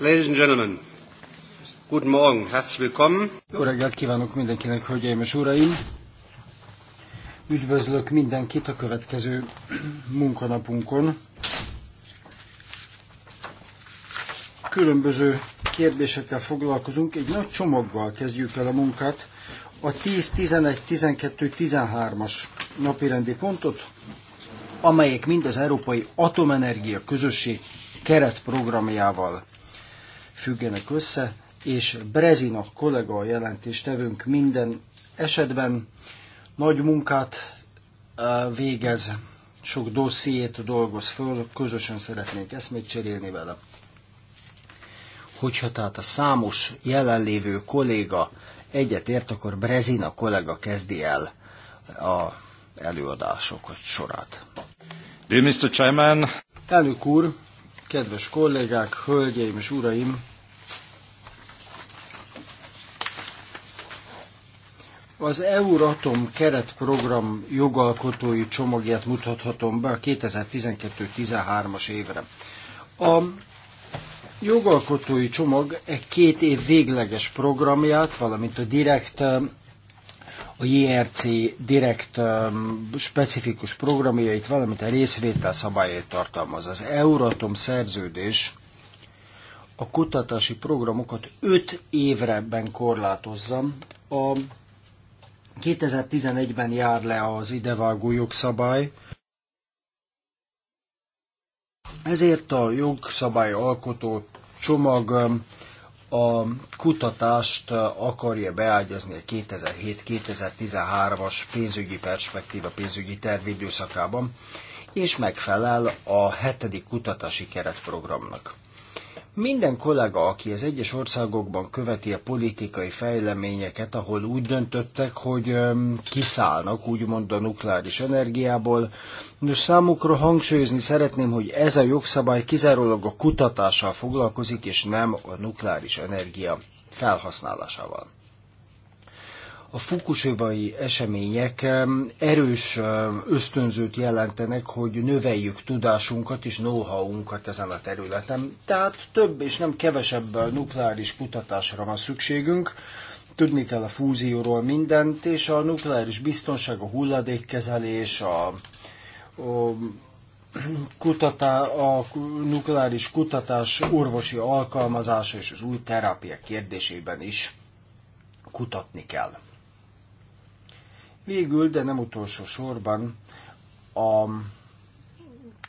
Ladies and gentlemen, guten Morgen, herzlich willkommen. Jó reggelt kívánok mindenkinek, hölgyeim és uraim! Üdvözlök mindenkit a következő munkanapunkon. Különböző kérdésekkel foglalkozunk, egy nagy csomaggal kezdjük el a munkát. A 10, 11, 12, 13-as napirendi pontot, amelyek mind az Európai Atomenergia Közösség keretprogramjával függenek össze, és Brezina kollega a jelentéstevőnk minden esetben nagy munkát végez, sok dossziét dolgoz föl, közösen szeretnénk eszmét cserélni vele. Hogyha tehát a számos jelenlévő kolléga egyetért, akkor Brezina kollega kezdi el a előadásokat sorát. Dear Mr. Chairman. Elnök úr, Kedves kollégák, hölgyeim és uraim! Az Euratom keretprogram jogalkotói csomagját mutathatom be a 2012-13-as évre. A jogalkotói csomag egy két év végleges programját, valamint a direkt a JRC direkt um, specifikus programjait, valamint a részvétel szabályait tartalmaz. Az Euratom szerződés a kutatási programokat 5 évreben korlátozza. A 2011-ben jár le az idevágó jogszabály, ezért a jogszabály alkotó csomag um, a kutatást akarja beágyazni a 2007-2013-as pénzügyi perspektíva, pénzügyi időszakában, és megfelel a hetedik kutatási keretprogramnak. Minden kollega, aki az egyes országokban követi a politikai fejleményeket, ahol úgy döntöttek, hogy kiszállnak úgymond a nukleáris energiából, nos számukra hangsúlyozni szeretném, hogy ez a jogszabály kizárólag a kutatással foglalkozik, és nem a nukleáris energia felhasználásával a fukusevai események erős ösztönzőt jelentenek, hogy növeljük tudásunkat és know-how-unkat ezen a területen. Tehát több és nem kevesebb nukleáris kutatásra van szükségünk. Tudni kell a fúzióról mindent, és a nukleáris biztonság, a hulladékkezelés, a, a kutatá, a nukleáris kutatás orvosi alkalmazása és az új terápia kérdésében is kutatni kell. Végül, de nem utolsó sorban, a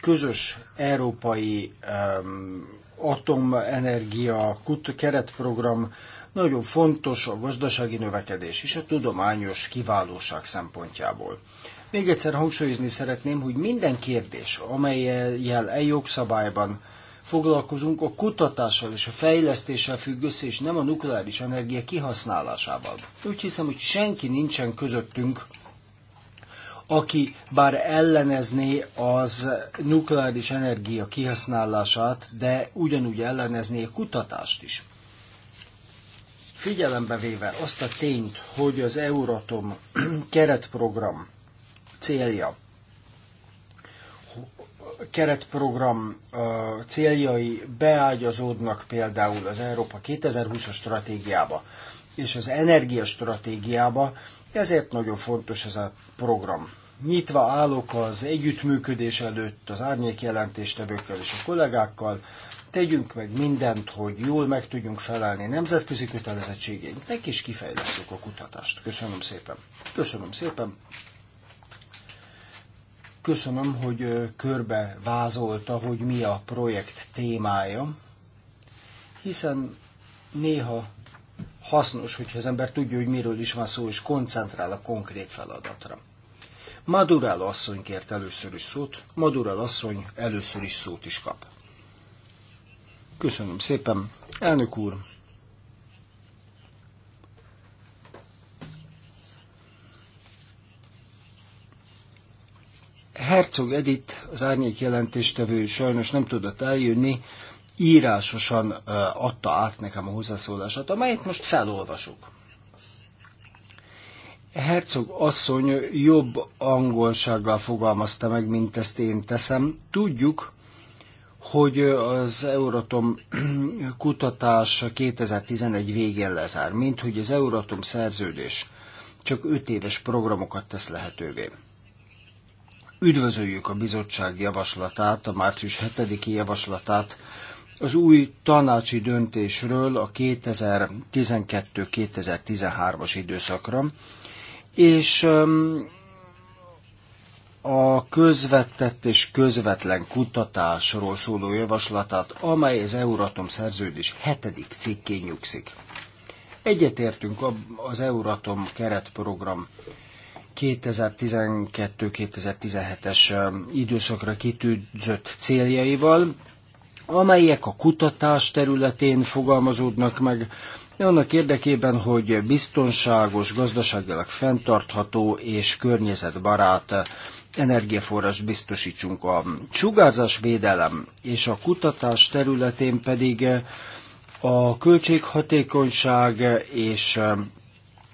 közös európai um, atomenergia kut keretprogram nagyon fontos a gazdasági növekedés és a tudományos kiválóság szempontjából. Még egyszer hangsúlyozni szeretném, hogy minden kérdés, amelyel e jogszabályban foglalkozunk, a kutatással és a fejlesztéssel függ össze, és nem a nukleáris energia kihasználásával. Úgy hiszem, hogy senki nincsen közöttünk, aki bár ellenezné az nukleáris energia kihasználását, de ugyanúgy ellenezné a kutatást is. Figyelembe véve azt a tényt, hogy az Euratom keretprogram célja keretprogram céljai beágyazódnak például az Európa 2020-as stratégiába és az energiastratégiába, ezért nagyon fontos ez a program. Nyitva állok az együttműködés előtt az árnyék jelentéstevőkkel és a kollégákkal, tegyünk meg mindent, hogy jól meg tudjunk felelni nemzetközi kötelezettségeinknek, és kifejlesztjük a kutatást. Köszönöm szépen. Köszönöm szépen. Köszönöm, hogy körbe vázolta, hogy mi a projekt témája, hiszen néha hasznos, hogyha az ember tudja, hogy miről is van szó, és koncentrál a konkrét feladatra. Madurál asszony kért először is szót, Madurál asszony először is szót is kap. Köszönöm szépen. Elnök úr, Herzog Edith, az árnyék jelentéstevő sajnos nem tudott eljönni, írásosan adta át nekem a hozzászólását, amelyet most felolvasok. Herzog asszony jobb angolsággal fogalmazta meg, mint ezt én teszem. Tudjuk, hogy az Euratom kutatás 2011 végén lezár, mint hogy az Euratom szerződés csak 5 éves programokat tesz lehetővé. Üdvözöljük a bizottság javaslatát, a március 7-i javaslatát az új tanácsi döntésről a 2012-2013-as időszakra, és a közvetett és közvetlen kutatásról szóló javaslatát, amely az Euratom szerződés hetedik cikkén nyugszik. Egyetértünk az Euratom keretprogram 2012-2017-es időszakra kitűzött céljaival, amelyek a kutatás területén fogalmazódnak meg, annak érdekében, hogy biztonságos, gazdaságilag fenntartható és környezetbarát energiaforrást biztosítsunk. A sugárzás védelem és a kutatás területén pedig a költséghatékonyság és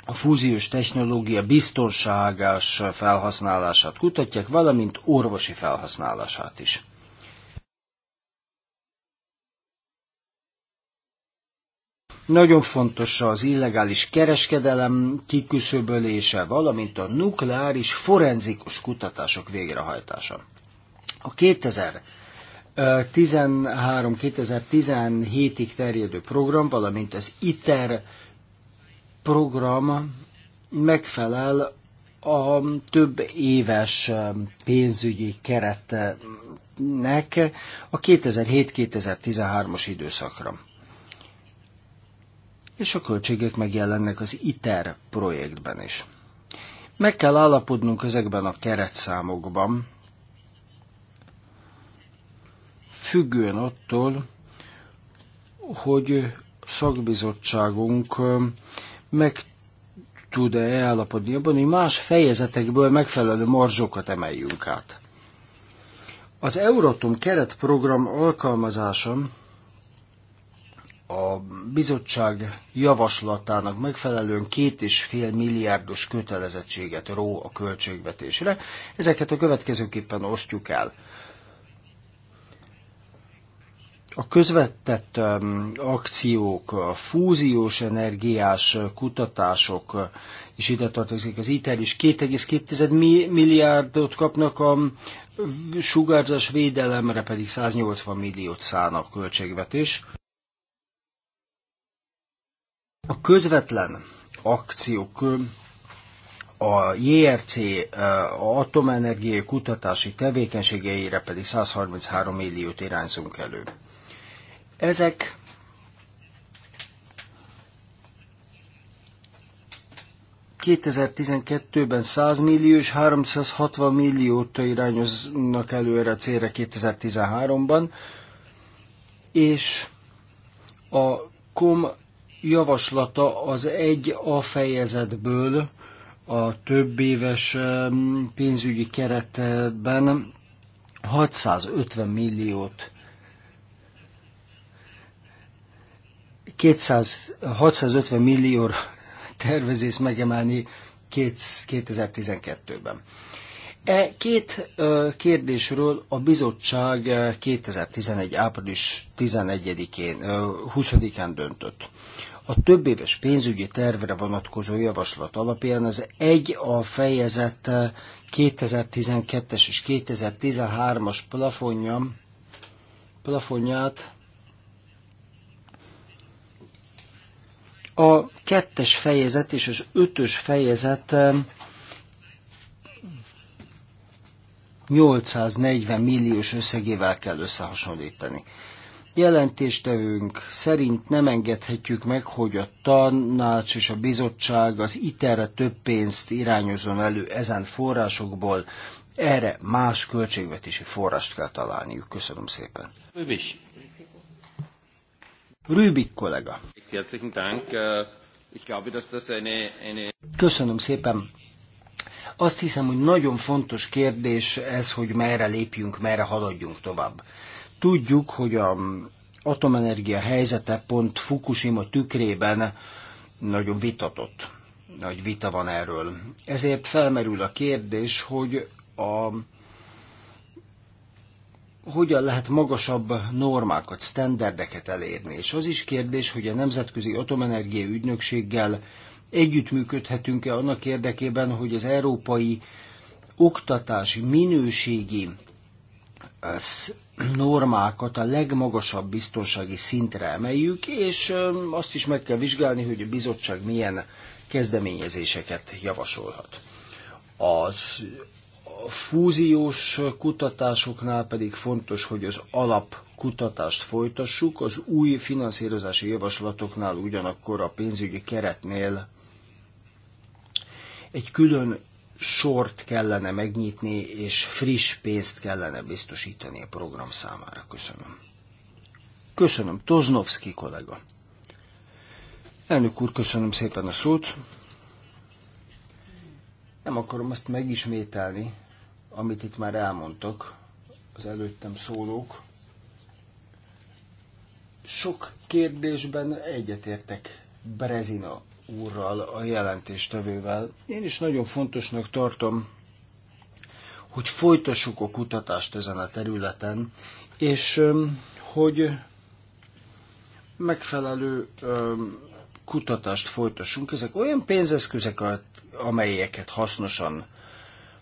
a fúziós technológia biztonságos felhasználását kutatják, valamint orvosi felhasználását is. Nagyon fontos az illegális kereskedelem kiküszöbölése, valamint a nukleáris forenzikus kutatások végrehajtása. A 2013-2017-ig terjedő program, valamint az ITER program megfelel a több éves pénzügyi keretnek a 2007-2013-as időszakra. És a költségek megjelennek az ITER projektben is. Meg kell állapodnunk ezekben a keretszámokban, függően attól, hogy szakbizottságunk meg tud-e állapodni abban, hogy más fejezetekből megfelelő marzsokat emeljünk át. Az Euratom keretprogram alkalmazása a bizottság javaslatának megfelelően két és fél milliárdos kötelezettséget ró a költségvetésre. Ezeket a következőképpen osztjuk el a közvetett akciók, a fúziós energiás kutatások, és ide tartozik az ITER is, 2,2 milliárdot kapnak a sugárzás védelemre pedig 180 milliót szán a költségvetés. A közvetlen akciók a JRC a atomenergiai kutatási tevékenységeire pedig 133 milliót irányzunk elő. Ezek ...2012-ben 100 millió és 360 milliót irányoznak előre a célra 2013-ban, és a KOM javaslata az egy A fejezetből a több éves pénzügyi keretben 650 milliót 200, 650 millió tervezés megemelni 2012-ben. E két kérdésről a bizottság 2011. április 11-én, 20-án döntött. A több éves pénzügyi tervre vonatkozó javaslat alapján az egy a fejezet 2012-es és 2013-as plafonja, plafonját A kettes fejezet és az ötös fejezet 840 milliós összegével kell összehasonlítani. Jelentéstevünk szerint nem engedhetjük meg, hogy a tanács és a bizottság az iterre több pénzt irányozon elő ezen forrásokból, erre más költségvetési forrást kell találniuk. Köszönöm szépen. Rübis. Rübik kollega. Äh, Köszönöm szépen. Azt hiszem, hogy nagyon fontos kérdés ez, hogy merre lépjünk, merre haladjunk tovább. Tudjuk, hogy a atomenergia helyzete pont Fukushima tükrében nagyon vitatott. Nagy vita van erről. Ezért felmerül a kérdés, hogy a hogyan lehet magasabb normákat, sztenderdeket elérni. És az is kérdés, hogy a Nemzetközi Atomenergia Ügynökséggel együttműködhetünk-e annak érdekében, hogy az európai oktatási minőségi eh, normákat a legmagasabb biztonsági szintre emeljük, és eh, azt is meg kell vizsgálni, hogy a bizottság milyen kezdeményezéseket javasolhat. Az a fúziós kutatásoknál pedig fontos, hogy az alap kutatást folytassuk, az új finanszírozási javaslatoknál ugyanakkor a pénzügyi keretnél egy külön sort kellene megnyitni, és friss pénzt kellene biztosítani a program számára. Köszönöm. Köszönöm, Toznovski kollega. Elnök úr, köszönöm szépen a szót. Nem akarom azt megismételni, amit itt már elmondtak az előttem szólók. Sok kérdésben egyetértek Brezina úrral, a jelentéstevővel. Én is nagyon fontosnak tartom, hogy folytassuk a kutatást ezen a területen, és hogy megfelelő kutatást folytassunk. Ezek olyan pénzeszközek, amelyeket hasznosan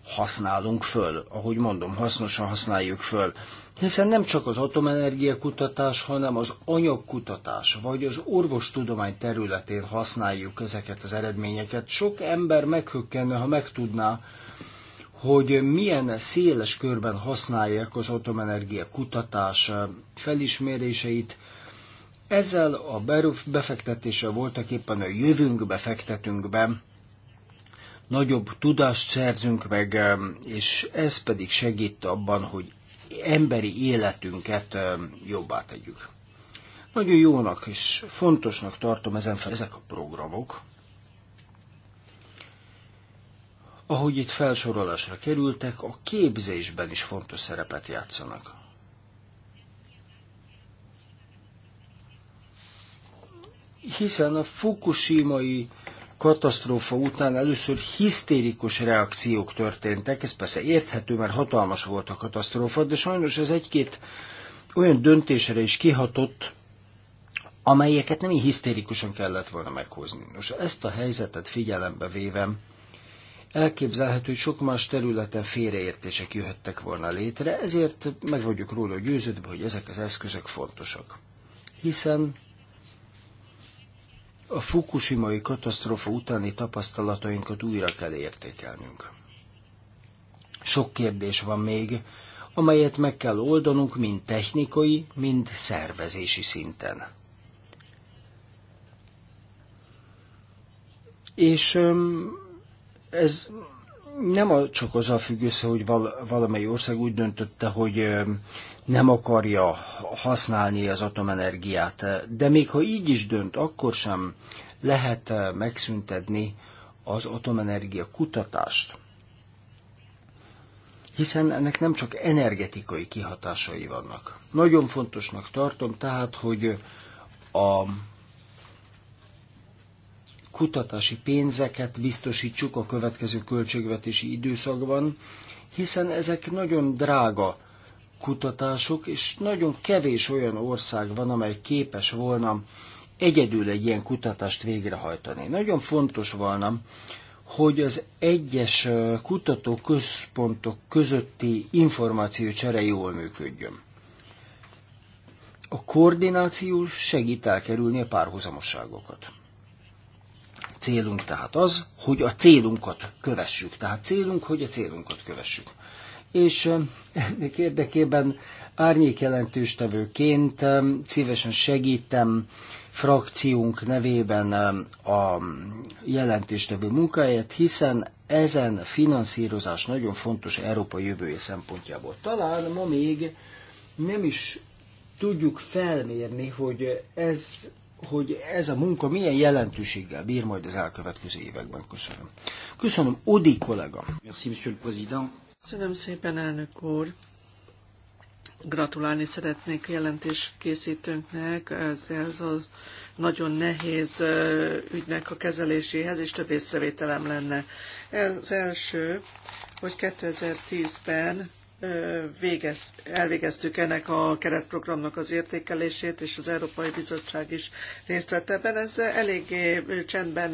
használunk föl, ahogy mondom, hasznosan használjuk föl. Hiszen nem csak az atomenergia kutatás, hanem az anyagkutatás, vagy az orvostudomány területén használjuk ezeket az eredményeket. Sok ember meghökkenne, ha megtudná, hogy milyen széles körben használják az atomenergia kutatás felismeréseit. Ezzel a befektetése voltak éppen a jövőnkbe fektetünk be, nagyobb tudást szerzünk meg, és ez pedig segít abban, hogy emberi életünket jobbá tegyük. Nagyon jónak és fontosnak tartom ezen fel ezek a programok, ahogy itt felsorolásra kerültek, a képzésben is fontos szerepet játszanak. Hiszen a fukushima katasztrófa után először hisztérikus reakciók történtek, ez persze érthető, mert hatalmas volt a katasztrófa, de sajnos ez egy-két olyan döntésre is kihatott, amelyeket nem így hisztérikusan kellett volna meghozni. Nos, ezt a helyzetet figyelembe vévem, elképzelhető, hogy sok más területen félreértések jöhettek volna létre, ezért meg vagyok róla győződve, hogy ezek az eszközök fontosak. Hiszen a fukushimai katasztrófa utáni tapasztalatainkat újra kell értékelnünk. Sok kérdés van még, amelyet meg kell oldanunk mind technikai, mind szervezési szinten. És ez nem csak a függ össze, hogy valamely ország úgy döntötte, hogy nem akarja használni az atomenergiát, de még ha így is dönt, akkor sem lehet eh, megszüntetni az atomenergia kutatást. Hiszen ennek nem csak energetikai kihatásai vannak. Nagyon fontosnak tartom tehát, hogy a kutatási pénzeket biztosítsuk a következő költségvetési időszakban, hiszen ezek nagyon drága kutatások, és nagyon kevés olyan ország van, amely képes volna egyedül egy ilyen kutatást végrehajtani. Nagyon fontos volna, hogy az egyes kutatóközpontok közötti információcsere jól működjön. A koordináció segít elkerülni a párhuzamosságokat. Célunk tehát az, hogy a célunkat kövessük. Tehát célunk, hogy a célunkat kövessük és ennek érdekében árnyék jelentőstevőként szívesen segítem frakciónk nevében a jelentéstevő munkáját, hiszen ezen finanszírozás nagyon fontos Európa jövője szempontjából. Talán ma még nem is tudjuk felmérni, hogy ez, hogy ez a munka milyen jelentőséggel bír majd az elkövetkező években. Köszönöm. Köszönöm, Odi kollega. Merci, monsieur le président. Köszönöm szépen, elnök úr! Gratulálni szeretnék jelentés készítőnknek ez, ez a nagyon nehéz ügynek a kezeléséhez, és több észrevételem lenne. Az első, hogy 2010-ben végez, elvégeztük ennek a keretprogramnak az értékelését, és az Európai Bizottság is részt vett ebben. Ez eléggé csendben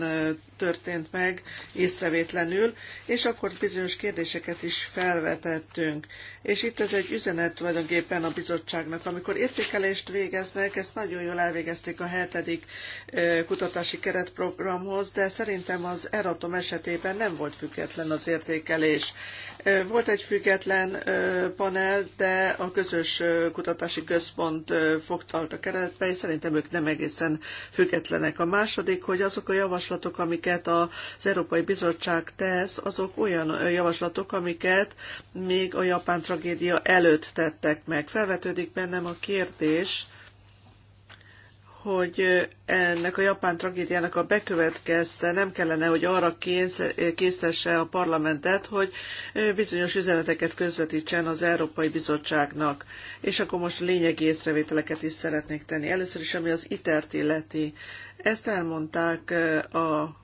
történt meg észrevétlenül, és akkor bizonyos kérdéseket is felvetettünk. És itt ez egy üzenet tulajdonképpen a bizottságnak. Amikor értékelést végeznek, ezt nagyon jól elvégezték a hetedik kutatási keretprogramhoz, de szerintem az Eratom esetében nem volt független az értékelés. Volt egy független panel, de a közös kutatási központ fogta a keretbe, és szerintem ők nem egészen függetlenek. A második, hogy azok a javaslatok, amik amiket az Európai Bizottság tesz, azok olyan javaslatok, amiket még a japán tragédia előtt tettek meg. Felvetődik bennem a kérdés, hogy ennek a japán tragédiának a bekövetkezte nem kellene, hogy arra késztesse a parlamentet, hogy bizonyos üzeneteket közvetítsen az Európai Bizottságnak. És akkor most lényegi észrevételeket is szeretnék tenni. Először is, ami az ITERT illeti. Ezt elmondták a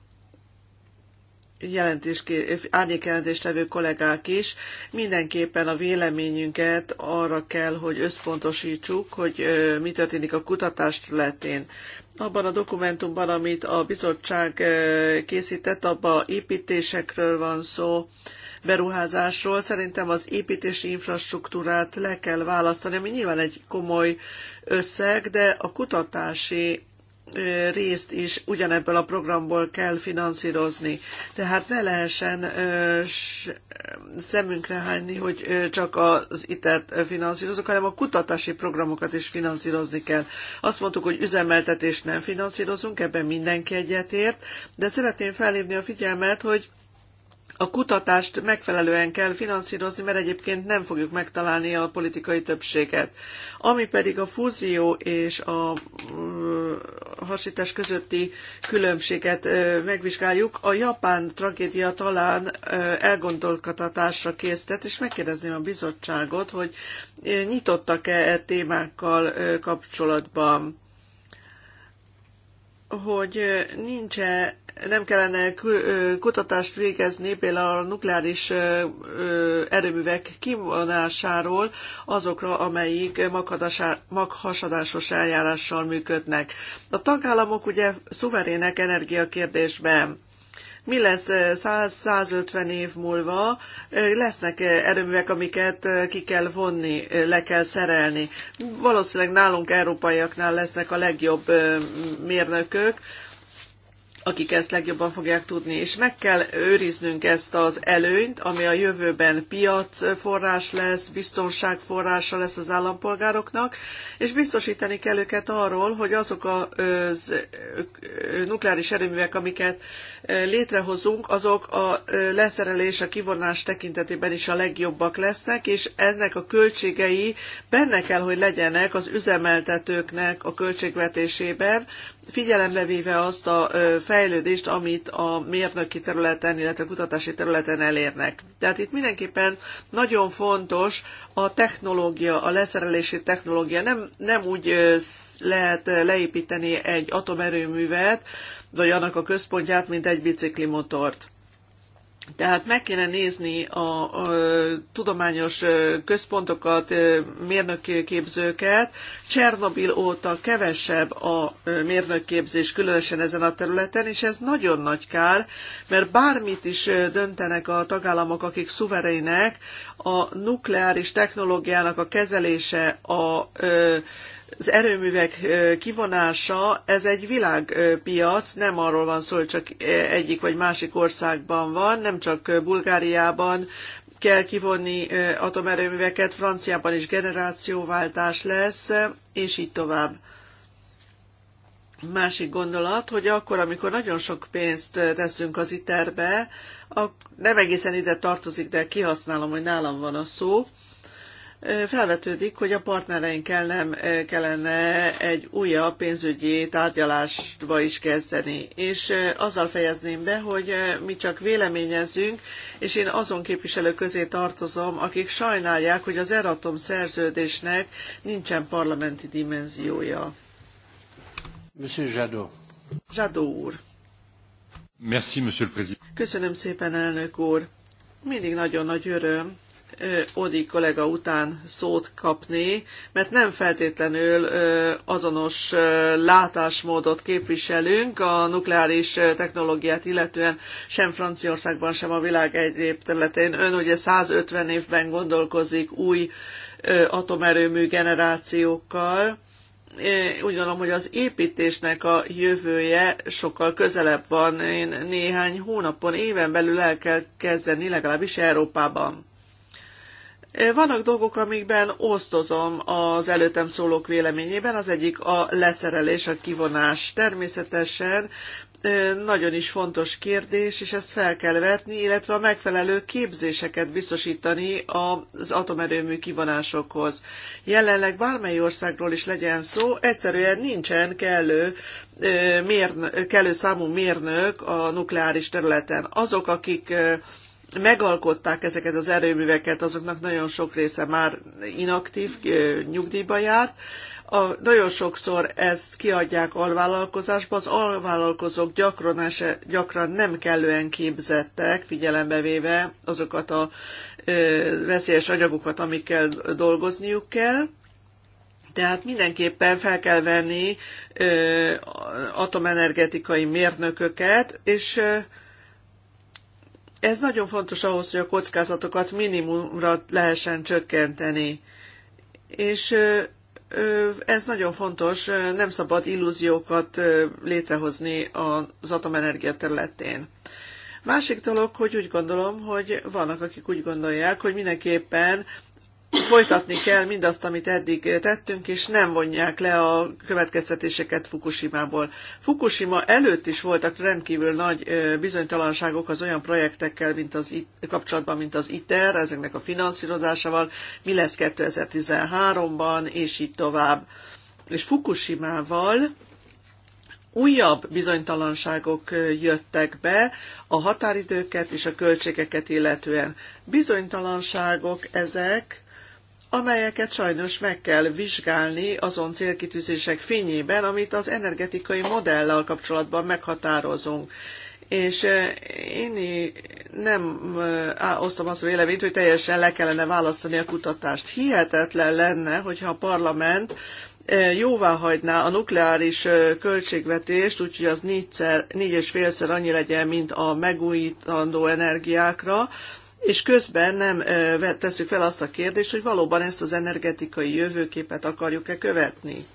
jelentés, árnyékjelentéstevő kollégák is mindenképpen a véleményünket arra kell, hogy összpontosítsuk, hogy mi történik a kutatás területén. Abban a dokumentumban, amit a bizottság készített, abban építésekről van szó, beruházásról. Szerintem az építési infrastruktúrát le kell választani, ami nyilván egy komoly összeg, de a kutatási részt is ugyanebből a programból kell finanszírozni. Tehát ne lehessen szemünkre hányni, hogy csak az ITER-t finanszírozunk, hanem a kutatási programokat is finanszírozni kell. Azt mondtuk, hogy üzemeltetést nem finanszírozunk, ebben mindenki egyetért, de szeretném felhívni a figyelmet, hogy a kutatást megfelelően kell finanszírozni, mert egyébként nem fogjuk megtalálni a politikai többséget. Ami pedig a fúzió és a mm, hasítás közötti különbséget megvizsgáljuk, a japán tragédia talán elgondolkodtatásra késztet, és megkérdezném a bizottságot, hogy nyitottak-e e témákkal kapcsolatban hogy nincs -e, nem kellene kutatást végezni például a nukleáris erőművek kivonásáról azokra, amelyik maghasadásos eljárással működnek. A tagállamok ugye szuverének energiakérdésben mi lesz 100-150 eh, év múlva, eh, lesznek eh, erőművek, amiket ki kell vonni, le kell szerelni. Valószínűleg nálunk, európaiaknál lesznek a legjobb mérnökök, akik ezt legjobban fogják tudni, és meg kell őriznünk ezt az előnyt, ami a jövőben piacforrás lesz, biztonságforrása lesz az állampolgároknak, és biztosítani kell őket arról, hogy azok a az, nukleáris erőművek, amiket létrehozunk, azok a leszerelés, a kivonás tekintetében is a legjobbak lesznek, és ennek a költségei benne kell, hogy legyenek az üzemeltetőknek a költségvetésében, figyelembe véve azt a fejlődést, amit a mérnöki területen, illetve kutatási területen elérnek. Tehát itt mindenképpen nagyon fontos a technológia, a leszerelési technológia. Nem, nem úgy lehet leépíteni egy atomerőművet, vagy annak a központját, mint egy motort. Tehát meg kéne nézni a, a tudományos központokat, mérnökképzőket. Csernobil óta kevesebb a mérnökképzés, különösen ezen a területen, és ez nagyon nagy kár, mert bármit is döntenek a tagállamok, akik szuverének, a nukleáris technológiának a kezelése, a, a az erőművek kivonása, ez egy világpiac, nem arról van szó, hogy csak egyik vagy másik országban van, nem csak Bulgáriában kell kivonni atomerőműveket, Franciában is generációváltás lesz, és így tovább. Másik gondolat, hogy akkor, amikor nagyon sok pénzt teszünk az iterbe, nem egészen ide tartozik, de kihasználom, hogy nálam van a szó, felvetődik, hogy a partnereinkkel nem kellene egy újabb pénzügyi tárgyalásba is kezdeni. És azzal fejezném be, hogy mi csak véleményezünk, és én azon képviselők közé tartozom, akik sajnálják, hogy az Eratom szerződésnek nincsen parlamenti dimenziója. Monsieur Jadot. Jadot úr. Merci, monsieur le président. Köszönöm szépen, elnök úr. Mindig nagyon nagy öröm, Odi kollega után szót kapni, mert nem feltétlenül azonos látásmódot képviselünk a nukleáris technológiát illetően sem Franciaországban, sem a világ egyéb területén. Ön ugye 150 évben gondolkozik új atomerőmű generációkkal, úgy gondolom, hogy az építésnek a jövője sokkal közelebb van. Én néhány hónapon, éven belül el kell kezdeni, legalábbis Európában. Vannak dolgok, amikben osztozom az előttem szólók véleményében, az egyik a leszerelés, a kivonás. Természetesen nagyon is fontos kérdés, és ezt fel kell vetni, illetve a megfelelő képzéseket biztosítani az atomerőmű kivonásokhoz. Jelenleg bármely országról is legyen szó, egyszerűen nincsen kellő, mérnök, kellő számú mérnök a nukleáris területen. Azok, akik megalkották ezeket az erőműveket, azoknak nagyon sok része már inaktív, nyugdíjba járt, a, nagyon sokszor ezt kiadják alvállalkozásba, az alvállalkozók gyakran, ese, gyakran nem kellően képzettek, figyelembe véve azokat a ö, veszélyes anyagokat, amikkel dolgozniuk kell. Tehát mindenképpen fel kell venni ö, atomenergetikai mérnököket, és ö, ez nagyon fontos ahhoz, hogy a kockázatokat minimumra lehessen csökkenteni. És ez nagyon fontos, nem szabad illúziókat létrehozni az atomenergia területén. Másik dolog, hogy úgy gondolom, hogy vannak, akik úgy gondolják, hogy mindenképpen folytatni kell mindazt, amit eddig tettünk, és nem vonják le a következtetéseket Fukushima-ból. Fukushima előtt is voltak rendkívül nagy bizonytalanságok az olyan projektekkel mint az IT, kapcsolatban, mint az ITER, ezeknek a finanszírozásával, mi lesz 2013-ban, és így tovább. És Fukushima-val újabb bizonytalanságok jöttek be a határidőket és a költségeket illetően. Bizonytalanságok ezek, amelyeket sajnos meg kell vizsgálni azon célkitűzések fényében, amit az energetikai modellel kapcsolatban meghatározunk és eh, én nem eh, osztom azt a véleményt, hogy teljesen le kellene választani a kutatást. Hihetetlen lenne, hogyha a parlament eh, jóvá hagyná a nukleáris költségvetést, úgyhogy az négyszer, négy és félszer annyi legyen, mint a megújítandó energiákra, és közben nem tesszük fel azt a kérdést, hogy valóban ezt az energetikai jövőképet akarjuk-e követni.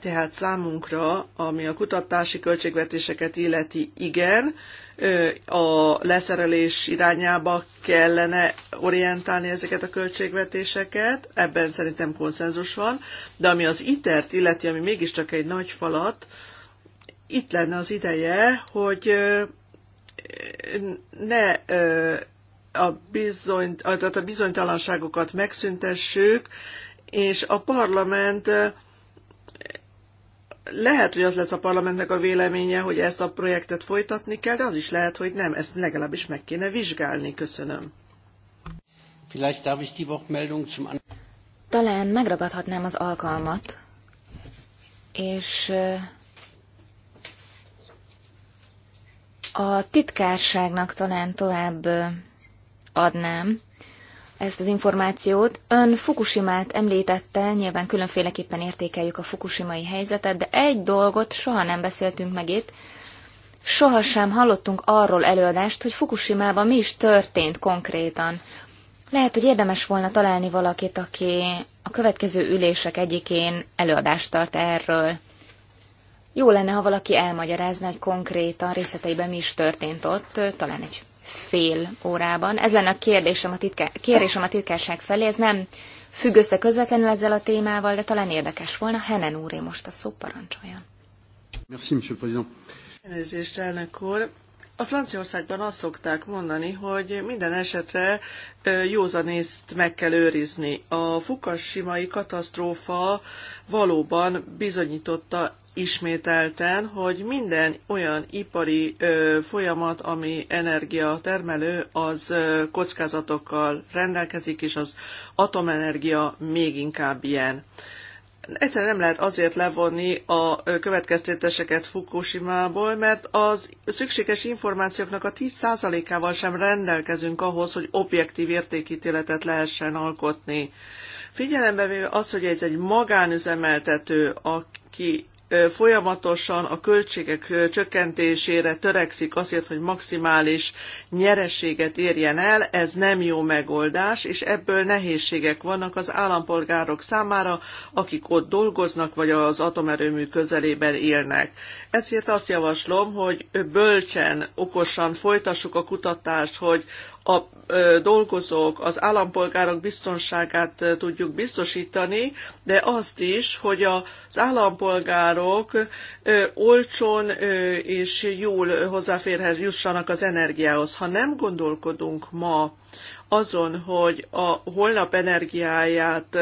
Tehát számunkra, ami a kutatási költségvetéseket illeti, igen, a leszerelés irányába kellene orientálni ezeket a költségvetéseket, ebben szerintem konszenzus van, de ami az iter illeti, ami mégiscsak egy nagy falat, itt lenne az ideje, hogy ne a, bizony, tehát a bizonytalanságokat megszüntessük, és a parlament lehet, hogy az lesz a parlamentnek a véleménye, hogy ezt a projektet folytatni kell, de az is lehet, hogy nem, ezt legalábbis meg kéne vizsgálni. Köszönöm. Talán megragadhatnám az alkalmat, és a titkárságnak talán tovább adnám ezt az információt. Ön Fukushimát említette, nyilván különféleképpen értékeljük a fukushimai helyzetet, de egy dolgot soha nem beszéltünk meg itt, sohasem hallottunk arról előadást, hogy Fukushimában mi is történt konkrétan. Lehet, hogy érdemes volna találni valakit, aki a következő ülések egyikén előadást tart erről. Jó lenne, ha valaki elmagyarázna, hogy konkrétan részleteiben mi is történt ott, talán egy fél órában. Ez lenne a kérdésem a, titká- kérdésem a titkárság felé, ez nem függ össze közvetlenül ezzel a témával, de talán érdekes volna. Henen úré most a szó parancsoljon. Merci, monsieur le président. Elnézést, elnök úr. A Franciaországban azt szokták mondani, hogy minden esetre józanészt meg kell őrizni. A i katasztrófa valóban bizonyította ismételten, hogy minden olyan ipari ö, folyamat, ami energiatermelő, az ö, kockázatokkal rendelkezik, és az atomenergia még inkább ilyen. Egyszerűen nem lehet azért levonni a következtetéseket Fukushima-ból, mert az szükséges információknak a 10%-ával sem rendelkezünk ahhoz, hogy objektív értékítéletet lehessen alkotni. Figyelembe véve az, hogy ez egy magánüzemeltető, aki folyamatosan a költségek csökkentésére törekszik azért, hogy maximális nyereséget érjen el, ez nem jó megoldás, és ebből nehézségek vannak az állampolgárok számára, akik ott dolgoznak, vagy az atomerőmű közelében élnek. Ezért azt javaslom, hogy bölcsen, okosan folytassuk a kutatást, hogy a dolgozók, az állampolgárok biztonságát tudjuk biztosítani, de azt is, hogy az állampolgárok olcsón és jól hozzáférhez jussanak az energiához. Ha nem gondolkodunk ma azon, hogy a holnap energiáját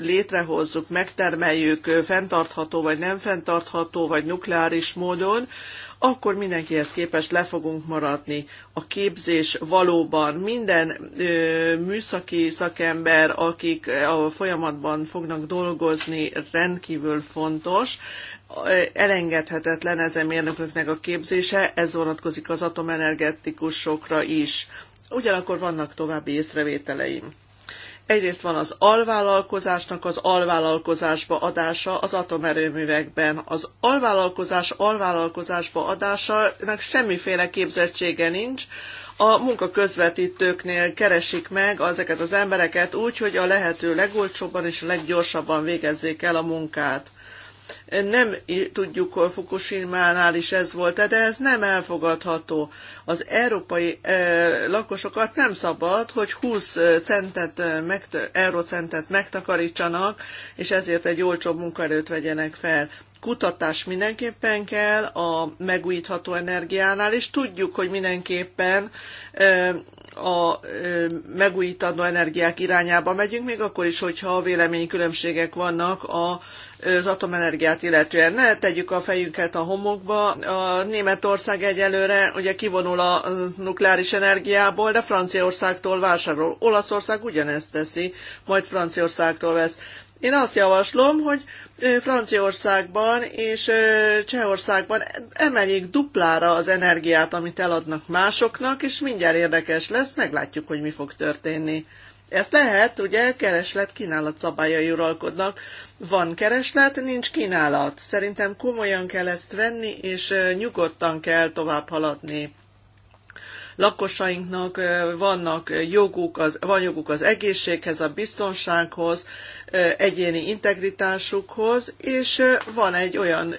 létrehozzuk, megtermeljük fenntartható vagy nem fenntartható vagy nukleáris módon, akkor mindenkihez képest le fogunk maradni. A képzés valóban minden ö, műszaki szakember, akik a folyamatban fognak dolgozni, rendkívül fontos elengedhetetlen ezen mérnököknek a képzése, ez vonatkozik az atomenergetikusokra is. Ugyanakkor vannak további észrevételeim. Egyrészt van az alvállalkozásnak az alvállalkozásba adása az atomerőművekben. Az alvállalkozás alvállalkozásba adásának semmiféle képzettsége nincs, a munkaközvetítőknél keresik meg ezeket az embereket úgy, hogy a lehető legolcsóbban és leggyorsabban végezzék el a munkát. Nem tudjuk, hogy Fukushima-nál is ez volt, de ez nem elfogadható. Az európai eh, lakosokat nem szabad, hogy 20 eh, centet, eh, eurocentet megtakarítsanak, és ezért egy olcsóbb munkaerőt vegyenek fel kutatás mindenképpen kell a megújítható energiánál, és tudjuk, hogy mindenképpen a megújítandó energiák irányába megyünk, még akkor is, hogyha véleménykülönbségek vannak a az atomenergiát illetően. Ne tegyük a fejünket a homokba. A Németország egyelőre ugye kivonul a nukleáris energiából, de Franciaországtól vásárol. Olaszország ugyanezt teszi, majd Franciaországtól vesz. Én azt javaslom, hogy Franciaországban és Csehországban emeljék duplára az energiát, amit eladnak másoknak, és mindjárt érdekes lesz, meglátjuk, hogy mi fog történni. Ezt lehet, ugye, kereslet kínálat szabályai uralkodnak. Van kereslet, nincs kínálat. Szerintem komolyan kell ezt venni, és nyugodtan kell tovább haladni lakosainknak vannak joguk az, van joguk az egészséghez, a biztonsághoz, egyéni integritásukhoz, és van egy olyan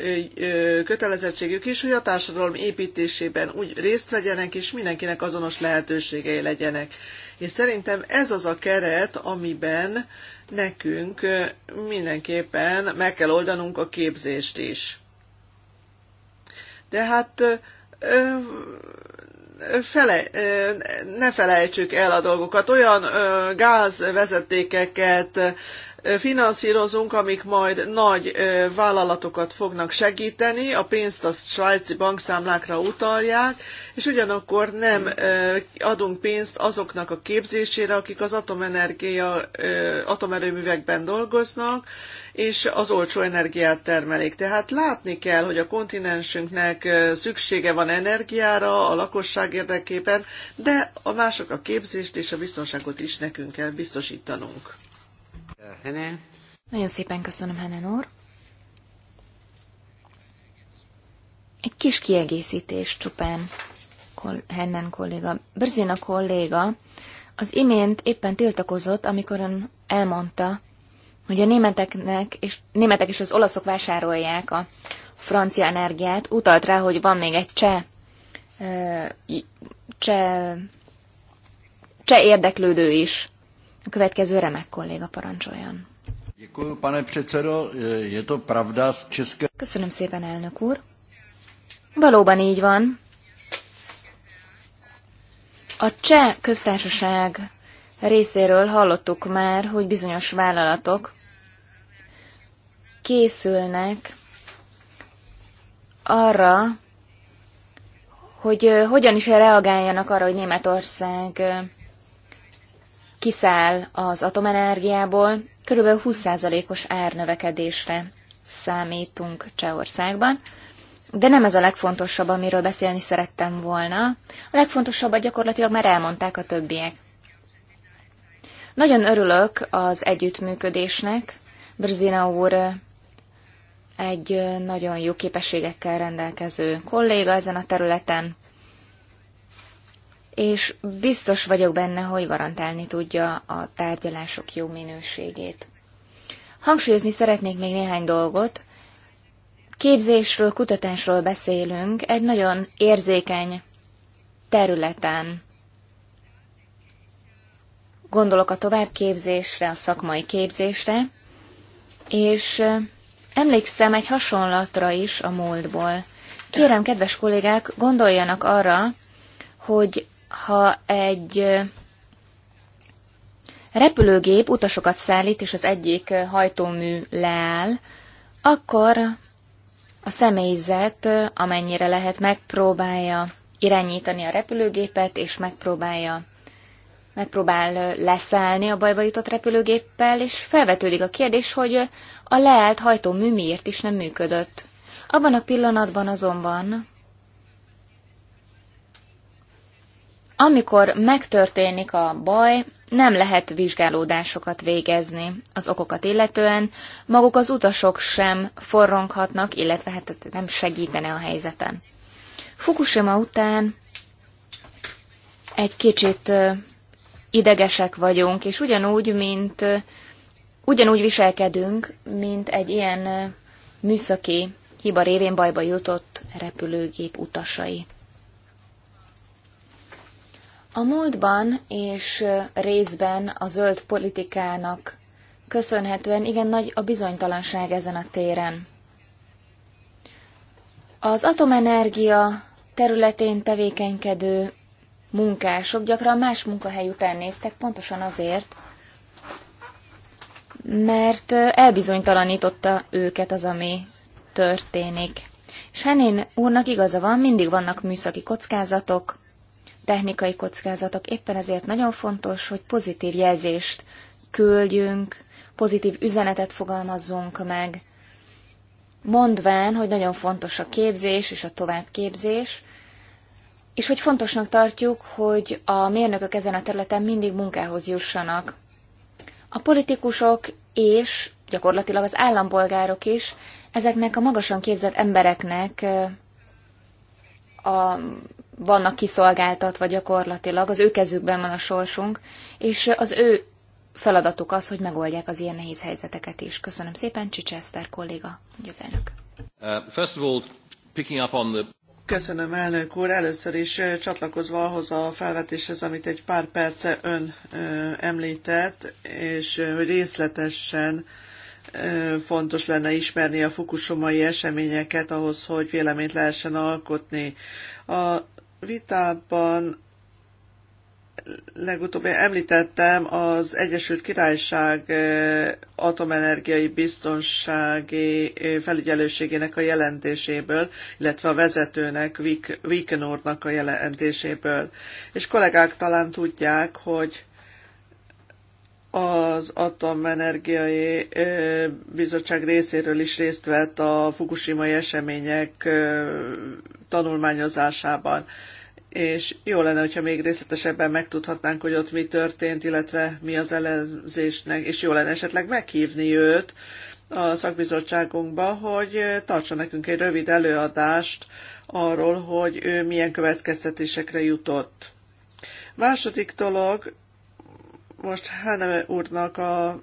kötelezettségük is, hogy a társadalom építésében úgy részt vegyenek, és mindenkinek azonos lehetőségei legyenek. És szerintem ez az a keret, amiben nekünk mindenképpen meg kell oldanunk a képzést is. De hát fele, ne felejtsük el a dolgokat. Olyan gázvezetékeket finanszírozunk, amik majd nagy vállalatokat fognak segíteni, a pénzt a svájci bankszámlákra utalják, és ugyanakkor nem adunk pénzt azoknak a képzésére, akik az atomenergia, atomerőművekben dolgoznak, és az olcsó energiát termelik. Tehát látni kell, hogy a kontinensünknek szüksége van energiára a lakosság érdekében, de a mások a képzést és a biztonságot is nekünk kell biztosítanunk. Hene. Nagyon szépen köszönöm, Henen úr. Egy kis kiegészítés csupán, Hennen kolléga. Brzina kolléga az imént éppen tiltakozott, amikor ön elmondta, hogy a németeknek és, németek és az olaszok vásárolják a francia energiát, utalt rá, hogy van még egy cseh, cseh, cseh érdeklődő is, a következő remek kolléga parancsoljon. Köszönöm szépen, elnök úr. Valóban így van. A cseh köztársaság részéről hallottuk már, hogy bizonyos vállalatok készülnek arra, hogy eh, hogyan is reagáljanak arra, hogy Németország eh, kiszáll az atomenergiából, kb. 20%-os árnövekedésre számítunk Csehországban. De nem ez a legfontosabb, amiről beszélni szerettem volna. A legfontosabbat gyakorlatilag már elmondták a többiek. Nagyon örülök az együttműködésnek. Brzina úr egy nagyon jó képességekkel rendelkező kolléga ezen a területen és biztos vagyok benne, hogy garantálni tudja a tárgyalások jó minőségét. Hangsúlyozni szeretnék még néhány dolgot. Képzésről, kutatásról beszélünk egy nagyon érzékeny területen. Gondolok a továbbképzésre, a szakmai képzésre, és emlékszem egy hasonlatra is a múltból. Kérem, kedves kollégák, gondoljanak arra, hogy ha egy repülőgép utasokat szállít, és az egyik hajtómű leáll, akkor a személyzet, amennyire lehet, megpróbálja irányítani a repülőgépet, és megpróbálja megpróbál leszállni a bajba jutott repülőgéppel, és felvetődik a kérdés, hogy a leállt hajtómű miért is nem működött. Abban a pillanatban azonban amikor megtörténik a baj, nem lehet vizsgálódásokat végezni az okokat illetően, maguk az utasok sem forronghatnak, illetve hát nem segítene a helyzeten. Fukushima után egy kicsit idegesek vagyunk, és ugyanúgy, mint ugyanúgy viselkedünk, mint egy ilyen műszaki hiba révén bajba jutott repülőgép utasai. A múltban és részben a zöld politikának köszönhetően igen nagy a bizonytalanság ezen a téren. Az atomenergia területén tevékenykedő munkások gyakran más munkahely után néztek, pontosan azért, mert elbizonytalanította őket az, ami történik. Senén úrnak igaza van, mindig vannak műszaki kockázatok, technikai kockázatok. Éppen ezért nagyon fontos, hogy pozitív jelzést küldjünk, pozitív üzenetet fogalmazzunk meg, mondván, hogy nagyon fontos a képzés és a továbbképzés, és hogy fontosnak tartjuk, hogy a mérnökök ezen a területen mindig munkához jussanak. A politikusok és gyakorlatilag az állampolgárok is ezeknek a magasan képzett embereknek a vannak kiszolgáltatva gyakorlatilag, az ő kezükben van a sorsunk, és az ő feladatuk az, hogy megoldják az ilyen nehéz helyzeteket is. Köszönöm szépen, Csicseszter kolléga, hogy az elnök. Uh, first of all, picking up on the... Köszönöm, elnök úr. Először is uh, csatlakozva ahhoz a felvetéshez, amit egy pár perce ön uh, említett, és hogy részletesen fontos lenne ismerni a fukusomai eseményeket ahhoz, hogy véleményt lehessen alkotni. A vitában legutóbb említettem az Egyesült Királyság eh, atomenergiai biztonsági eh, felügyelőségének a jelentéséből, illetve a vezetőnek, Weeken a jelentéséből. És kollégák talán tudják, hogy az Atomenergiai eh, Bizottság részéről is részt vett a Fukushima események tanulmányozásában. És jó lenne, hogyha még részletesebben megtudhatnánk, hogy ott mi történt, illetve mi az elemzésnek, és jó lenne esetleg meghívni őt a szakbizottságunkba, hogy tartsa nekünk egy rövid előadást arról, hogy ő milyen következtetésekre jutott. Második dolog, most Hanem úrnak a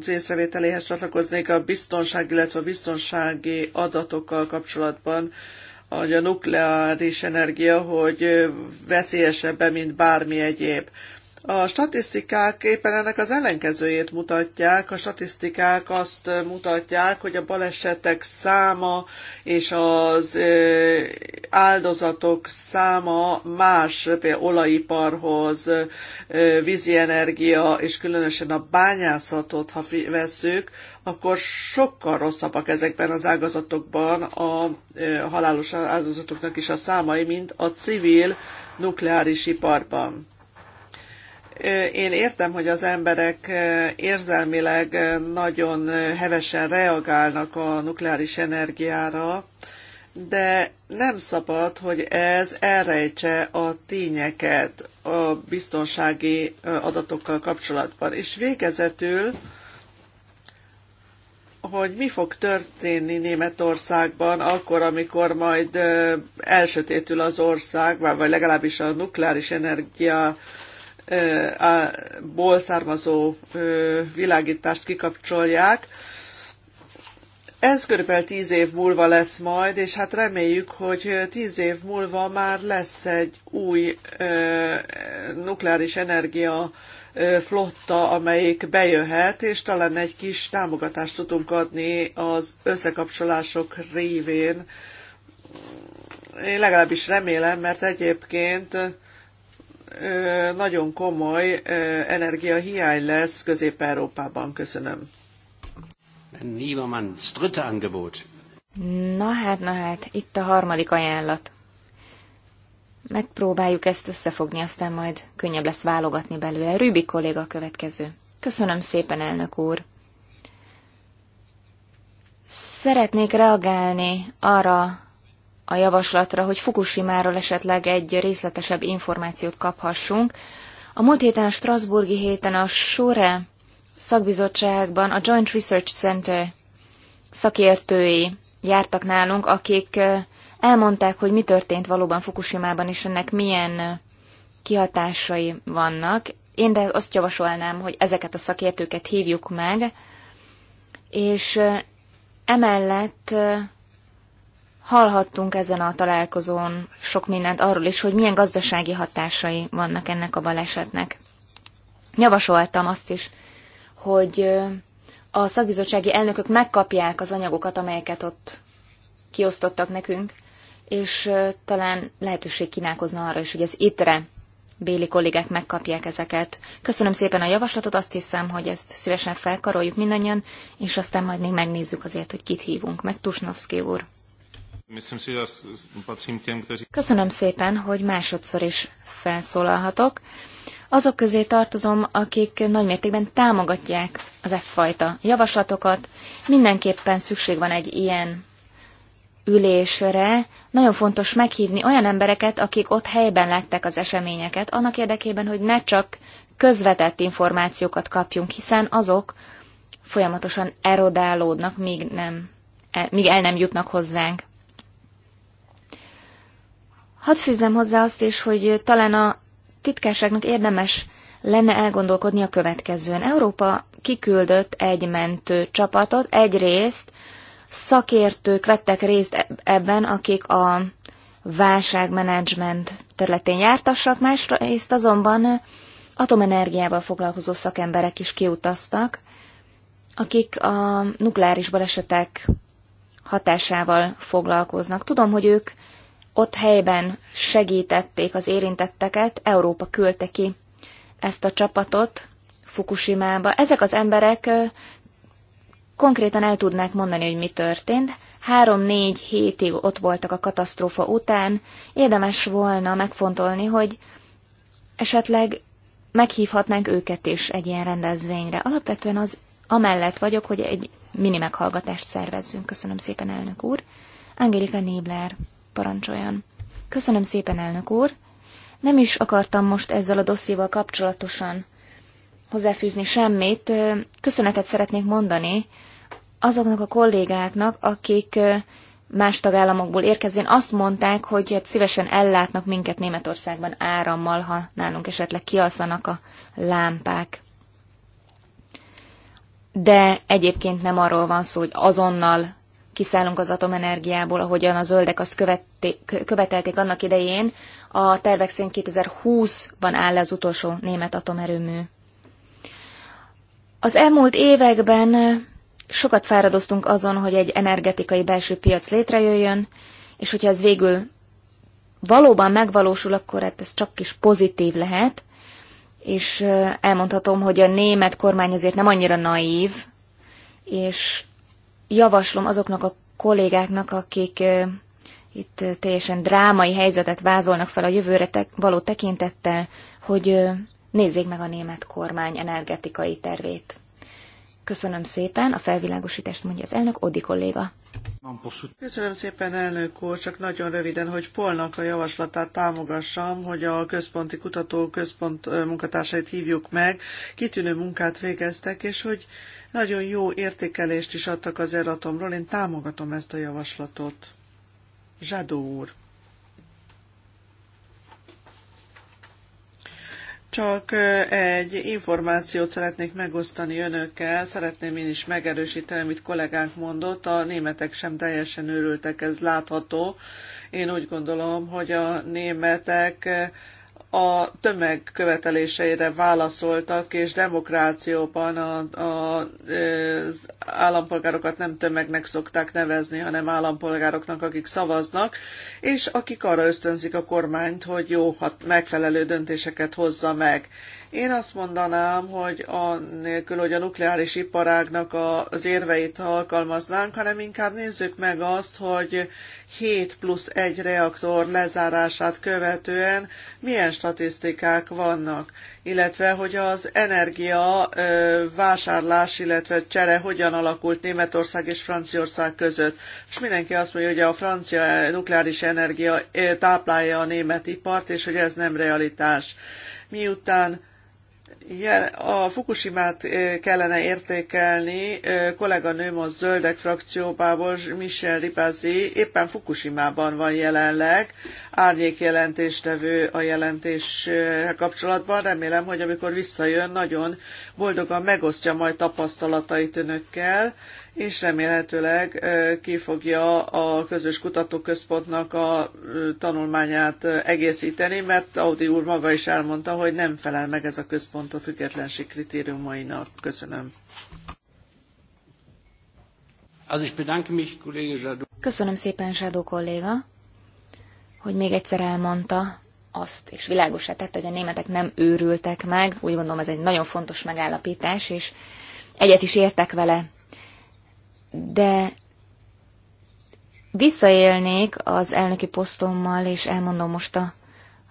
az észrevételéhez csatlakoznék a biztonság, illetve a biztonsági adatokkal kapcsolatban hogy a nukleáris energia, hogy veszélyesebb, mint bármi egyéb. A statisztikák éppen ennek az ellenkezőjét mutatják. A statisztikák azt mutatják, hogy a balesetek száma és az áldozatok száma más, például olajiparhoz, vízi energia, és különösen a bányászatot, ha vesszük, akkor sokkal rosszabbak ezekben az ágazatokban a halálos áldozatoknak is a számai, mint a civil nukleáris iparban. Én értem, hogy az emberek érzelmileg nagyon hevesen reagálnak a nukleáris energiára, de nem szabad, hogy ez elrejtse a tényeket a biztonsági adatokkal kapcsolatban. És végezetül, hogy mi fog történni Németországban akkor, amikor majd elsötétül az ország, vagy legalábbis a nukleáris energia ból származó világítást kikapcsolják. Ez körülbelül tíz év múlva lesz majd, és hát reméljük, hogy tíz év múlva már lesz egy új nukleáris energia flotta, amelyik bejöhet, és talán egy kis támogatást tudunk adni az összekapcsolások révén. Én legalábbis remélem, mert egyébként nagyon komoly energiahiány lesz Közép-Európában. Köszönöm. Na hát, na hát, itt a harmadik ajánlat. Megpróbáljuk ezt összefogni, aztán majd könnyebb lesz válogatni belőle. Rübi kolléga a következő. Köszönöm szépen, elnök úr. Szeretnék reagálni arra a javaslatra, hogy Fukushimáról esetleg egy részletesebb információt kaphassunk. A múlt héten, a Strasburgi héten a SURE szakbizottságban a Joint Research Center szakértői jártak nálunk, akik elmondták, hogy mi történt valóban Fukushima-ban, és ennek milyen kihatásai vannak. Én de azt javasolnám, hogy ezeket a szakértőket hívjuk meg, és emellett hallhattunk ezen a találkozón sok mindent arról is, hogy milyen gazdasági hatásai vannak ennek a balesetnek. Javasoltam azt is, hogy a szakbizottsági elnökök megkapják az anyagokat, amelyeket ott kiosztottak nekünk, és talán lehetőség kínálkozna arra is, hogy az ITRE béli kollégák megkapják ezeket. Köszönöm szépen a javaslatot, azt hiszem, hogy ezt szívesen felkaroljuk mindannyian, és aztán majd még megnézzük azért, hogy kit hívunk meg. Tusnovszki úr. Köszönöm szépen, hogy másodszor is felszólalhatok. Azok közé tartozom, akik nagymértékben támogatják az e-fajta javaslatokat. Mindenképpen szükség van egy ilyen ülésre. Nagyon fontos meghívni olyan embereket, akik ott helyben látták az eseményeket, annak érdekében, hogy ne csak közvetett információkat kapjunk, hiszen azok folyamatosan erodálódnak, míg, nem, e- míg el nem jutnak hozzánk. Hadd fűzzem hozzá azt is, hogy talán a titkárságnak érdemes lenne elgondolkodni a következőn. Európa kiküldött egy mentő csapatot, egyrészt szakértők vettek részt e- ebben, akik a válságmenedzsment területén jártassak, másrészt azonban atomenergiával foglalkozó szakemberek is kiutaztak, akik a nukleáris balesetek hatásával foglalkoznak. Tudom, hogy ők ott helyben segítették az érintetteket, Európa küldte ki ezt a csapatot Fukushima-ba. Ezek az emberek konkrétan el tudnák mondani, hogy mi történt. Három-négy hétig ott voltak a katasztrófa után. Érdemes volna megfontolni, hogy esetleg meghívhatnánk őket is egy ilyen rendezvényre. Alapvetően az amellett vagyok, hogy egy mini meghallgatást szervezzünk. Köszönöm szépen, elnök úr. Angelika Nébler Parancsoljon. Köszönöm szépen, elnök úr. Nem is akartam most ezzel a dossziéval kapcsolatosan hozzáfűzni semmit. Köszönetet szeretnék mondani azoknak a kollégáknak, akik más tagállamokból érkezén azt mondták, hogy hát szívesen ellátnak minket Németországban árammal, ha nálunk esetleg kialszanak a lámpák. De egyébként nem arról van szó, hogy azonnal kiszállunk az atomenergiából, ahogyan a zöldek azt követték, követelték annak idején. A tervek szerint 2020-ban áll az utolsó német atomerőmű. Az elmúlt években sokat fáradoztunk azon, hogy egy energetikai belső piac létrejöjjön, és hogyha ez végül valóban megvalósul, akkor hát ez csak kis pozitív lehet, és elmondhatom, hogy a német kormány azért nem annyira naív, és javaslom azoknak a kollégáknak, akik itt teljesen drámai helyzetet vázolnak fel a jövőre te- való tekintettel, hogy nézzék meg a német kormány energetikai tervét. Köszönöm szépen a felvilágosítást, mondja az elnök, Odi kolléga. Köszönöm szépen, elnök úr, csak nagyon röviden, hogy Polnak a javaslatát támogassam, hogy a központi kutató központ munkatársait hívjuk meg, kitűnő munkát végeztek, és hogy nagyon jó értékelést is adtak az Eratomról, én támogatom ezt a javaslatot. Zsadó úr. Csak egy információt szeretnék megosztani önökkel, szeretném én is megerősíteni, amit kollégánk mondott, a németek sem teljesen őrültek, ez látható. Én úgy gondolom, hogy a németek a tömeg követeléseire válaszoltak, és demokrációban a, a, az állampolgárokat nem tömegnek szokták nevezni, hanem állampolgároknak, akik szavaznak, és akik arra ösztönzik a kormányt, hogy jó, hat, megfelelő döntéseket hozza meg. Én azt mondanám, hogy anélkül, hogy a nukleáris iparágnak az érveit alkalmaznánk, hanem inkább nézzük meg azt, hogy 7 plusz 1 reaktor lezárását követően milyen statisztikák vannak, illetve hogy az energia vásárlás, illetve csere hogyan alakult Németország és Franciaország között. És mindenki azt mondja, hogy a francia nukleáris energia táplálja a német ipart, és hogy ez nem realitás. Miután a Fukushimát kellene értékelni. Kolléganőm a Zöldek frakcióbából, Michel Ripazi, éppen Fukushimában van jelenleg, árnyék jelentéstevő a jelentés kapcsolatban. Remélem, hogy amikor visszajön, nagyon boldogan megosztja majd tapasztalatait önökkel, és remélhetőleg ki fogja a közös kutatóközpontnak a tanulmányát egészíteni, mert Audi úr maga is elmondta, hogy nem felel meg ez a központ a függetlenség kritériumainak. Köszönöm. Köszönöm szépen, Zsadó kolléga, hogy még egyszer elmondta azt, és világosá tette, hogy a németek nem őrültek meg. Úgy gondolom, ez egy nagyon fontos megállapítás, és egyet is értek vele de visszaélnék az elnöki posztommal, és elmondom most a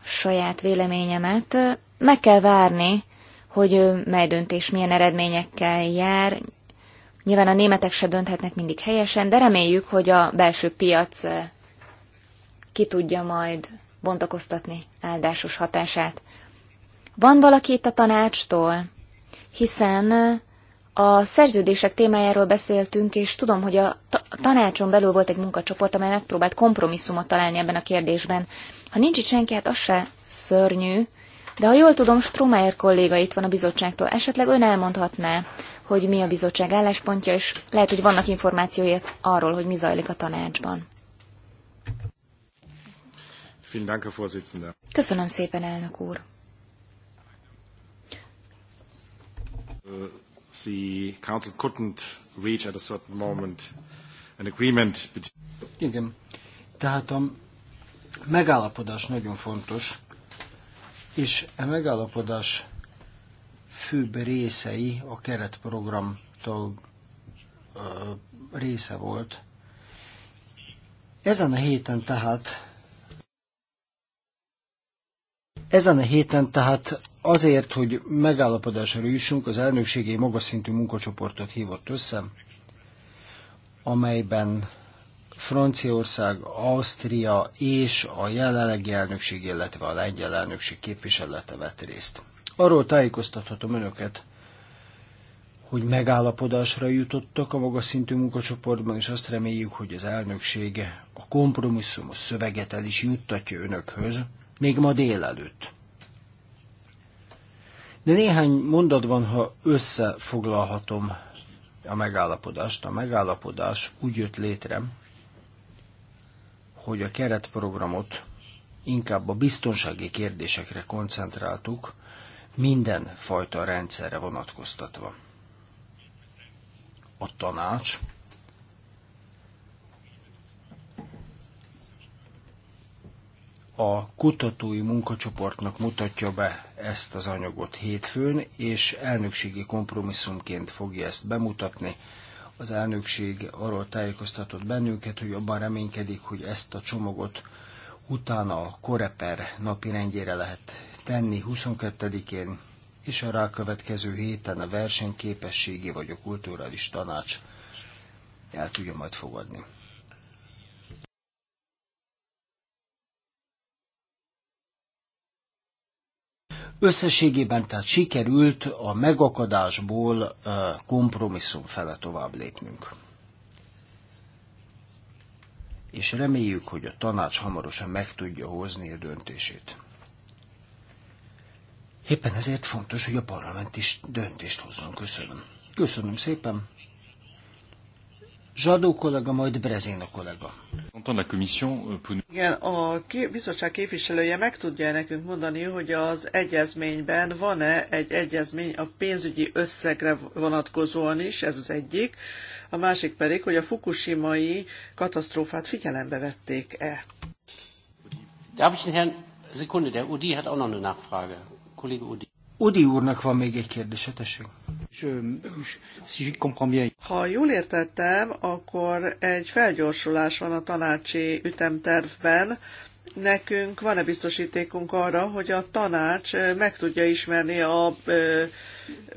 saját véleményemet. Meg kell várni, hogy mely döntés milyen eredményekkel jár. Nyilván a németek se dönthetnek mindig helyesen, de reméljük, hogy a belső piac ki tudja majd bontakoztatni áldásos hatását. Van valaki itt a tanácstól, hiszen a szerződések témájáról beszéltünk, és tudom, hogy a tanácson belül volt egy munkacsoport, amely megpróbált kompromisszumot találni ebben a kérdésben. Ha nincs itt senki, hát az se szörnyű, de ha jól tudom, Stromayer kolléga itt van a bizottságtól. Esetleg ön elmondhatná, hogy mi a bizottság álláspontja, és lehet, hogy vannak információi arról, hogy mi zajlik a tanácsban. Köszönöm szépen, elnök úr the Council couldn't reach at a certain moment an agreement between... Igen. Tehát a megállapodás nagyon fontos, és a e megállapodás főbb részei a keretprogram tag része volt. Ezen a héten tehát ezen a héten tehát azért, hogy megállapodásra jussunk, az elnökségi magas szintű munkacsoportot hívott össze, amelyben Franciaország, Ausztria és a jelenlegi elnökség, illetve a lengyel elnökség képviselete vett részt. Arról tájékoztathatom önöket, hogy megállapodásra jutottak a magas szintű munkacsoportban, és azt reméljük, hogy az elnöksége a kompromisszumos szöveget el is juttatja önökhöz, még ma délelőtt. De néhány mondatban, ha összefoglalhatom a megállapodást, a megállapodás úgy jött létre, hogy a keretprogramot inkább a biztonsági kérdésekre koncentráltuk, minden fajta rendszerre vonatkoztatva. A tanács a kutatói munkacsoportnak mutatja be ezt az anyagot hétfőn, és elnökségi kompromisszumként fogja ezt bemutatni. Az elnökség arról tájékoztatott bennünket, hogy abban reménykedik, hogy ezt a csomagot utána a Koreper napi rendjére lehet tenni 22-én, és a rákövetkező héten a versenyképességi vagy a kulturális tanács el tudja majd fogadni. Összességében tehát sikerült a megakadásból kompromisszum fele tovább lépnünk. És reméljük, hogy a tanács hamarosan meg tudja hozni a döntését. Éppen ezért fontos, hogy a parlament is döntést hozzon. Köszönöm. Köszönöm szépen. Zsadó kollega, majd Brezina kollega. Euh, Igen, a bizottság képviselője meg tudja nekünk mondani, hogy az egyezményben van-e egy egyezmény a pénzügyi összegre vonatkozóan is, ez az egyik, a másik pedig, hogy a fukushimai katasztrófát figyelembe vették-e. Darf ich den Herrn, Sekunde, der Udi hat auch noch eine Nachfrage. Kollege Udi. Odi úrnak van még egy kérdése, tessék. Ha jól értettem, akkor egy felgyorsulás van a tanácsi ütemtervben. Nekünk van-e biztosítékunk arra, hogy a tanács meg tudja ismerni a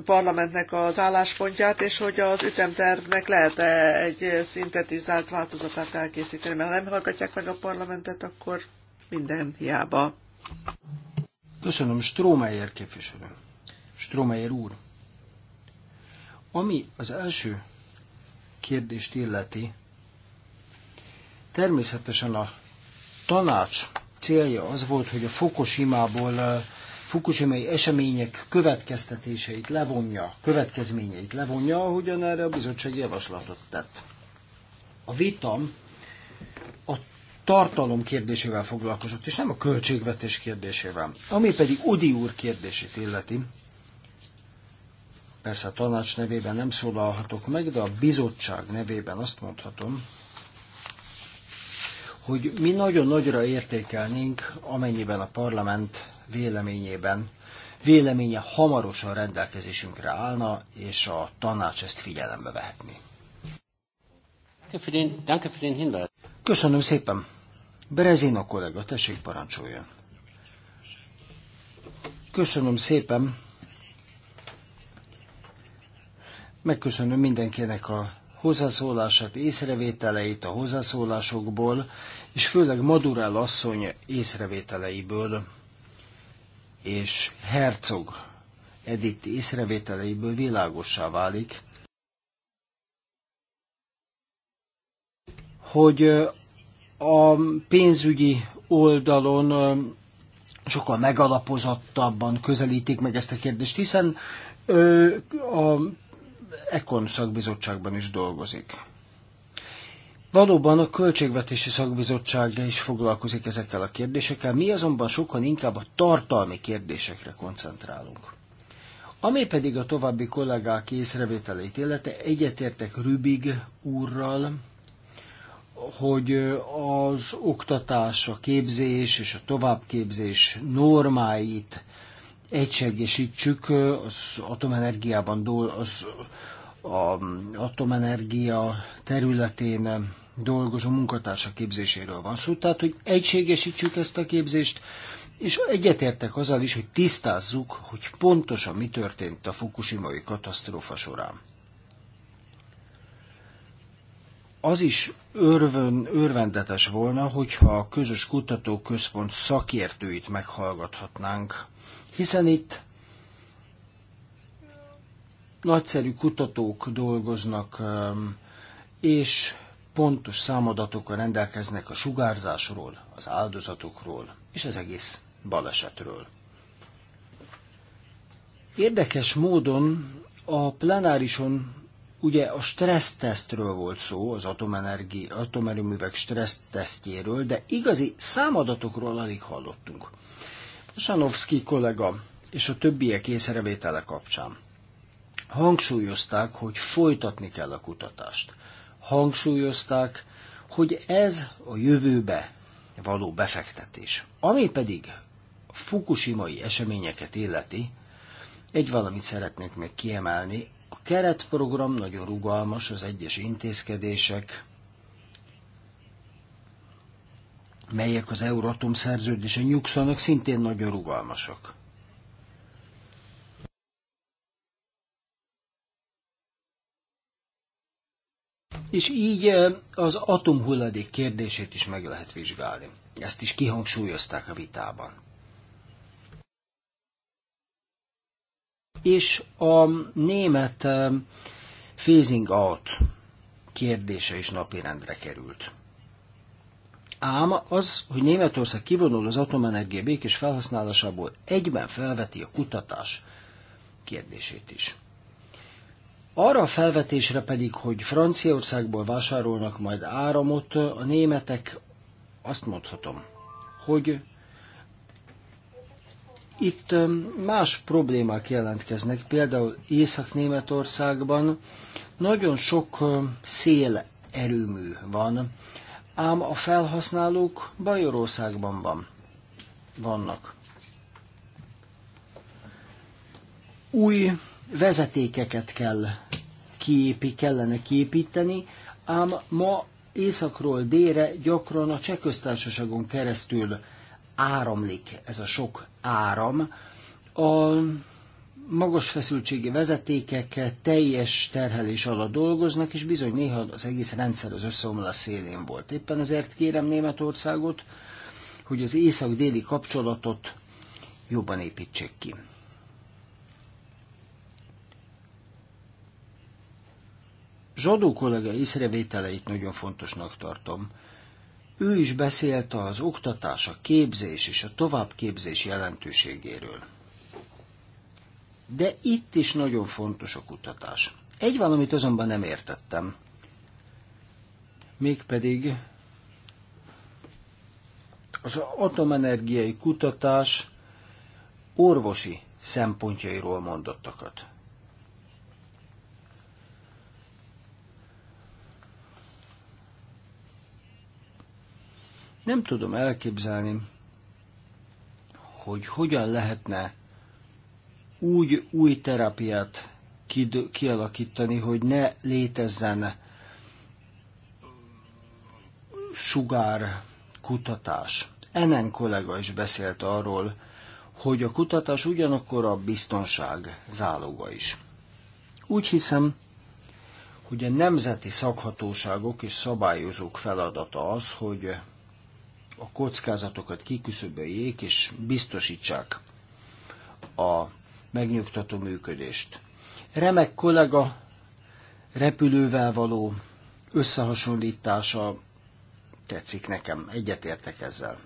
parlamentnek az álláspontját, és hogy az ütemtervnek lehet-e egy szintetizált változatát elkészíteni, mert ha nem hallgatják meg a parlamentet, akkor minden hiába. Köszönöm, Strómeyer képviselő. Strómeyer úr. Ami az első kérdést illeti, természetesen a tanács célja az volt, hogy a Fukushima-ból eh, Fukushimai események következtetéseit levonja, következményeit levonja, ahogyan erre a bizottság javaslatot tett. A vitam tartalom kérdésével foglalkozott, és nem a költségvetés kérdésével. Ami pedig Udi úr kérdését illeti, persze a tanács nevében nem szólalhatok meg, de a bizottság nevében azt mondhatom, hogy mi nagyon nagyra értékelnénk, amennyiben a parlament véleményében véleménye hamarosan rendelkezésünkre állna, és a tanács ezt figyelembe vehetni. Köszönöm szépen. a kollega, tessék parancsoljon. Köszönöm szépen. Megköszönöm mindenkinek a hozzászólását, észrevételeit a hozzászólásokból, és főleg Madurál asszony észrevételeiből, és Herzog Edith észrevételeiből világossá válik, hogy a pénzügyi oldalon sokkal megalapozottabban közelítik meg ezt a kérdést, hiszen a Ekon szakbizottságban is dolgozik. Valóban a Költségvetési Szakbizottság is foglalkozik ezekkel a kérdésekkel, mi azonban sokkal inkább a tartalmi kérdésekre koncentrálunk. Ami pedig a további kollégák észrevételét illeti, egyetértek Rübig úrral, hogy az oktatás, a képzés és a továbbképzés normáit egységesítsük az atomenergiában, az a atomenergia területén dolgozó munkatársa képzéséről van szó. Tehát, hogy egységesítsük ezt a képzést, és egyetértek azzal is, hogy tisztázzuk, hogy pontosan mi történt a fukushimai katasztrófa során. az is örvön, örvendetes volna, hogyha a közös kutatóközpont szakértőit meghallgathatnánk, hiszen itt nagyszerű kutatók dolgoznak, és pontos számadatokkal rendelkeznek a sugárzásról, az áldozatokról és az egész balesetről. Érdekes módon a plenárison Ugye a stressztesztről volt szó, az atomenergi, atomerőművek stressztesztjéről, de igazi számadatokról alig hallottunk. Sanovszki kollega és a többiek észrevétele kapcsán hangsúlyozták, hogy folytatni kell a kutatást. Hangsúlyozták, hogy ez a jövőbe való befektetés. Ami pedig a eseményeket illeti, egy valamit szeretnék még kiemelni, a keretprogram nagyon rugalmas, az egyes intézkedések, melyek az Euratom szerződése nyugszanak, szintén nagyon rugalmasak. És így eh, az atomhulladék kérdését is meg lehet vizsgálni. Ezt is kihangsúlyozták a vitában. és a német phasing out kérdése is napirendre került. Ám az, hogy Németország kivonul az atomenergia békés felhasználásából, egyben felveti a kutatás kérdését is. Arra a felvetésre pedig, hogy Franciaországból vásárolnak majd áramot, a németek azt mondhatom, hogy itt más problémák jelentkeznek, például Észak-Németországban nagyon sok szél erőmű van, ám a felhasználók Bajorországban van, vannak. Új vezetékeket kell kiépi, kellene kiépíteni, ám ma északról délre gyakran a cseh köztársaságon keresztül áramlik, ez a sok áram. A magas feszültségi vezetékek teljes terhelés alatt dolgoznak, és bizony néha az egész rendszer az összeomlás szélén volt. Éppen ezért kérem Németországot, hogy az észak-déli kapcsolatot jobban építsék ki. Zsadó kollega észrevételeit nagyon fontosnak tartom. Ő is beszélt az oktatás, a képzés és a továbbképzés jelentőségéről. De itt is nagyon fontos a kutatás. Egy valamit azonban nem értettem. Mégpedig az atomenergiai kutatás orvosi szempontjairól mondottakat. Nem tudom elképzelni, hogy hogyan lehetne úgy új terápiát kialakítani, hogy ne létezzen sugár kutatás. Enen kollega is beszélt arról, hogy a kutatás ugyanakkor a biztonság záloga is. Úgy hiszem, hogy a nemzeti szakhatóságok és szabályozók feladata az, hogy a kockázatokat kiküszöböljék és biztosítsák a megnyugtató működést. Remek kollega repülővel való összehasonlítása tetszik nekem, egyetértek ezzel.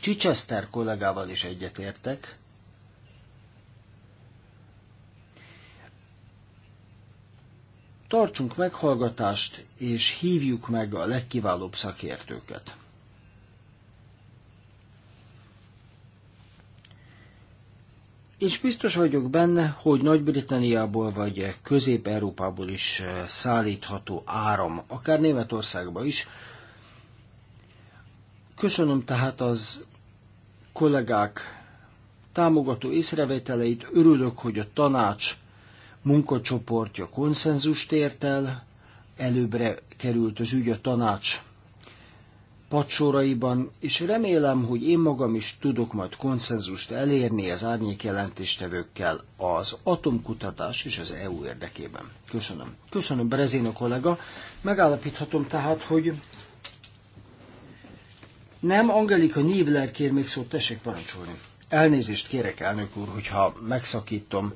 Csicseszter kollégával is egyetértek. Tartsunk meghallgatást, és hívjuk meg a legkiválóbb szakértőket. És biztos vagyok benne, hogy Nagy-Britanniából vagy Közép-Európából is eh, szállítható áram, akár Németországba is. Köszönöm tehát az kollégák támogató észrevételeit, örülök, hogy a tanács munkacsoportja konszenzust ért el, előbbre került az ügy a tanács padsoraiban, és remélem, hogy én magam is tudok majd konszenzust elérni az árnyék jelentéstevőkkel az atomkutatás és az EU érdekében. Köszönöm. Köszönöm, a kollega. Megállapíthatom tehát, hogy nem, Angelika Nibler kér még szót, tessék parancsolni. Elnézést kérek, elnök úr, hogyha megszakítom,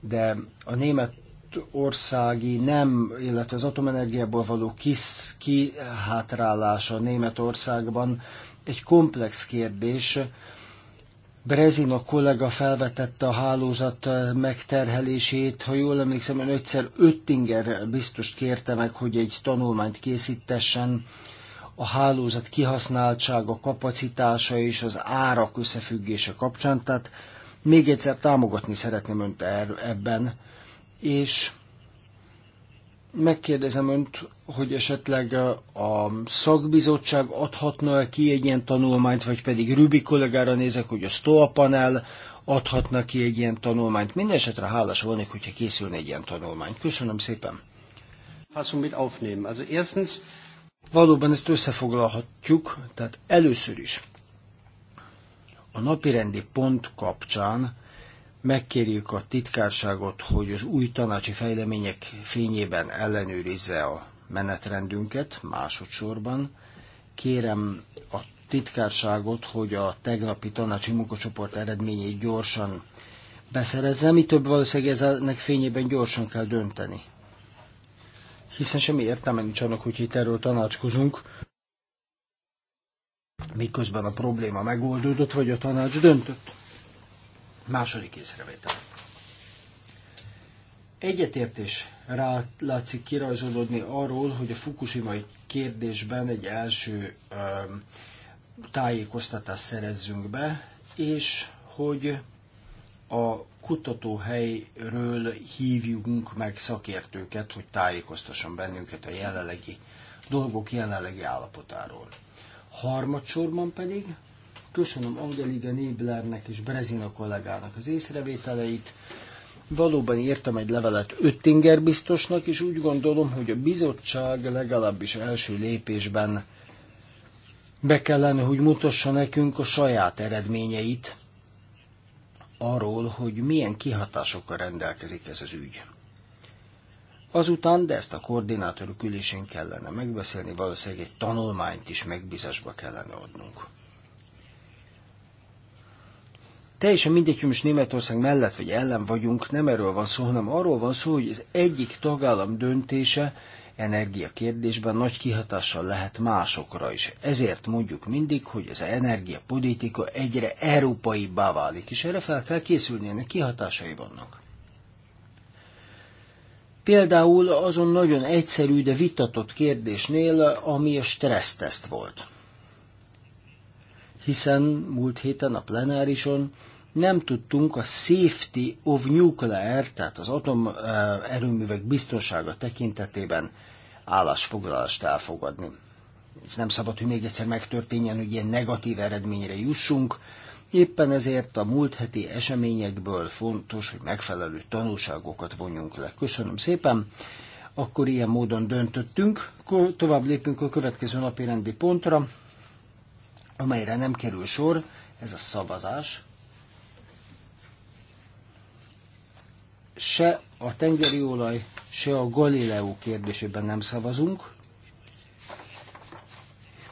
de a német németországi nem, illetve az atomenergiából való kis, a Németországban egy komplex kérdés. Brezina kollega felvetette a hálózat megterhelését, ha jól emlékszem, ön egyszer Öttinger biztos kérte meg, hogy egy tanulmányt készítessen a hálózat kihasználtsága, kapacitása és az árak összefüggése kapcsán. Tehát még egyszer támogatni szeretném önt er-, ebben és megkérdezem önt, hogy esetleg a szakbizottság adhatna -e ki egy ilyen tanulmányt, vagy pedig Rübi kollégára nézek, hogy a STOA panel adhatna ki egy ilyen tanulmányt. Mindenesetre hálás volnék, hogyha készülne egy ilyen tanulmány. Köszönöm szépen. aufnehmen. Valóban ezt összefoglalhatjuk, tehát először is a napirendi pont kapcsán Megkérjük a titkárságot, hogy az új tanácsi fejlemények fényében ellenőrizze a menetrendünket másodszorban. Kérem a titkárságot, hogy a tegnapi tanácsi munkacsoport eredményét gyorsan beszerezze, mi több valószínűleg ezeknek fényében gyorsan kell dönteni. Hiszen semmi értelme nincs annak, hogy itt erről tanácskozunk, miközben a probléma megoldódott, vagy a tanács döntött. Második észrevétel. Egyetértés rá látszik kirajzolódni arról, hogy a fukushimai kérdésben egy első ö, tájékoztatást szerezzünk be, és hogy a kutatóhelyről hívjunk meg szakértőket, hogy tájékoztasson bennünket a jelenlegi dolgok jelenlegi állapotáról. Harmadsorban pedig Köszönöm Angelida Néblernek és Brezina kollégának az észrevételeit. Valóban írtam egy levelet Öttinger biztosnak, és úgy gondolom, hogy a bizottság legalábbis első lépésben be kellene, hogy mutassa nekünk a saját eredményeit arról, hogy milyen kihatásokkal rendelkezik ez az ügy. Azután, de ezt a koordinátorok ülésén kellene megbeszélni, valószínűleg egy tanulmányt is megbízásba kellene adnunk teljesen mindegy, hogy most Németország mellett vagy ellen vagyunk, nem erről van szó, hanem arról van szó, hogy az egyik tagállam döntése energia kérdésben nagy kihatással lehet másokra is. Ezért mondjuk mindig, hogy az energiapolitika egyre Európai válik, és erre fel kell készülni, ennek kihatásai vannak. Például azon nagyon egyszerű, de vitatott kérdésnél, ami a stresszteszt volt hiszen múlt héten a plenárison nem tudtunk a safety of nuclear, tehát az atomerőművek biztonsága tekintetében állásfoglalást elfogadni. Ez nem szabad, hogy még egyszer megtörténjen, hogy ilyen negatív eredményre jussunk, éppen ezért a múlt heti eseményekből fontos, hogy megfelelő tanulságokat vonjunk le. Köszönöm szépen! Akkor ilyen módon döntöttünk, tovább lépünk a következő napi rendi pontra, amelyre nem kerül sor, ez a szavazás, se a tengeri olaj, se a Galileo kérdésében nem szavazunk.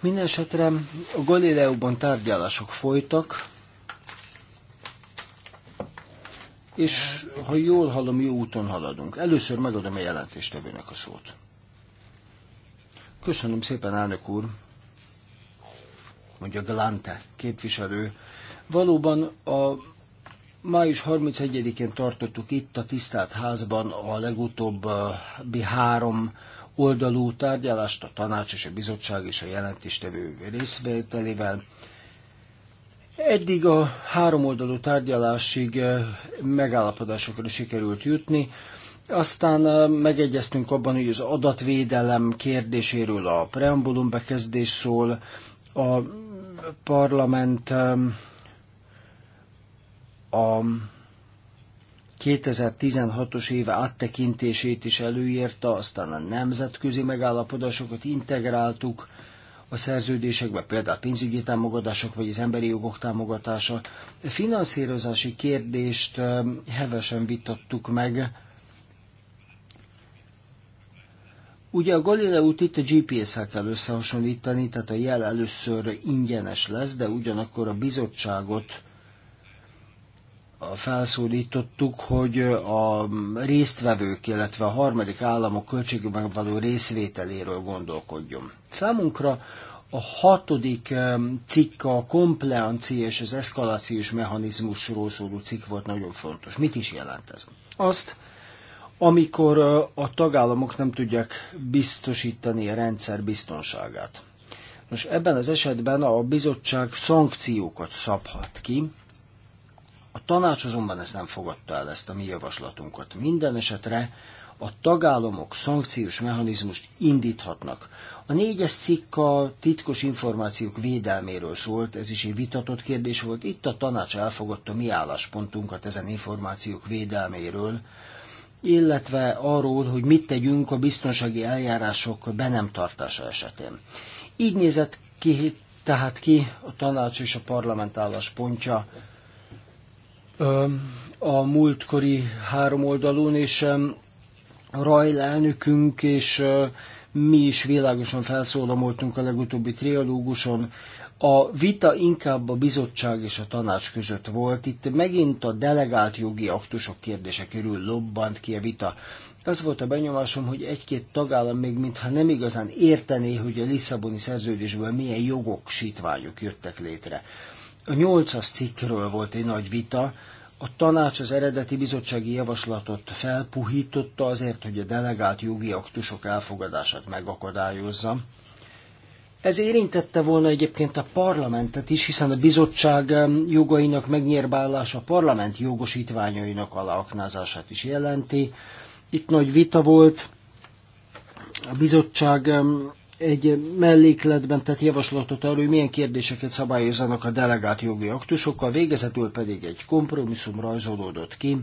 Mindenesetre a Galileóban tárgyalások folytak, és ha jól hallom, jó úton haladunk. Először megadom a jelentéstevőnek a szót. Köszönöm szépen, elnök úr! mondja Glante képviselő. Valóban a május 31-én tartottuk itt a tisztelt házban a legutóbbi három oldalú tárgyalást a tanács és a bizottság és a jelentéstevő részvételével. Eddig a három oldalú tárgyalásig eh, megállapodásokra sikerült jutni, aztán eh, megegyeztünk abban, hogy az adatvédelem kérdéséről a preambulum bekezdés szól, a Parlament um, a 2016-os éve áttekintését is előírta, aztán a nemzetközi megállapodásokat integráltuk a szerződésekbe, például a pénzügyi támogatások vagy az emberi jogok támogatása. A finanszírozási kérdést um, hevesen vitattuk meg, Ugye a Galileót itt a GPS-el kell összehasonlítani, tehát a jel először ingyenes lesz, de ugyanakkor a bizottságot felszólítottuk, hogy a résztvevők, illetve a harmadik államok költségében való részvételéről gondolkodjon. Számunkra a hatodik cikk a kompleanci és az eszkalációs mechanizmusról szóló cikk volt nagyon fontos. Mit is jelent ez? Azt, amikor a tagállamok nem tudják biztosítani a rendszer biztonságát. Nos, ebben az esetben a bizottság szankciókat szabhat ki, a tanács azonban ezt nem fogadta el, ezt a mi javaslatunkat. Minden esetre a tagállamok szankciós mechanizmust indíthatnak. A négyes cikk a titkos információk védelméről szólt, ez is egy vitatott kérdés volt. Itt a tanács elfogadta mi álláspontunkat ezen információk védelméről, illetve arról, hogy mit tegyünk a biztonsági eljárások be nem tartása esetén. Így nézett ki, tehát ki a tanács és a parlament álláspontja a múltkori három oldalon, és Rajl elnökünk és mi is világosan felszólamoltunk a legutóbbi trialóguson, a vita inkább a bizottság és a tanács között volt. Itt megint a delegált jogi aktusok kérdése körül lobbant ki a vita. Az volt a benyomásom, hogy egy-két tagállam még mintha nem igazán értené, hogy a Lisszaboni szerződésből milyen jogok, sítványok jöttek létre. A nyolcas cikkről volt egy nagy vita, a tanács az eredeti bizottsági javaslatot felpuhította azért, hogy a delegált jogi aktusok elfogadását megakadályozza. Ez érintette volna egyébként a parlamentet is, hiszen a bizottság jogainak megnyírbálása a parlament jogosítványainak aláaknázását is jelenti. Itt nagy vita volt, a bizottság egy mellékletben tett javaslatot arról, hogy milyen kérdéseket szabályozzanak a delegált jogi aktusokkal, végezetül pedig egy kompromisszum rajzolódott ki.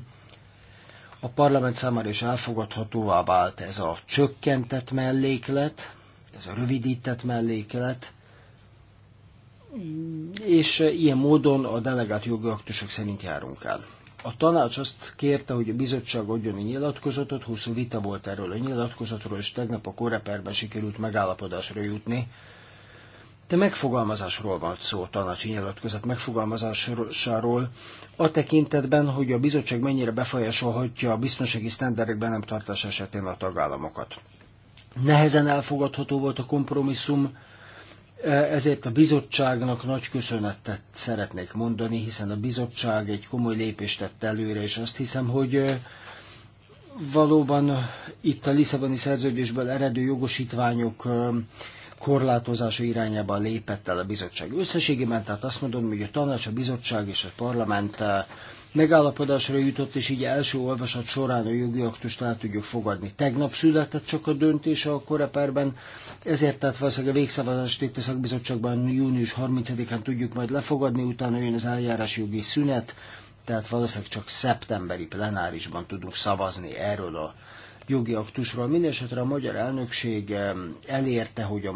A parlament számára is elfogadhatóvá vált ez a csökkentett melléklet, ez a rövidített mellékelet, és eh, ilyen módon a delegált jogi aktusok szerint járunk el. A tanács azt kérte, hogy a bizottság adjon egy nyilatkozatot, hosszú vita volt erről a nyilatkozatról, és tegnap a koreperben sikerült megállapodásra jutni. De megfogalmazásról van szó, tanácsi nyilatkozat megfogalmazásáról, a tekintetben, hogy a bizottság mennyire befolyásolhatja a biztonsági sztenderekben nem tartás esetén a tagállamokat nehezen elfogadható volt a kompromisszum, e, ezért a bizottságnak nagy köszönetet szeretnék mondani, hiszen a bizottság egy komoly lépést tett előre, és azt hiszem, hogy e, valóban itt a Lisszaboni szerződésből eredő jogosítványok e, korlátozása irányába lépett el a bizottság összességében, tehát azt mondom, hogy a tanács, a bizottság és a parlament megállapodásra jutott, és így első olvasat során a jogi aktust el tudjuk fogadni. Tegnap született csak a döntése a koreperben, ezért tehát valószínűleg a végszavazást itt a szakbizottságban június 30-án tudjuk majd lefogadni, utána jön az eljárás jogi szünet, tehát valószínűleg csak szeptemberi plenárisban tudunk szavazni erről a jogi aktusról. Mindenesetre a magyar elnökség elérte, hogy a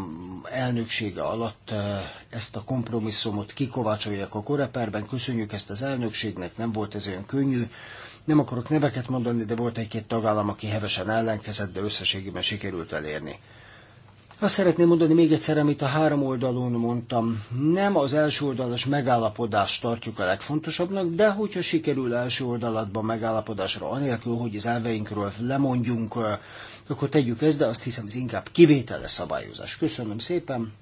elnöksége alatt eh, ezt a kompromisszumot kikovácsolják a koreperben. Köszönjük ezt az elnökségnek, nem volt ez olyan könnyű. Nem akarok neveket mondani, de volt egy-két tagállam, aki hevesen ellenkezett, de összességében sikerült elérni azt szeretném mondani még egyszer, amit a három oldalon mondtam. Nem az első oldalas megállapodást tartjuk a legfontosabbnak, de hogyha sikerül első oldalatban megállapodásra, anélkül, hogy az elveinkről lemondjunk, akkor tegyük ezt, de azt hiszem, ez inkább kivétele szabályozás. Köszönöm szépen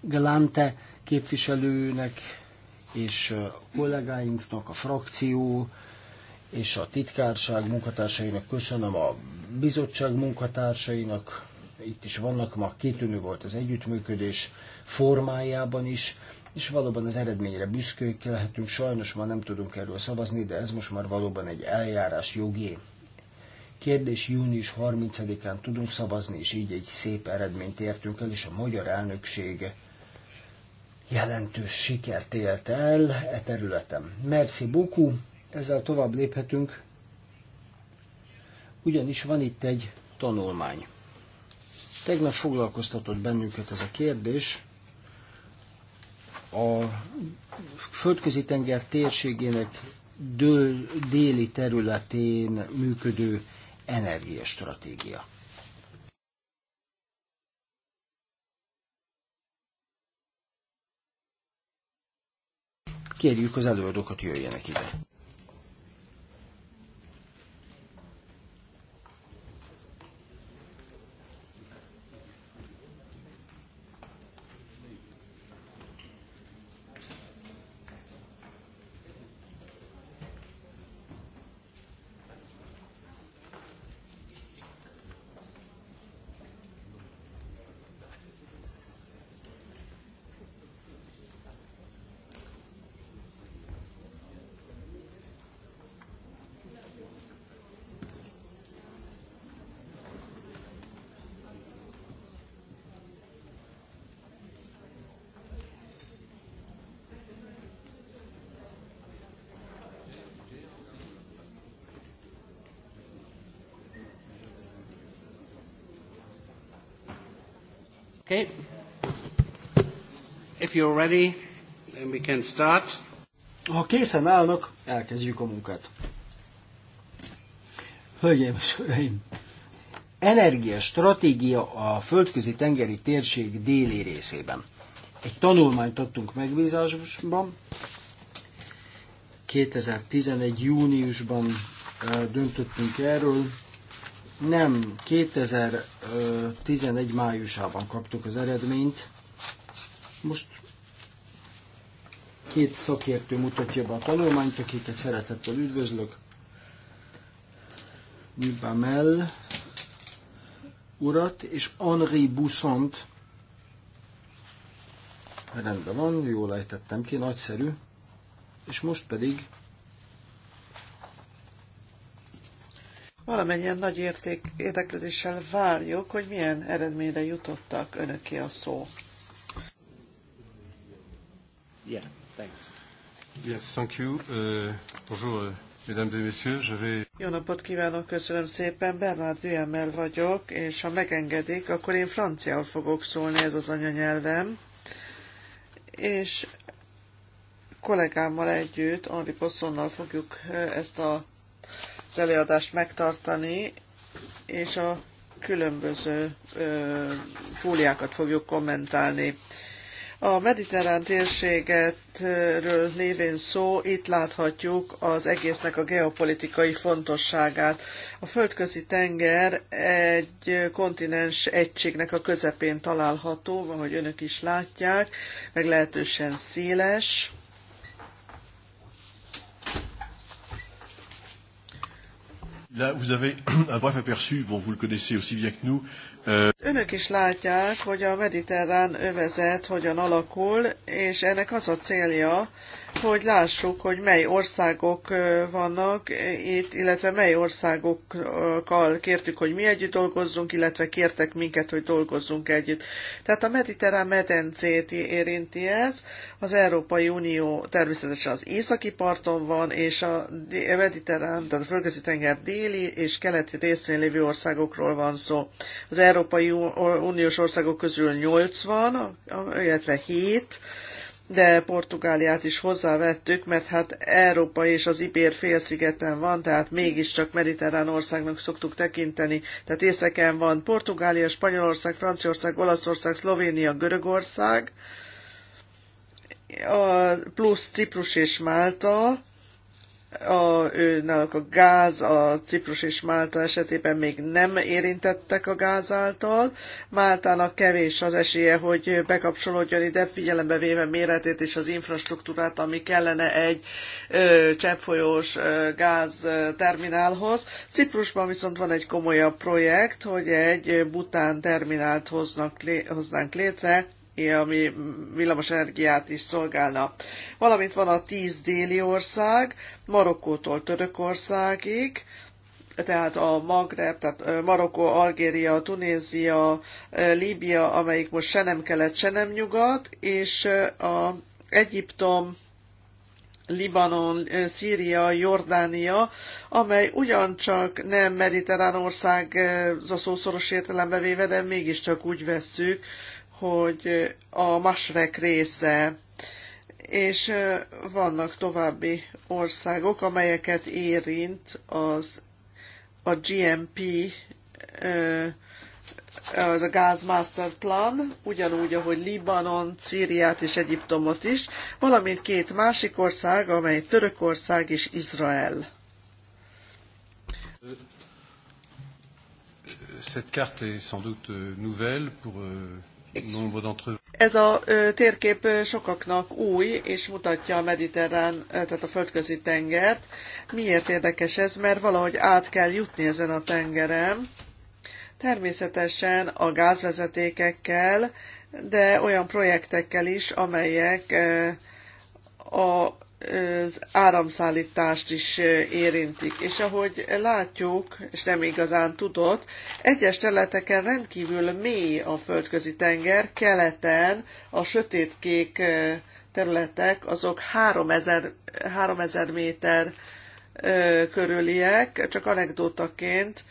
Galante képviselőnek és a kollégáinknak, a frakció és a titkárság munkatársainak köszönöm a bizottság munkatársainak, itt is vannak, ma kitűnő volt az együttműködés formájában is, és valóban az eredményre büszkék lehetünk, sajnos ma nem tudunk erről szavazni, de ez most már valóban egy eljárás jogé. kérdés, június 30-án tudunk szavazni, és így egy szép eredményt értünk el, és a magyar elnökség jelentős sikert élt el e területen. Merci beaucoup, ezzel tovább léphetünk, ugyanis van itt egy tanulmány. Tegnap foglalkoztatott bennünket ez a kérdés. A földközi tenger térségének dől, déli területén működő energiastratégia. Kérjük az előadókat jöjjenek ide. Okay. If you're ready, then we can start. Ha készen állnak, elkezdjük a munkát. Hölgyeim és Uraim! Energia stratégia a földközi tengeri térség déli részében. Egy tanulmányt adtunk megbízásban. 2011. júniusban eh, döntöttünk erről, nem, 2011 májusában kaptuk az eredményt. Most két szakértő mutatja be a tanulmányt, akiket szeretettel üdvözlök. Nibamel urat és Henri Bussont. Rendben van, jól ejtettem ki, nagyszerű. És most pedig Valamennyien nagy érték, érdeklődéssel várjuk, hogy milyen eredményre jutottak önöké a szó. Yeah, thanks. Yes, thank you. Uh, bonjour, uh, mesdames et messieurs, je vais... Jó napot kívánok, köszönöm szépen, Bernard Duhamel vagyok, és ha megengedik, akkor én franciául fogok szólni, ez az anyanyelvem. És kollégámmal együtt, Henri Possonnal fogjuk uh, ezt a az előadást megtartani, és a különböző ö, fóliákat fogjuk kommentálni. A mediterrán térségetről lévén szó, itt láthatjuk az egésznek a geopolitikai fontosságát. A földközi tenger egy kontinens egységnek a közepén található, ahogy önök is látják, meg lehetősen széles Là, vous avez un bref aperçu, bon, vous le connaissez aussi bien que nous, Önök is látják, hogy a mediterrán övezet hogyan alakul, és ennek az a célja, hogy lássuk, hogy mely országok vannak itt, illetve mely országokkal kértük, hogy mi együtt dolgozzunk, illetve kértek minket, hogy dolgozzunk együtt. Tehát a mediterrán medencét érinti ez, az Európai Unió természetesen az északi parton van, és a mediterrán, tehát a földközi tenger déli és keleti részén lévő országokról van szó. Az Európai Uniós országok közül nyolc van, illetve 7, de Portugáliát is hozzávettük, mert hát Európa és az Ibér félszigeten van, tehát mégiscsak mediterrán országnak szoktuk tekinteni. Tehát észeken van Portugália, Spanyolország, Franciaország, Olaszország, Szlovénia, Görögország, plusz Ciprus és Málta, a, ő, náluk a gáz, a Ciprus és Málta esetében még nem érintettek a gáz által. Máltának kevés az esélye, hogy bekapcsolódjon ide, figyelembe véve méretét és az infrastruktúrát, ami kellene egy ö, cseppfolyós ö, gáz terminálhoz. Ciprusban viszont van egy komolyabb projekt, hogy egy bután terminált hoznak, lé, hoznánk létre, ami villamos energiát is szolgálna. Valamint van a tíz déli ország, Marokkótól Törökországig, tehát a Magreb, tehát Marokkó, Algéria, Tunézia, Líbia, amelyik most se nem kelet, se nem nyugat, és a Egyiptom, Libanon, Szíria, Jordánia, amely ugyancsak nem mediterrán ország az a szószoros értelembe véve, de mégiscsak úgy vesszük, hogy a masrek része, és vannak további országok, amelyeket érint az a GMP, az a Gas Master Plan, ugyanúgy, ahogy Libanon, Szíriát és Egyiptomot is, valamint két másik ország, amely Törökország és Izrael. Cette carte est sans doute nouvelle pour euh, ez a térkép sokaknak új, és mutatja a mediterrán, tehát a földközi tengert. Miért érdekes ez? Mert valahogy át kell jutni ezen a tengeren. Természetesen a gázvezetékekkel, de olyan projektekkel is, amelyek a az áramszállítást is érintik. És ahogy látjuk, és nem igazán tudott, egyes területeken rendkívül mély a földközi tenger, keleten a sötétkék területek, azok 3000, 3000 méter körüliek, csak anekdótaként,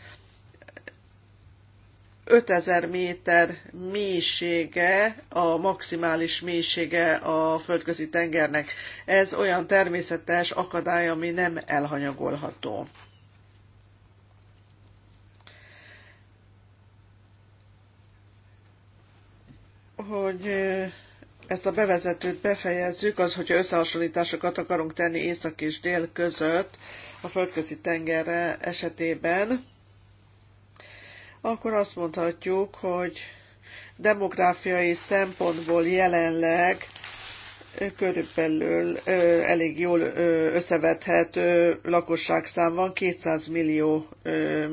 5000 méter mélysége, a maximális mélysége a földközi tengernek. Ez olyan természetes akadály, ami nem elhanyagolható. Hogy ezt a bevezetőt befejezzük, az, hogyha összehasonlításokat akarunk tenni észak és dél között a földközi tengerre esetében, akkor azt mondhatjuk, hogy demográfiai szempontból jelenleg körülbelül elég jól összevethet lakosságszám van, 200 millió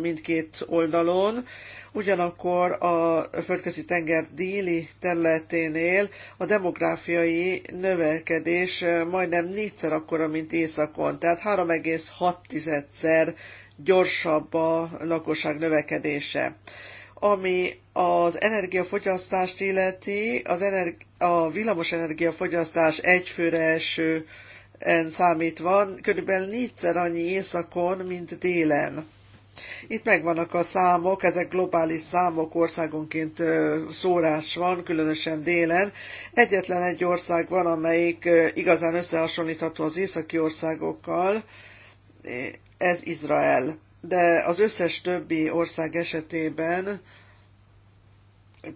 mindkét oldalon. Ugyanakkor a földközi tenger déli területénél a demográfiai növekedés majdnem négyszer akkora, mint északon, tehát 3,6-szer gyorsabb a lakosság növekedése. Ami az energiafogyasztást illeti, az energi- a villamos energiafogyasztás egyfőre eső számítva, körülbelül négyszer annyi éjszakon, mint délen. Itt megvannak a számok, ezek globális számok, országonként szórás van, különösen délen. Egyetlen egy ország van, amelyik igazán összehasonlítható az északi országokkal, ez Izrael. De az összes többi ország esetében,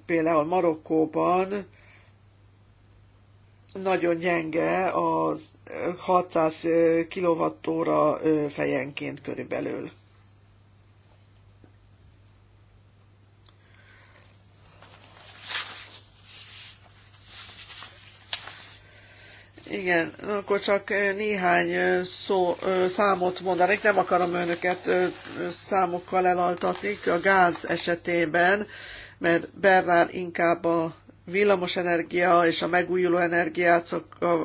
például Marokkóban, nagyon gyenge az 600 kWh fejenként körülbelül. Igen, akkor csak néhány szó, számot mondanék, nem akarom önöket számokkal elaltatni a gáz esetében, mert Bernár inkább a villamosenergia és a megújuló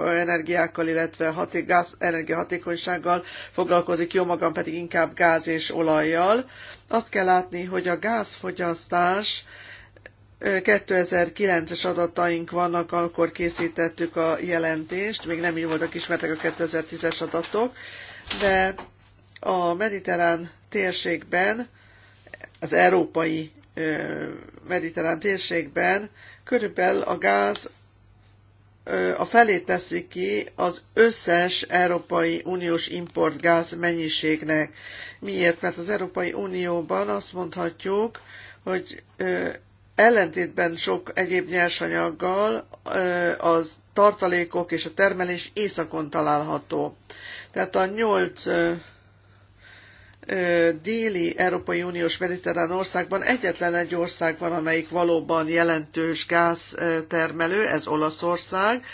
energiákkal, illetve haték, gáz, energiahatékonysággal foglalkozik, jó magam pedig inkább gáz és olajjal. Azt kell látni, hogy a gázfogyasztás 2009-es adataink vannak, akkor készítettük a jelentést, még nem így voltak ismertek a 2010-es adatok, de a mediterrán térségben, az európai mediterrán térségben körülbelül a gáz a felét teszi ki az összes Európai Uniós importgáz mennyiségnek. Miért? Mert az Európai Unióban azt mondhatjuk, hogy Ellentétben sok egyéb nyersanyaggal az tartalékok és a termelés északon található. Tehát a nyolc déli Európai Uniós mediterrán országban egyetlen egy ország van, amelyik valóban jelentős gáztermelő, ez Olaszország,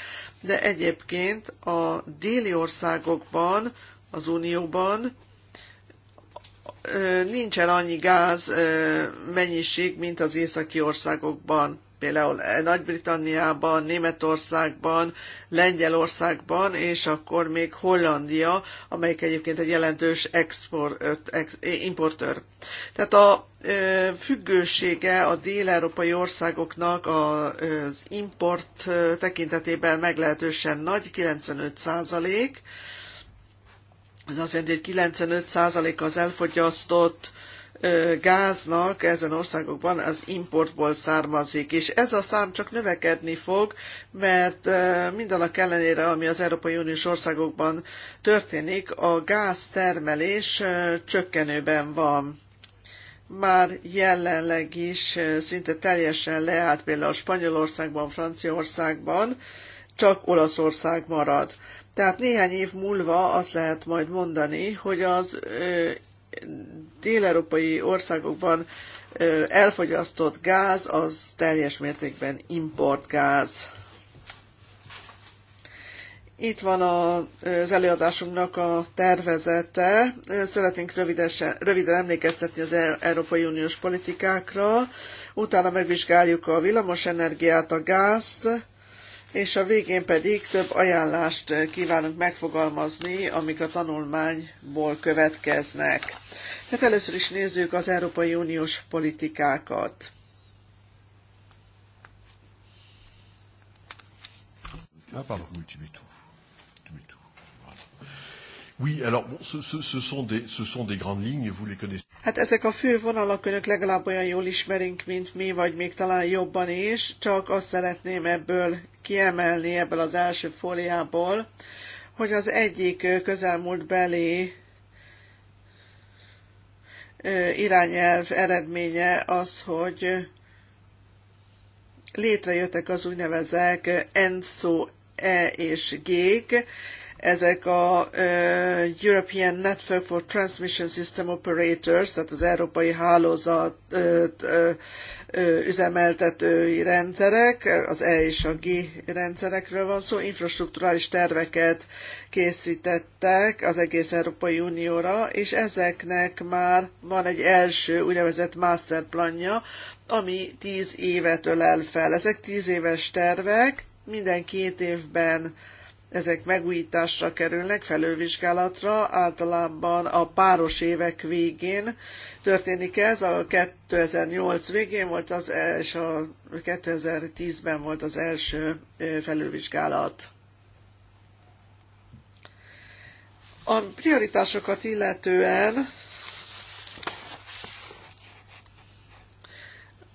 de egyébként a déli országokban, az Unióban nincsen annyi gáz mennyiség, mint az északi országokban, például Nagy-Britanniában, Németországban, Lengyelországban, és akkor még Hollandia, amelyik egyébként egy jelentős export, ex, importőr. Tehát a függősége a dél-európai országoknak az import tekintetében meglehetősen nagy, 95 százalék, ez azt jelenti, hogy 95%-a az elfogyasztott gáznak ezen országokban az importból származik, és ez a szám csak növekedni fog, mert mindannak ellenére, ami az Európai Uniós országokban történik, a gáztermelés csökkenőben van. Már jelenleg is szinte teljesen leállt például Spanyolországban, Franciaországban, csak Olaszország marad. Tehát néhány év múlva azt lehet majd mondani, hogy az dél-európai országokban elfogyasztott gáz az teljes mértékben importgáz. Itt van az előadásunknak a tervezete. Szeretnénk rövidesen, röviden emlékeztetni az e- Európai Uniós politikákra. Utána megvizsgáljuk a villamosenergiát, a gázt, és a végén pedig több ajánlást kívánunk megfogalmazni, amik a tanulmányból következnek. Hát először is nézzük az Európai Uniós politikákat. Ja, Oui, alors bon, ce, ce, ce, sont des, ce sont des grandes lignes, vous les connaissez. Hát ezek a fő vonalak önök legalább olyan jól ismerünk, mint mi, vagy még talán jobban is, csak azt szeretném ebből kiemelni, ebből az első fóliából, hogy az egyik közelmúlt belé irányelv eredménye az, hogy létrejöttek az úgynevezett ENSO E és G-k, ezek a European Network for Transmission System Operators, tehát az Európai Hálózat üzemeltetői rendszerek, az E és a G rendszerekről van szó, infrastrukturális terveket készítettek az egész Európai Unióra, és ezeknek már van egy első úgynevezett masterplanja, ami tíz évet ölel fel. Ezek tíz éves tervek, minden két évben ezek megújításra kerülnek, felővizsgálatra, általában a páros évek végén történik ez, a 2008 végén volt az és a 2010-ben volt az első felővizsgálat. A prioritásokat illetően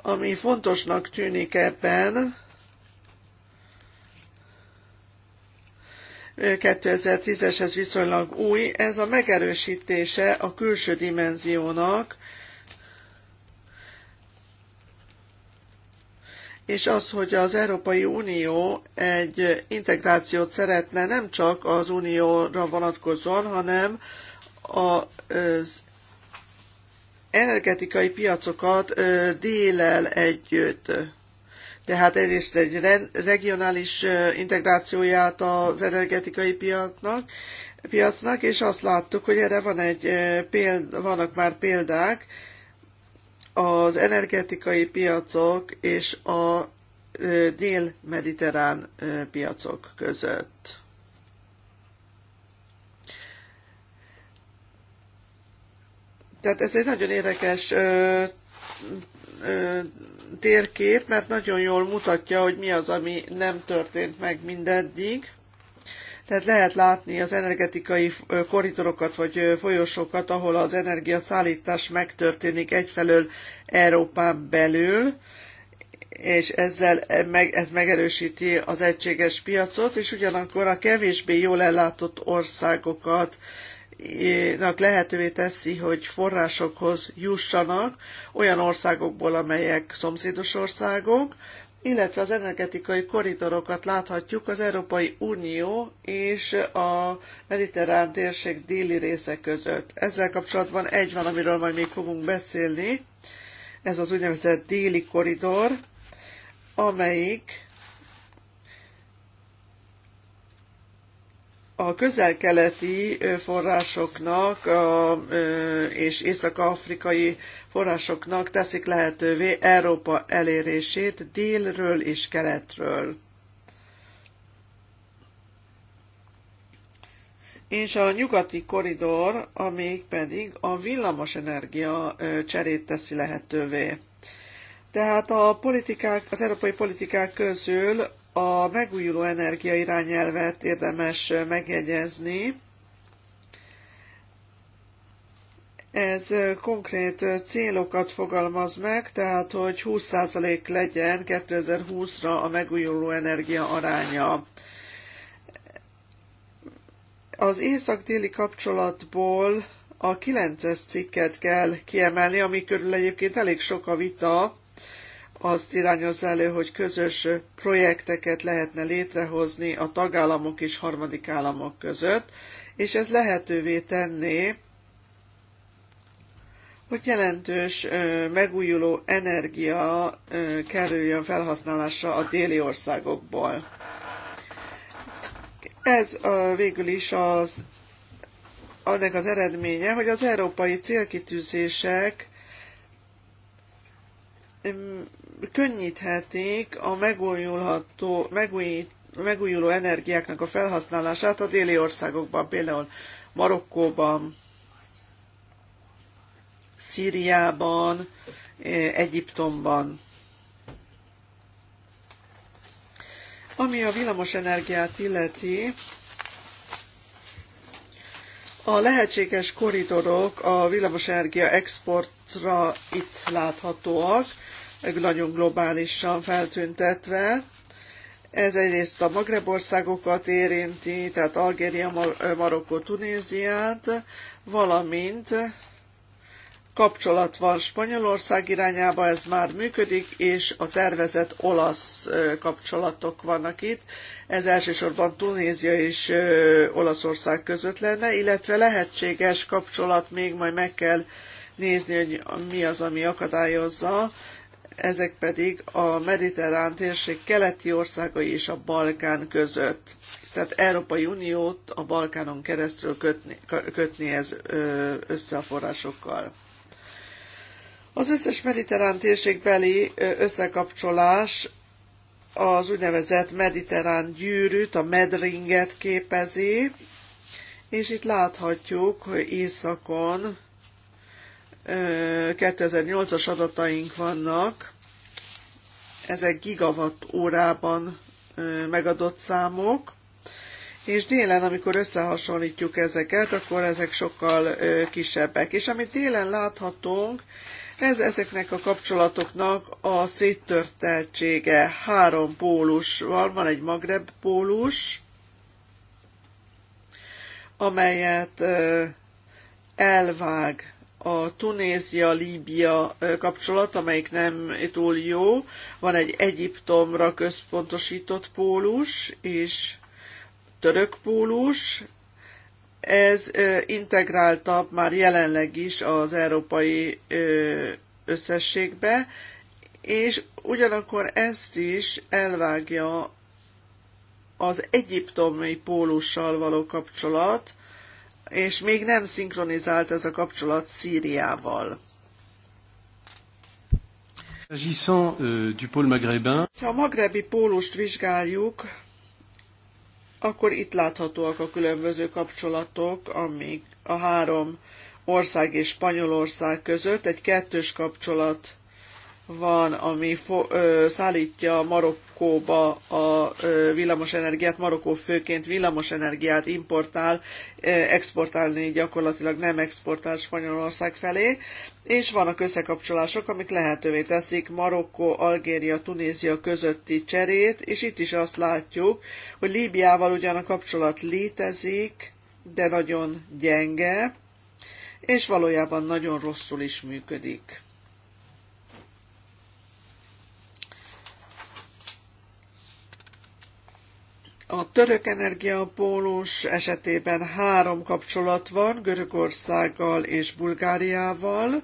ami fontosnak tűnik ebben, 2010-eshez viszonylag új, ez a megerősítése a külső dimenziónak, és az, hogy az Európai Unió egy integrációt szeretne nem csak az Unióra vonatkozóan, hanem az energetikai piacokat délel együtt. Tehát egyrészt egy regionális integrációját az energetikai piacnak, piacnak, és azt láttuk, hogy erre van egy péld, vannak már példák, az energetikai piacok és a dél-mediterrán piacok között. Tehát ez egy nagyon érdekes ö, ö, térkép, mert nagyon jól mutatja, hogy mi az, ami nem történt meg mindeddig. Tehát lehet látni az energetikai koridorokat vagy folyosókat, ahol az energiaszállítás megtörténik egyfelől Európán belül, és ezzel e, meg, ez megerősíti az egységes piacot, és ugyanakkor a kevésbé jól ellátott országokat lehetővé teszi, hogy forrásokhoz jussanak olyan országokból, amelyek szomszédos országok, illetve az energetikai koridorokat láthatjuk az Európai Unió és a mediterrán térség déli része között. Ezzel kapcsolatban egy van, amiről majd még fogunk beszélni, ez az úgynevezett déli koridor, amelyik a közel-keleti forrásoknak a, és észak-afrikai forrásoknak teszik lehetővé Európa elérését délről és keletről. és a nyugati koridor, amíg pedig a villamosenergia cserét teszi lehetővé. Tehát a politikák, az európai politikák közül a megújuló energia irányelvet érdemes megjegyezni. Ez konkrét célokat fogalmaz meg, tehát hogy 20% legyen 2020-ra a megújuló energia aránya. Az észak-déli kapcsolatból a 9-es cikket kell kiemelni, ami körül egyébként elég sok a vita, azt irányozza elő, hogy közös projekteket lehetne létrehozni a tagállamok és harmadik államok között, és ez lehetővé tenné, hogy jelentős megújuló energia kerüljön felhasználásra a déli országokból. Ez végül is az, annak az eredménye, hogy az európai célkitűzések könnyíthetik a megújulható, megújít, megújuló energiáknak a felhasználását a déli országokban, például Marokkóban, Szíriában, eh, Egyiptomban. Ami a villamos energiát illeti, a lehetséges koridorok a energia exportra itt láthatóak nagyon globálisan feltüntetve. Ez egyrészt a Magreb országokat érinti, tehát Algéria, Mar- Marokkó, Tunéziát, valamint kapcsolat van Spanyolország irányába, ez már működik, és a tervezett olasz kapcsolatok vannak itt. Ez elsősorban Tunézia és Olaszország között lenne, illetve lehetséges kapcsolat még majd meg kell nézni, hogy mi az, ami akadályozza ezek pedig a mediterrán térség keleti országai és a Balkán között. Tehát Európai Uniót a Balkánon keresztül kötni, kötni ez össze a forrásokkal. Az összes mediterrán térségbeli összekapcsolás az úgynevezett mediterrán gyűrűt, a medringet képezi, és itt láthatjuk, hogy északon 2008-as adataink vannak, ezek gigawatt órában megadott számok, és délen, amikor összehasonlítjuk ezeket, akkor ezek sokkal kisebbek. És amit délen láthatunk, ez ezeknek a kapcsolatoknak a széttörteltsége. Három pólus van, van egy Magreb pólus, amelyet elvág a Tunézia-Líbia kapcsolat, amelyik nem túl jó. Van egy Egyiptomra központosított pólus, és török pólus. Ez integráltabb már jelenleg is az európai összességbe, és ugyanakkor ezt is elvágja az egyiptomi pólussal való kapcsolat, és még nem szinkronizált ez a kapcsolat Szíriával. Agissant euh, du pôle maghrébin. Ha a magrebi pólust vizsgáljuk, akkor itt láthatóak a különböző kapcsolatok, amik a három ország és Spanyolország között egy kettős kapcsolat van, ami fo- ö, szállítja Marokkóba a ö, villamosenergiát, Marokkó főként villamosenergiát importál, ö, exportálni gyakorlatilag nem exportál Spanyolország felé, és vannak összekapcsolások, amik lehetővé teszik Marokkó, Algéria, Tunézia közötti cserét, és itt is azt látjuk, hogy Líbiával ugyan a kapcsolat létezik, de nagyon gyenge, és valójában nagyon rosszul is működik. A török energiapólus esetében három kapcsolat van Görögországgal és Bulgáriával.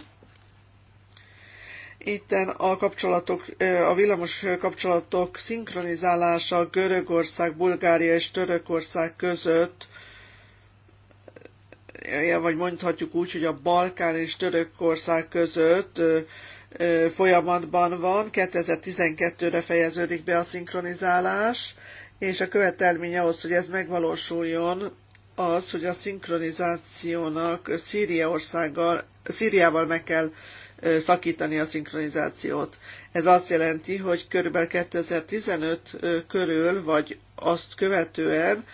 Itten a kapcsolatok, a villamos kapcsolatok szinkronizálása Görögország, Bulgária és Törökország között, vagy mondhatjuk úgy, hogy a Balkán és Törökország között folyamatban van, 2012-re fejeződik be a szinkronizálás, és a követelmény ahhoz, hogy ez megvalósuljon, az, hogy a szinkronizációnak Szíriaországgal, Szíriával meg kell szakítani a szinkronizációt. Ez azt jelenti, hogy körülbelül 2015 körül, vagy azt követően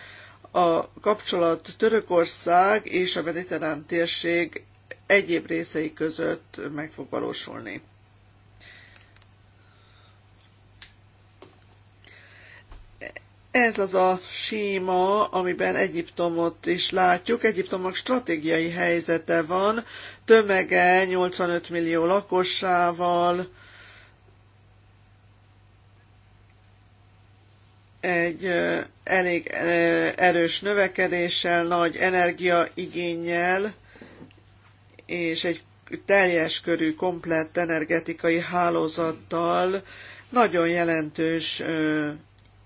a kapcsolat Törökország és a mediterrán térség egyéb részei között meg fog valósulni. Ez az a síma, amiben Egyiptomot is látjuk. Egyiptomnak stratégiai helyzete van, tömege 85 millió lakossával, egy elég erős növekedéssel, nagy energiaigényel és egy teljes körű, komplett energetikai hálózattal nagyon jelentős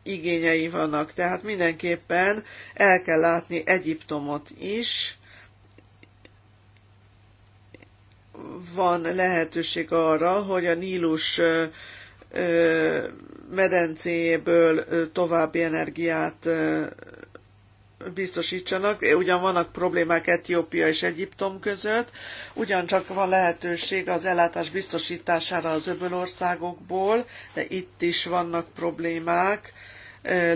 igényei vannak. Tehát mindenképpen el kell látni Egyiptomot is. Van lehetőség arra, hogy a Nílus medencéjéből további energiát biztosítsanak. Ugyan vannak problémák Etiópia és Egyiptom között, ugyancsak van lehetőség az ellátás biztosítására az öbölországokból, de itt is vannak problémák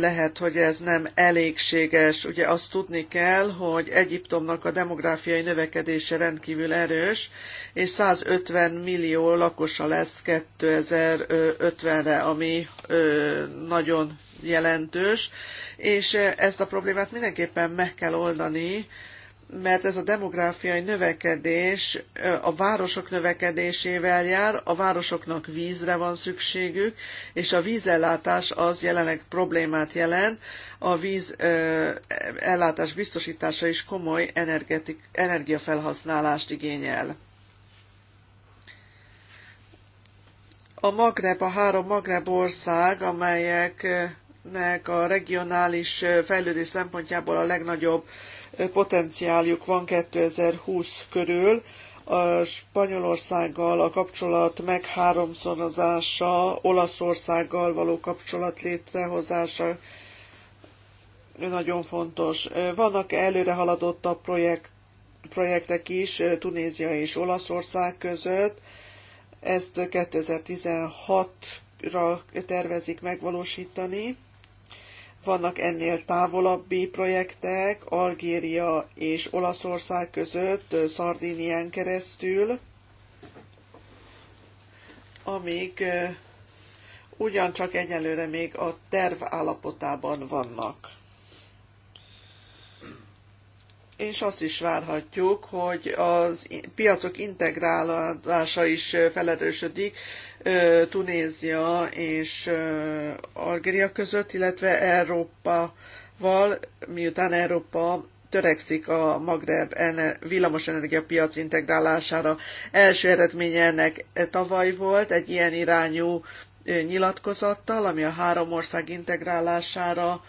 lehet, hogy ez nem elégséges. Ugye azt tudni kell, hogy Egyiptomnak a demográfiai növekedése rendkívül erős, és 150 millió lakosa lesz 2050-re, ami nagyon jelentős, és ezt a problémát mindenképpen meg kell oldani, mert ez a demográfiai növekedés a városok növekedésével jár, a városoknak vízre van szükségük, és a vízellátás az jelenleg problémát jelent. A víz ellátás biztosítása is komoly energiafelhasználást igényel. A Magreb, a három Magreb ország, amelyeknek a regionális fejlődés szempontjából a legnagyobb potenciáljuk van 2020 körül. A Spanyolországgal a kapcsolat megháromszorozása, Olaszországgal való kapcsolat létrehozása nagyon fontos. Vannak előre haladottabb projekt, projektek is Tunézia és Olaszország között. Ezt 2016-ra tervezik megvalósítani. Vannak ennél távolabbi projektek, Algéria és Olaszország között, Szardinián keresztül, amik ugyancsak egyelőre még a terv állapotában vannak és azt is várhatjuk, hogy az piacok integrálása is felerősödik Tunézia és Algéria között, illetve Európával, miután Európa törekszik a Magreb villamosenergia piac integrálására. Első eredménye ennek e, tavaly volt egy ilyen irányú nyilatkozattal, ami a három ország integrálására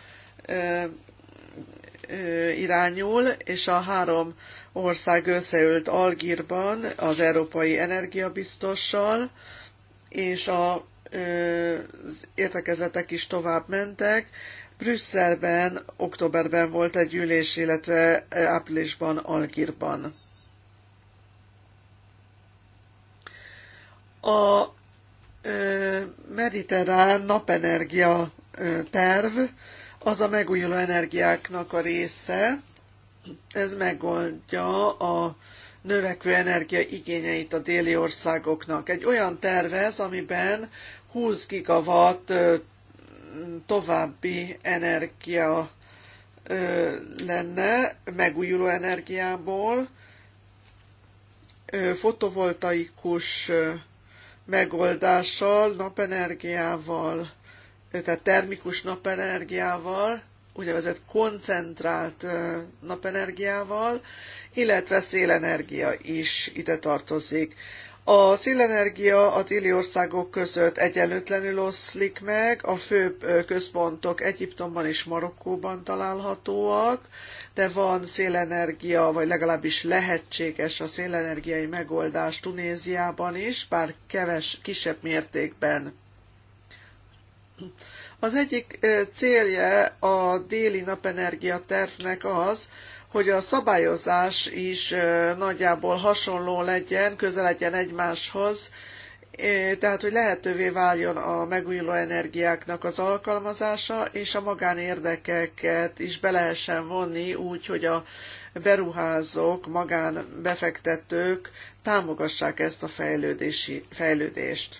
irányul, és a három ország összeült Algírban az Európai Energiabiztossal, és a, az értekezetek is tovább mentek. Brüsszelben, októberben volt egy ülés, illetve áprilisban Algírban. A mediterrán napenergia terv az a megújuló energiáknak a része, ez megoldja a növekvő energia igényeit a déli országoknak. Egy olyan tervez, amiben 20 gigawatt további energia lenne megújuló energiából, fotovoltaikus megoldással, napenergiával, tehát termikus napenergiával, úgynevezett koncentrált napenergiával, illetve szélenergia is ide tartozik. A szélenergia a téli országok között egyenlőtlenül oszlik meg, a főbb központok Egyiptomban és Marokkóban találhatóak, de van szélenergia, vagy legalábbis lehetséges a szélenergiai megoldás Tunéziában is, bár keves, kisebb mértékben. Az egyik célja a déli napenergia tervnek az, hogy a szabályozás is nagyjából hasonló legyen, közel legyen egymáshoz, tehát hogy lehetővé váljon a megújuló energiáknak az alkalmazása, és a magánérdekeket is be lehessen vonni úgy, hogy a beruházók, magánbefektetők támogassák ezt a fejlődési, fejlődést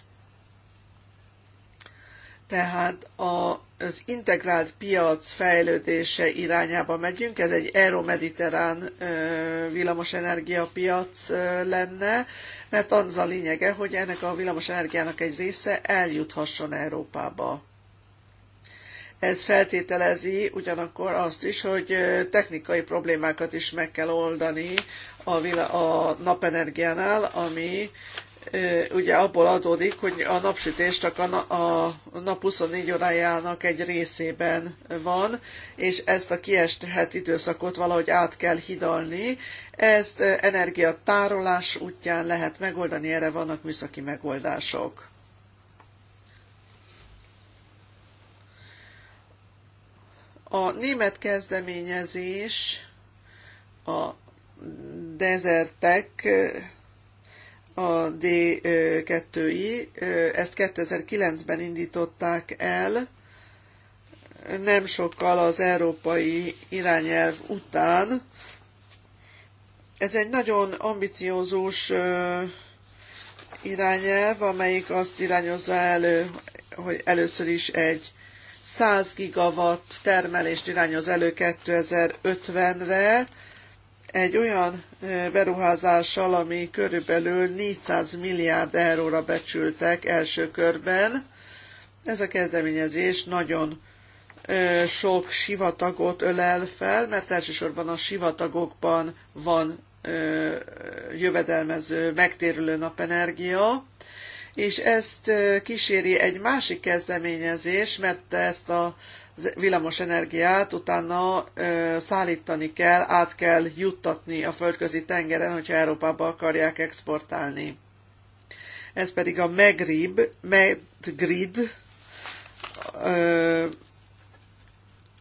tehát a, az integrált piac fejlődése irányába megyünk, ez egy euromediterrán villamosenergia piac lenne, mert az a lényege, hogy ennek a villamosenergiának egy része eljuthasson Európába. Ez feltételezi ugyanakkor azt is, hogy technikai problémákat is meg kell oldani a, a napenergiánál, ami ugye abból adódik, hogy a napsütés csak a, na, a nap 24 órájának egy részében van, és ezt a kiesthet időszakot valahogy át kell hidalni. Ezt energiatárolás útján lehet megoldani, erre vannak műszaki megoldások. A német kezdeményezés a desertek a D2-i, ezt 2009-ben indították el, nem sokkal az európai irányelv után. Ez egy nagyon ambiciózus irányelv, amelyik azt irányozza elő, hogy először is egy 100 gigawatt termelést irányoz elő 2050-re, egy olyan beruházással, ami körülbelül 400 milliárd euróra becsültek első körben. Ez a kezdeményezés nagyon sok sivatagot ölel fel, mert elsősorban a sivatagokban van jövedelmező, megtérülő napenergia, és ezt kíséri egy másik kezdeményezés, mert ezt a villamos energiát, utána ö, szállítani kell, át kell juttatni a földközi tengeren, hogyha Európába akarják exportálni. Ez pedig a Megrib, Medgrid, ö,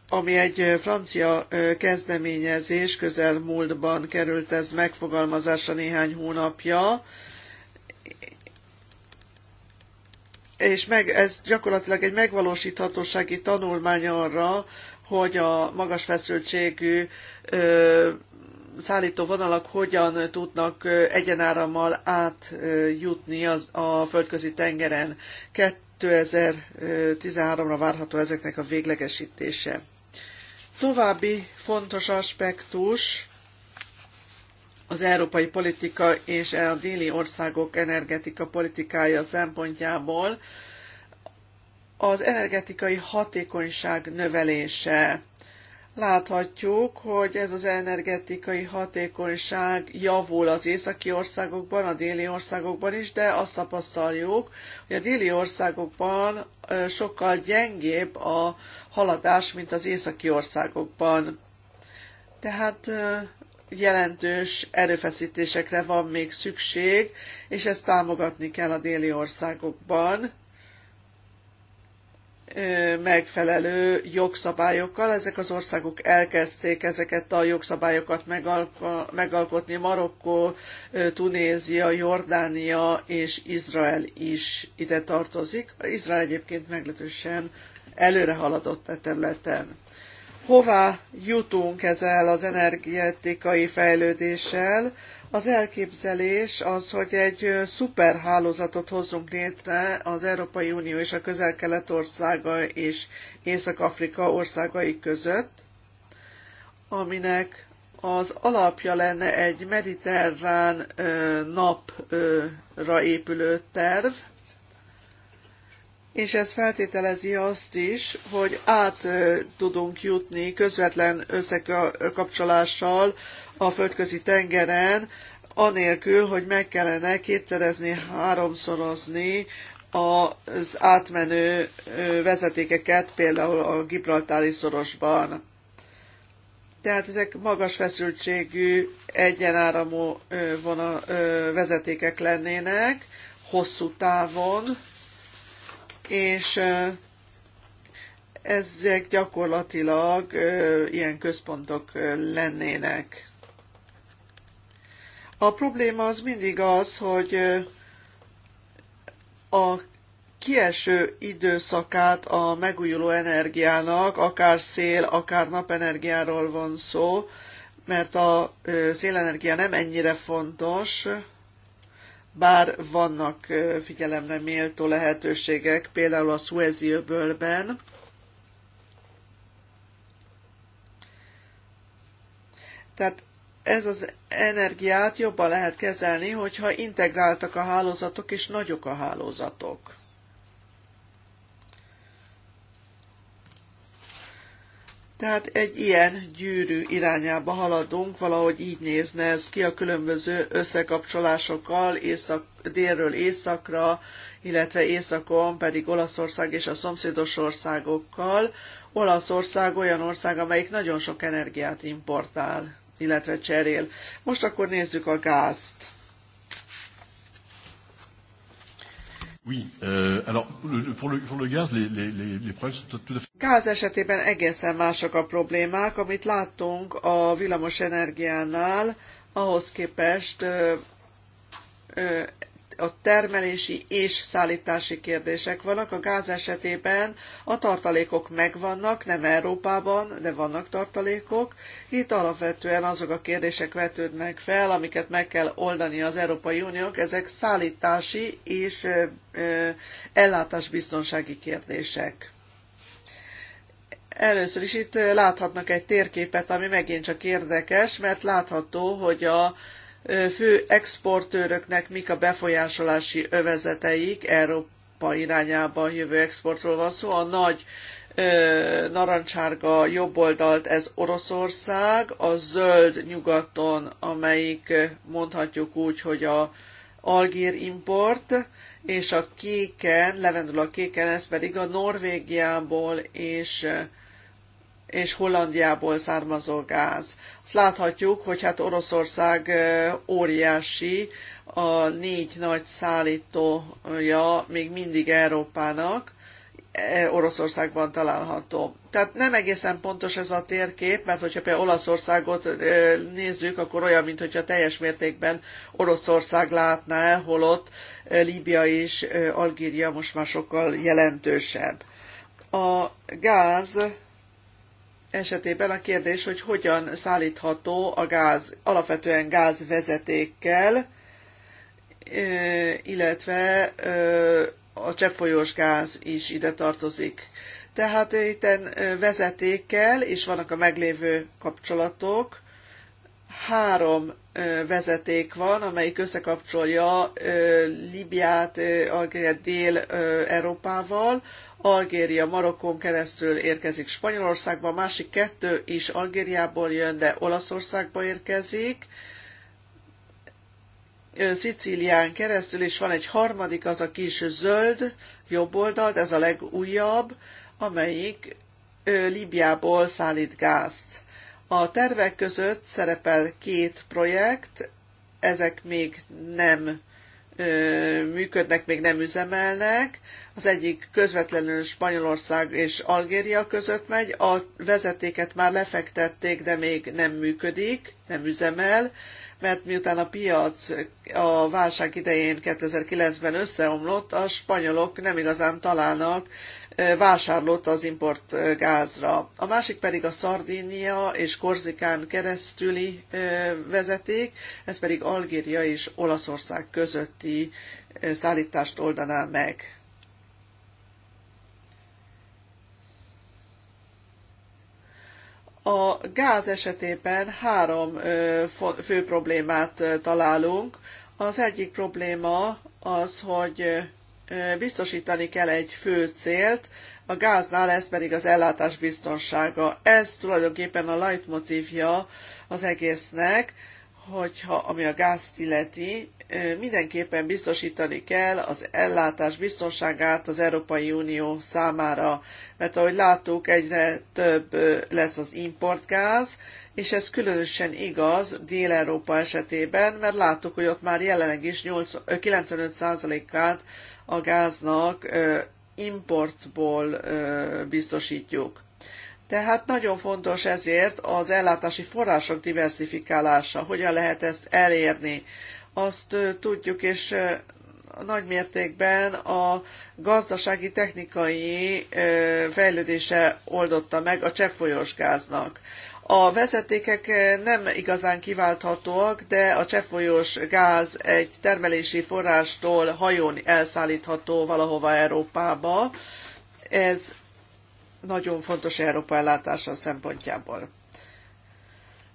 ami egy francia kezdeményezés, közel múltban került ez megfogalmazásra néhány hónapja, és meg, ez gyakorlatilag egy megvalósíthatósági tanulmány arra, hogy a magas feszültségű ö, szállító vonalak hogyan tudnak egyenárammal átjutni az, a földközi tengeren. 2013-ra várható ezeknek a véglegesítése. További fontos aspektus az európai politika és a déli országok energetika politikája szempontjából az energetikai hatékonyság növelése. Láthatjuk, hogy ez az energetikai hatékonyság javul az északi országokban, a déli országokban is, de azt tapasztaljuk, hogy a déli országokban sokkal gyengébb a haladás, mint az északi országokban. Tehát jelentős erőfeszítésekre van még szükség, és ezt támogatni kell a déli országokban megfelelő jogszabályokkal. Ezek az országok elkezdték ezeket a jogszabályokat megalkotni. Marokkó, Tunézia, Jordánia és Izrael is ide tartozik. Izrael egyébként meglehetősen előre haladott a e területen hová jutunk ezzel az energetikai fejlődéssel. Az elképzelés az, hogy egy szuperhálózatot hozzunk létre az Európai Unió és a közel-kelet országa és Észak-Afrika országai között, aminek az alapja lenne egy mediterrán napra épülő terv, és ez feltételezi azt is, hogy át tudunk jutni közvetlen összekapcsolással a földközi tengeren, anélkül, hogy meg kellene kétszerezni, háromszorozni az átmenő vezetékeket, például a Gibraltári szorosban. Tehát ezek magas feszültségű, egyenáramú vezetékek lennének, hosszú távon, és ezek gyakorlatilag ilyen központok lennének. A probléma az mindig az, hogy a kieső időszakát a megújuló energiának, akár szél, akár napenergiáról van szó, mert a szélenergia nem ennyire fontos, bár vannak figyelemre méltó lehetőségek, például a Suezi öbölben, Tehát ez az energiát jobban lehet kezelni, hogyha integráltak a hálózatok és nagyok a hálózatok. Tehát egy ilyen gyűrű irányába haladunk, valahogy így nézne ez ki a különböző összekapcsolásokkal észak, délről északra, illetve északon pedig Olaszország és a szomszédos országokkal. Olaszország olyan ország, amelyik nagyon sok energiát importál, illetve cserél. Most akkor nézzük a gázt. Oui, euh, alors pour, le, pour le gaz, les, les, les, problèmes sont tout à fait... Gáz esetében egészen mások a problémák, amit láttunk a villamos energiánál, ahhoz képest ö, a termelési és szállítási kérdések vannak. A gáz esetében a tartalékok megvannak, nem Európában, de vannak tartalékok. Itt alapvetően azok a kérdések vetődnek fel, amiket meg kell oldani az Európai Uniók. Ezek szállítási és ellátásbiztonsági kérdések. Először is itt láthatnak egy térképet, ami megint csak érdekes, mert látható, hogy a fő exportőröknek mik a befolyásolási övezeteik, Európa irányába jövő exportról van szó, a nagy narancsárga jobboldalt ez Oroszország, a zöld nyugaton, amelyik mondhatjuk úgy, hogy a algír import, és a kéken, levendula kéken, ez pedig a Norvégiából és és Hollandiából származó gáz. Azt láthatjuk, hogy hát Oroszország óriási, a négy nagy szállítója még mindig Európának, e, Oroszországban található. Tehát nem egészen pontos ez a térkép, mert hogyha például Olaszországot nézzük, akkor olyan, mintha teljes mértékben Oroszország látná el, holott Líbia és Algéria most már sokkal jelentősebb. A gáz esetében a kérdés, hogy hogyan szállítható a gáz, alapvetően gázvezetékkel, illetve a cseppfolyós gáz is ide tartozik. Tehát itt vezetékkel, és vannak a meglévő kapcsolatok, három vezeték van, amelyik összekapcsolja Libiát a Dél-Európával, Algéria, Marokkon keresztül érkezik Spanyolországba, a másik kettő is Algériából jön, de Olaszországba érkezik. Szicílián keresztül, is van egy harmadik, az a kis zöld oldalt, ez a legújabb, amelyik Libiából szállít gázt. A tervek között szerepel két projekt, ezek még nem működnek, még nem üzemelnek. Az egyik közvetlenül Spanyolország és Algéria között megy, a vezetéket már lefektették, de még nem működik, nem üzemel, mert miután a piac a válság idején 2009-ben összeomlott, a spanyolok nem igazán találnak vásárlott az import gázra. A másik pedig a Szardinia és Korzikán keresztüli vezeték, ez pedig Algéria és Olaszország közötti szállítást oldaná meg. A gáz esetében három fő problémát találunk. Az egyik probléma az, hogy biztosítani kell egy fő célt, a gáznál ez pedig az ellátás biztonsága. Ez tulajdonképpen a leitmotívja az egésznek, hogyha ami a gázt illeti, mindenképpen biztosítani kell az ellátás biztonságát az Európai Unió számára, mert ahogy láttuk, egyre több lesz az importgáz, és ez különösen igaz Dél-Európa esetében, mert láttuk, hogy ott már jelenleg is 95%-át a gáznak importból biztosítjuk. Tehát nagyon fontos ezért az ellátási források diversifikálása. Hogyan lehet ezt elérni? Azt tudjuk, és nagy mértékben a gazdasági technikai fejlődése oldotta meg a cseppfolyós gáznak. A vezetékek nem igazán kiválthatóak, de a cseppfolyós gáz egy termelési forrástól hajón elszállítható valahova Európába. Ez nagyon fontos Európa ellátása szempontjából.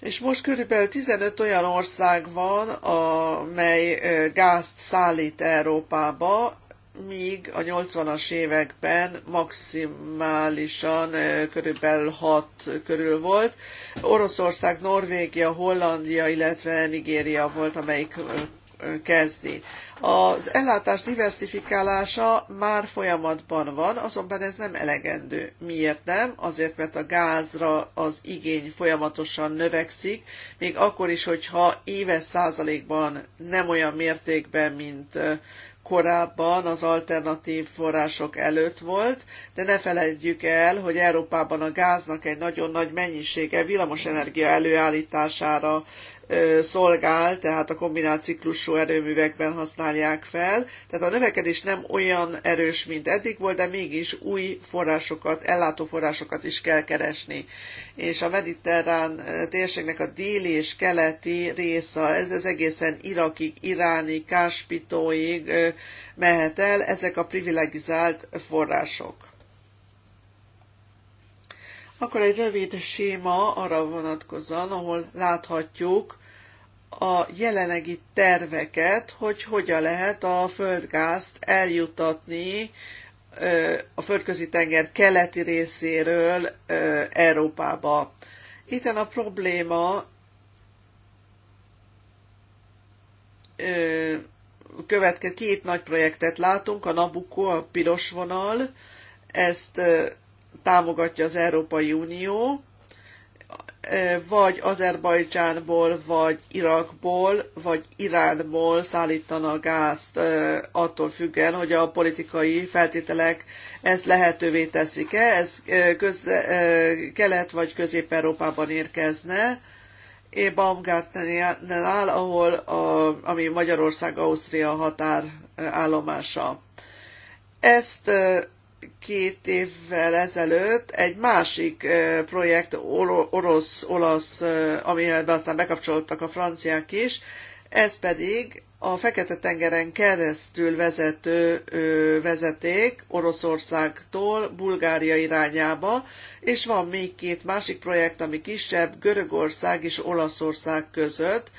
És most körülbelül 15 olyan ország van, amely gázt szállít Európába, míg a 80-as években maximálisan körülbelül 6 körül volt. Oroszország, Norvégia, Hollandia, illetve Nigéria volt, amelyik kezdi. Az ellátás diversifikálása már folyamatban van, azonban ez nem elegendő. Miért nem? Azért, mert a gázra az igény folyamatosan növekszik, még akkor is, hogyha éves százalékban nem olyan mértékben, mint korábban az alternatív források előtt volt, de ne feledjük el, hogy Európában a gáznak egy nagyon nagy mennyisége villamosenergia előállítására szolgál, tehát a kombinált ciklusú erőművekben használják fel. Tehát a növekedés nem olyan erős, mint eddig volt, de mégis új forrásokat, ellátó forrásokat is kell keresni. És a mediterrán térségnek a déli és keleti része, ez az egészen Irakig, Iráni, Káspitóig mehet el, ezek a privilegizált források. Akkor egy rövid séma arra vonatkozóan, ahol láthatjuk a jelenlegi terveket, hogy hogyan lehet a földgázt eljuttatni a földközi tenger keleti részéről Európába. Itt a probléma következő két nagy projektet látunk, a Nabucco, a piros vonal, ezt támogatja az Európai Unió, vagy Azerbajdzsánból, vagy Irakból, vagy Iránból szállítana gázt, attól függen, hogy a politikai feltételek ezt lehetővé teszik-e. Ez köz, kelet vagy közép-európában érkezne. É áll, ahol a, ami Magyarország-Ausztria határ állomása. Ezt két évvel ezelőtt egy másik projekt, orosz, olasz, amiben aztán bekapcsolódtak a franciák is, ez pedig a Fekete-tengeren keresztül vezető vezeték Oroszországtól Bulgária irányába, és van még két másik projekt, ami kisebb, Görögország és Olaszország között,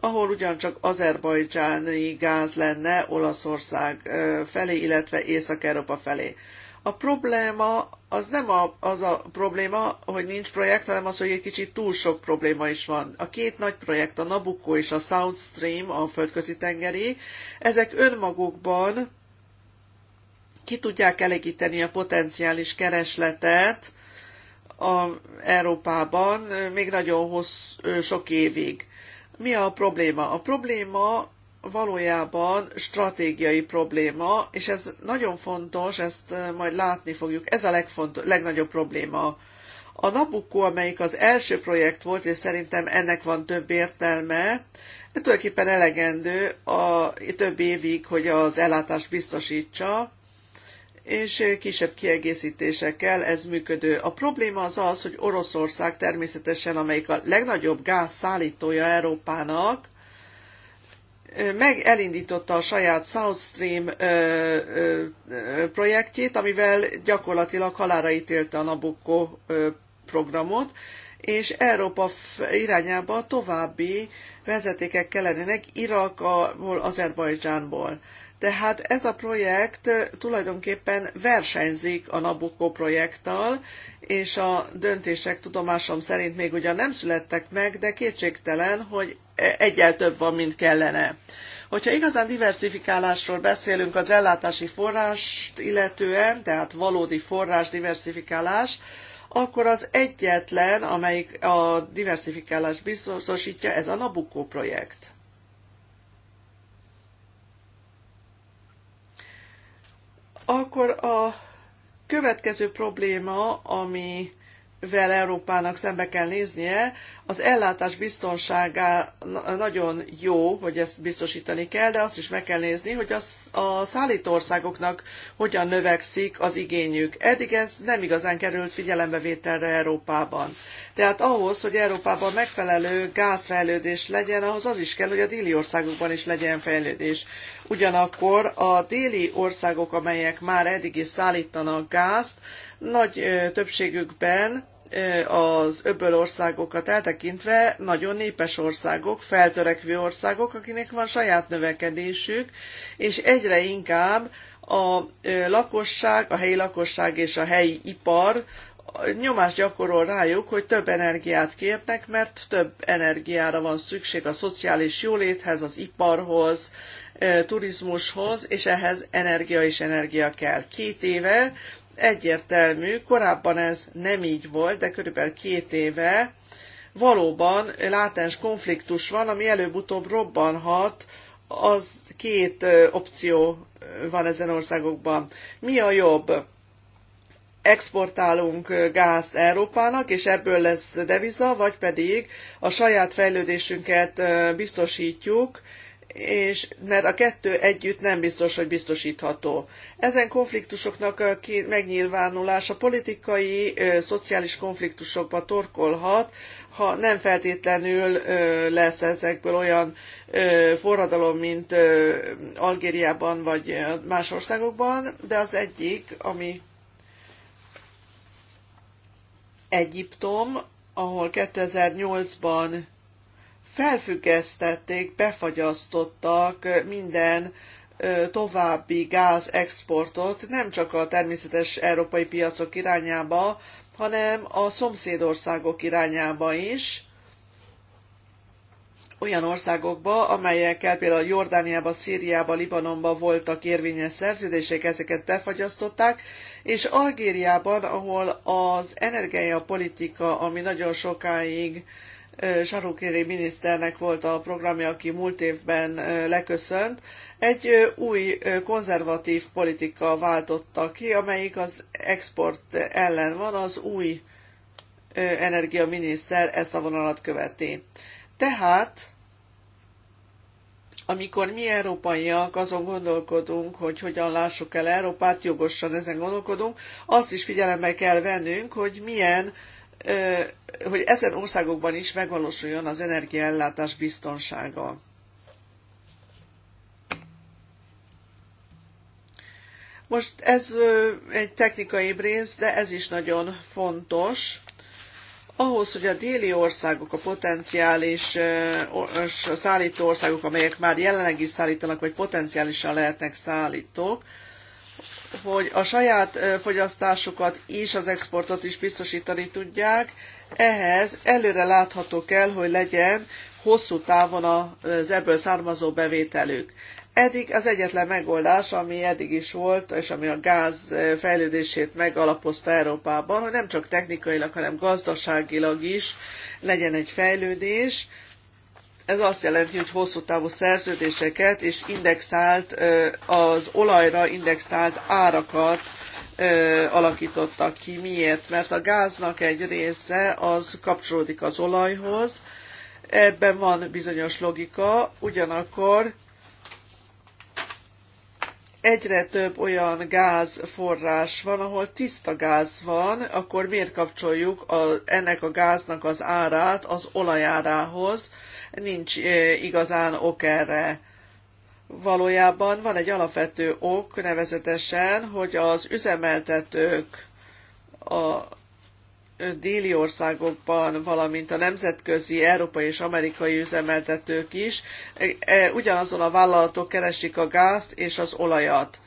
ahol ugyancsak azerbajdzsáni gáz lenne Olaszország felé, illetve Észak-Európa felé. A probléma az nem a, az a probléma, hogy nincs projekt, hanem az, hogy egy kicsit túl sok probléma is van. A két nagy projekt, a Nabucco és a South Stream, a földközi tengeri, ezek önmagukban ki tudják elégíteni a potenciális keresletet a Európában még nagyon hossz, sok évig. Mi a probléma? A probléma valójában stratégiai probléma, és ez nagyon fontos, ezt majd látni fogjuk, ez a legfontos, legnagyobb probléma. A Nabucco, amelyik az első projekt volt, és szerintem ennek van több értelme, de tulajdonképpen elegendő a több évig, hogy az ellátást biztosítsa, és kisebb kiegészítésekkel ez működő. A probléma az az, hogy Oroszország természetesen, amelyik a legnagyobb gáz szállítója Európának, meg elindította a saját South Stream projektjét, amivel gyakorlatilag halára ítélte a Nabucco programot, és Európa irányába további vezetékek kellenének Irakból, Azerbajdzsánból. Tehát ez a projekt tulajdonképpen versenyzik a Nabucco projekttal, és a döntések tudomásom szerint még ugyan nem születtek meg, de kétségtelen, hogy egyel több van, mint kellene. Hogyha igazán diversifikálásról beszélünk az ellátási forrást illetően, tehát valódi forrás diversifikálás, akkor az egyetlen, amelyik a diversifikálást biztosítja, ez a Nabucco projekt. Akkor a következő probléma, ami vel Európának szembe kell néznie, az ellátás biztonságá nagyon jó, hogy ezt biztosítani kell, de azt is meg kell nézni, hogy az, a szállítóországoknak hogyan növekszik az igényük. Eddig ez nem igazán került figyelembevételre Európában. Tehát ahhoz, hogy Európában megfelelő gázfejlődés legyen, ahhoz az is kell, hogy a déli országokban is legyen fejlődés. Ugyanakkor a déli országok, amelyek már eddig is szállítanak gázt, nagy többségükben az öböl országokat eltekintve nagyon népes országok, feltörekvő országok, akinek van saját növekedésük, és egyre inkább a lakosság, a helyi lakosság és a helyi ipar nyomást gyakorol rájuk, hogy több energiát kérnek, mert több energiára van szükség a szociális jóléthez, az iparhoz, turizmushoz, és ehhez energia és energia kell. Két éve egyértelmű, korábban ez nem így volt, de körülbelül két éve valóban látens konfliktus van, ami előbb-utóbb robbanhat, az két opció van ezen országokban. Mi a jobb? exportálunk gázt Európának, és ebből lesz deviza, vagy pedig a saját fejlődésünket biztosítjuk, és mert a kettő együtt nem biztos, hogy biztosítható. Ezen konfliktusoknak a megnyilvánulása politikai, szociális konfliktusokba torkolhat, ha nem feltétlenül lesz ezekből olyan forradalom, mint Algériában vagy más országokban, de az egyik, ami Egyiptom, ahol 2008-ban felfüggesztették, befagyasztottak minden további gázexportot, nem csak a természetes európai piacok irányába, hanem a szomszédországok irányába is, olyan országokba, amelyekkel például Jordániába, Szíriába, Libanonba voltak érvényes szerződések, ezeket befagyasztották, és Algériában, ahol az energiapolitika, ami nagyon sokáig Sarukiri miniszternek volt a programja, aki múlt évben leköszönt, egy új konzervatív politika váltotta ki, amelyik az export ellen van, az új energiaminiszter ezt a vonalat követi. Tehát, amikor mi európaiak azon gondolkodunk, hogy hogyan lássuk el Európát, jogosan ezen gondolkodunk, azt is figyelembe kell vennünk, hogy milyen hogy ezen országokban is megvalósuljon az energiaellátás biztonsága. Most ez egy technikai rész, de ez is nagyon fontos. Ahhoz, hogy a déli országok, a potenciális szállító országok, amelyek már jelenleg is szállítanak, vagy potenciálisan lehetnek szállítók, hogy a saját fogyasztásukat és az exportot is biztosítani tudják, ehhez előre látható kell, hogy legyen hosszú távon az ebből származó bevételük. Eddig az egyetlen megoldás, ami eddig is volt, és ami a gáz fejlődését megalapozta Európában, hogy nem csak technikailag, hanem gazdaságilag is legyen egy fejlődés, ez azt jelenti, hogy hosszú távú szerződéseket és indexált, az olajra indexált árakat alakítottak ki. Miért? Mert a gáznak egy része az kapcsolódik az olajhoz, ebben van bizonyos logika, ugyanakkor egyre több olyan gázforrás van, ahol tiszta gáz van, akkor miért kapcsoljuk a, ennek a gáznak az árát az olajárához, nincs igazán ok erre. Valójában van egy alapvető ok, nevezetesen, hogy az üzemeltetők a déli országokban, valamint a nemzetközi, európai és amerikai üzemeltetők is ugyanazon a vállalatok keresik a gázt és az olajat.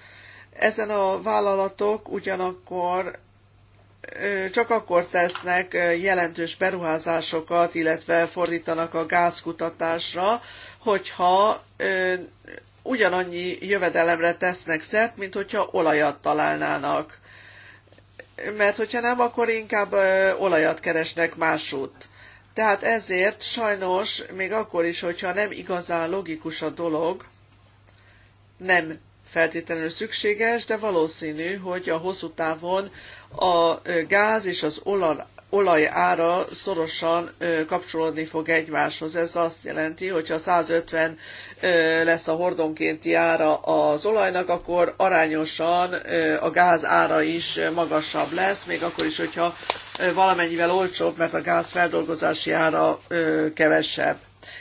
Ezen a vállalatok ugyanakkor csak akkor tesznek jelentős beruházásokat, illetve fordítanak a gázkutatásra, hogyha ugyanannyi jövedelemre tesznek szert, mint hogyha olajat találnának. Mert hogyha nem, akkor inkább olajat keresnek másút. Tehát ezért sajnos, még akkor is, hogyha nem igazán logikus a dolog, nem feltétlenül szükséges, de valószínű, hogy a hosszú távon a gáz és az olaj olaj ára szorosan kapcsolódni fog egymáshoz. Ez azt jelenti, hogy ha 150 lesz a hordonkénti ára az olajnak, akkor arányosan a gáz ára is magasabb lesz, még akkor is, hogyha valamennyivel olcsóbb, mert a gáz feldolgozási ára kevesebb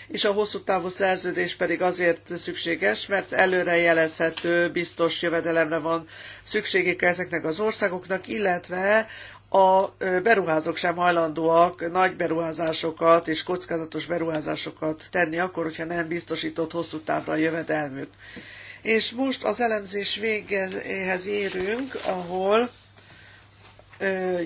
és a hosszú távú szerződés pedig azért szükséges, mert előre jelezhető, biztos jövedelemre van szükségük ezeknek az országoknak, illetve a beruházók sem hajlandóak nagy beruházásokat és kockázatos beruházásokat tenni, akkor, hogyha nem biztosított hosszú távra a jövedelmük. És most az elemzés végéhez érünk, ahol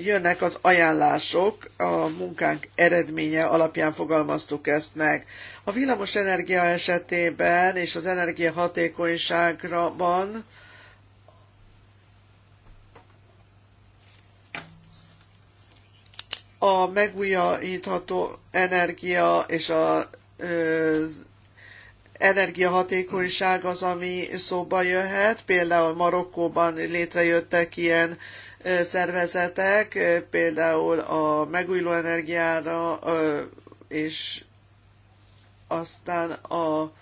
jönnek az ajánlások, a munkánk eredménye alapján fogalmaztuk ezt meg. A villamos energia esetében és az energiahatékonyságban a megújítható energia és az energiahatékonyság az, ami szóba jöhet. Például Marokkóban létrejöttek ilyen szervezetek, például a megújuló energiára, és aztán a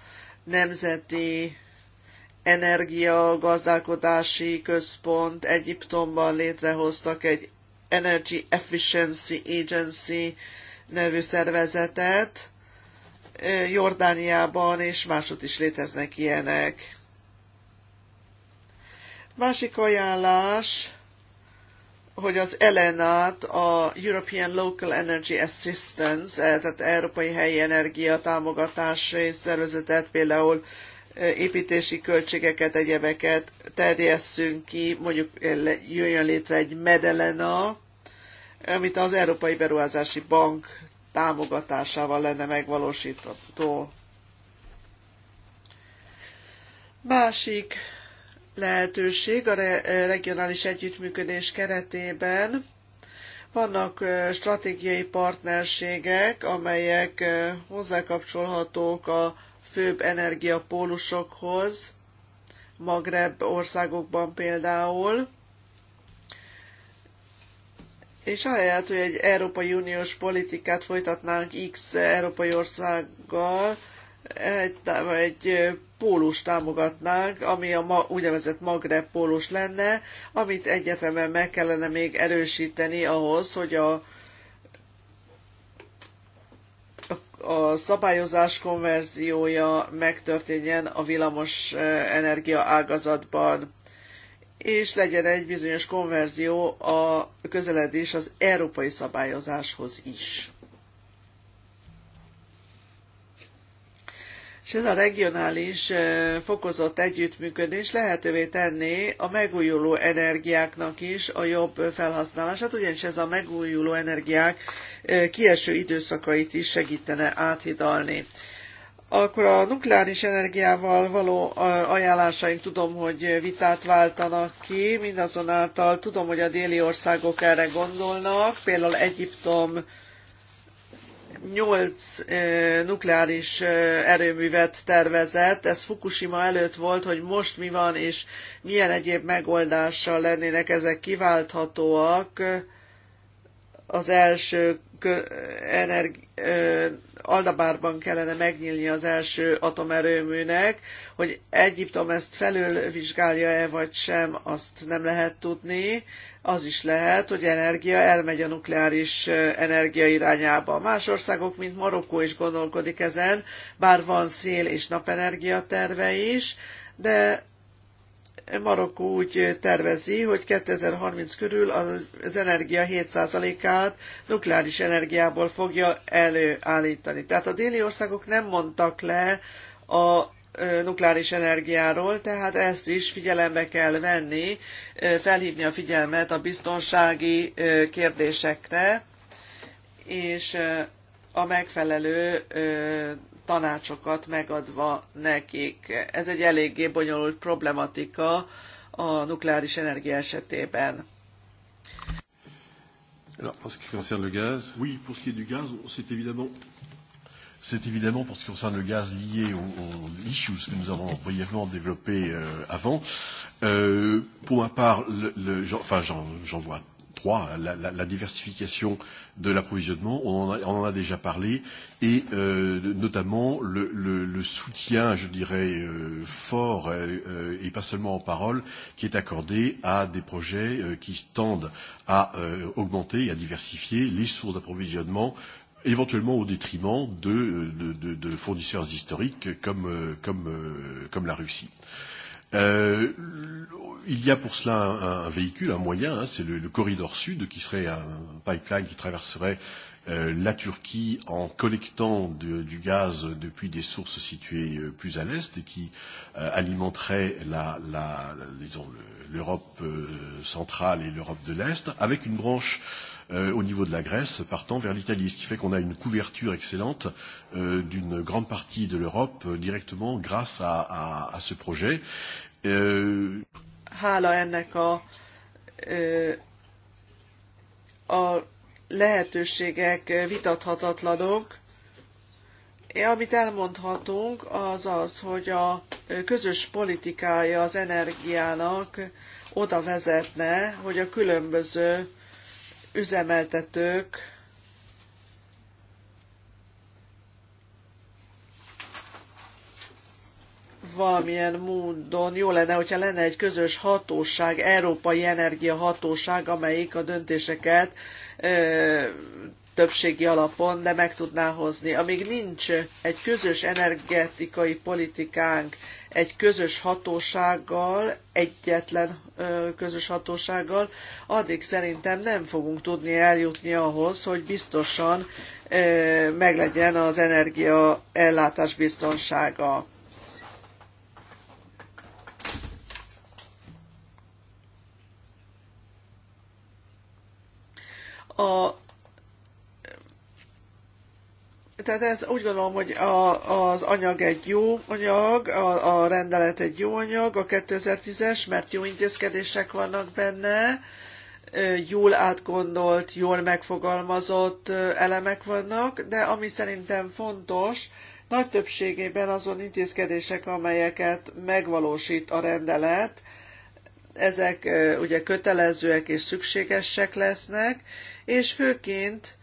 Nemzeti Energiagazdálkodási Központ Egyiptomban létrehoztak egy Energy Efficiency Agency nevű szervezetet, Jordániában és másod is léteznek ilyenek. Másik ajánlás, hogy az Elenát a European Local Energy Assistance, eh, tehát Európai Helyi Energia Támogatás Szervezetet például eh, építési költségeket, egyebeket terjesszünk ki, mondjuk eh, jöjjön létre egy Medelena, amit az Európai Beruházási Bank támogatásával lenne megvalósítható. Másik lehetőség a regionális együttműködés keretében. Vannak stratégiai partnerségek, amelyek hozzákapcsolhatók a főbb energiapólusokhoz, Magreb országokban például. És ahelyett, hogy egy Európai Uniós politikát folytatnánk X európai országgal, egy, egy pólus támogatnánk, ami a ma, úgynevezett Magreb pólus lenne, amit egyetemen meg kellene még erősíteni ahhoz, hogy a, a szabályozás konverziója megtörténjen a villamos energia ágazatban, és legyen egy bizonyos konverzió a közeledés az európai szabályozáshoz is. és ez a regionális fokozott együttműködés lehetővé tenné a megújuló energiáknak is a jobb felhasználását, ugyanis ez a megújuló energiák kieső időszakait is segítene áthidalni akkor a nukleáris energiával való ajánlásaink tudom, hogy vitát váltanak ki, mindazonáltal tudom, hogy a déli országok erre gondolnak, például Egyiptom, nyolc nukleáris erőművet tervezett, ez Fukushima előtt volt, hogy most mi van, és milyen egyéb megoldással lennének ezek kiválthatóak az első energi- Aldabárban kellene megnyílni az első atomerőműnek, hogy Egyiptom ezt felülvizsgálja-e vagy sem, azt nem lehet tudni az is lehet, hogy energia elmegy a nukleáris energia irányába. Más országok, mint Marokkó is gondolkodik ezen, bár van szél és napenergia terve is, de Marokkó úgy tervezi, hogy 2030 körül az energia 7%-át nukleáris energiából fogja előállítani. Tehát a déli országok nem mondtak le a nukleáris energiáról, tehát ezt is figyelembe kell venni, felhívni a figyelmet a biztonsági kérdésekre, és a megfelelő tanácsokat megadva nekik. Ez egy eléggé bonyolult problematika a nukleáris energia esetében. Alors, en ce qui concerne le gaz. Oui, pour ce qui est du gaz, c'est évidemment c'est évidemment, pour ce qui concerne le gaz lié aux, aux issues que nous avons brièvement développées euh, avant, euh, pour ma part, le, le, j'en, enfin, j'en, j'en vois trois, la, la, la diversification de l'approvisionnement, on, en a, on en a déjà parlé, et euh, notamment le, le, le soutien, je dirais, euh, fort euh, euh et pas seulement en parole, qui est accordé à des projets euh, qui tendent à euh, augmenter et à diversifier les sources d'approvisionnement éventuellement au détriment de, de, de, de fournisseurs historiques comme, euh, comme, euh, comme la Russie. Euh, il y a pour cela un, un véhicule, un moyen, hein, c'est le, le corridor sud qui serait un pipeline qui traverserait euh, la Turquie en collectant de, du gaz depuis des sources situées euh, plus à l'est et qui euh, alimenterait la, la, disons, l'Europe euh, centrale et l'Europe de l'Est avec une branche euh, euh, au niveau de la Grèce partant vers l'Italie, ce qui fait qu'on a une couverture excellente euh, d'une grande partie de l'Europe euh, directement grâce à, à, à ce projet. Euh... Hála ennek a, ö, euh, a lehetőségek vitathatatlanok. Amit elmondhatunk, az az, hogy a közös politikája az energiának oda vezetne, hogy a különböző üzemeltetők valamilyen módon jó lenne, hogyha lenne egy közös hatóság, Európai Energia Hatóság, amelyik a döntéseket többségi alapon, de meg tudná hozni. Amíg nincs egy közös energetikai politikánk, egy közös hatósággal, egyetlen közös hatósággal, addig szerintem nem fogunk tudni eljutni ahhoz, hogy biztosan meglegyen az energia ellátás biztonsága. A tehát ez úgy gondolom, hogy a, az anyag egy jó anyag, a, a rendelet egy jó anyag, a 2010-es, mert jó intézkedések vannak benne, jól átgondolt, jól megfogalmazott elemek vannak, de ami szerintem fontos, nagy többségében azon intézkedések, amelyeket megvalósít a rendelet, ezek ugye kötelezőek és szükségesek lesznek, és főként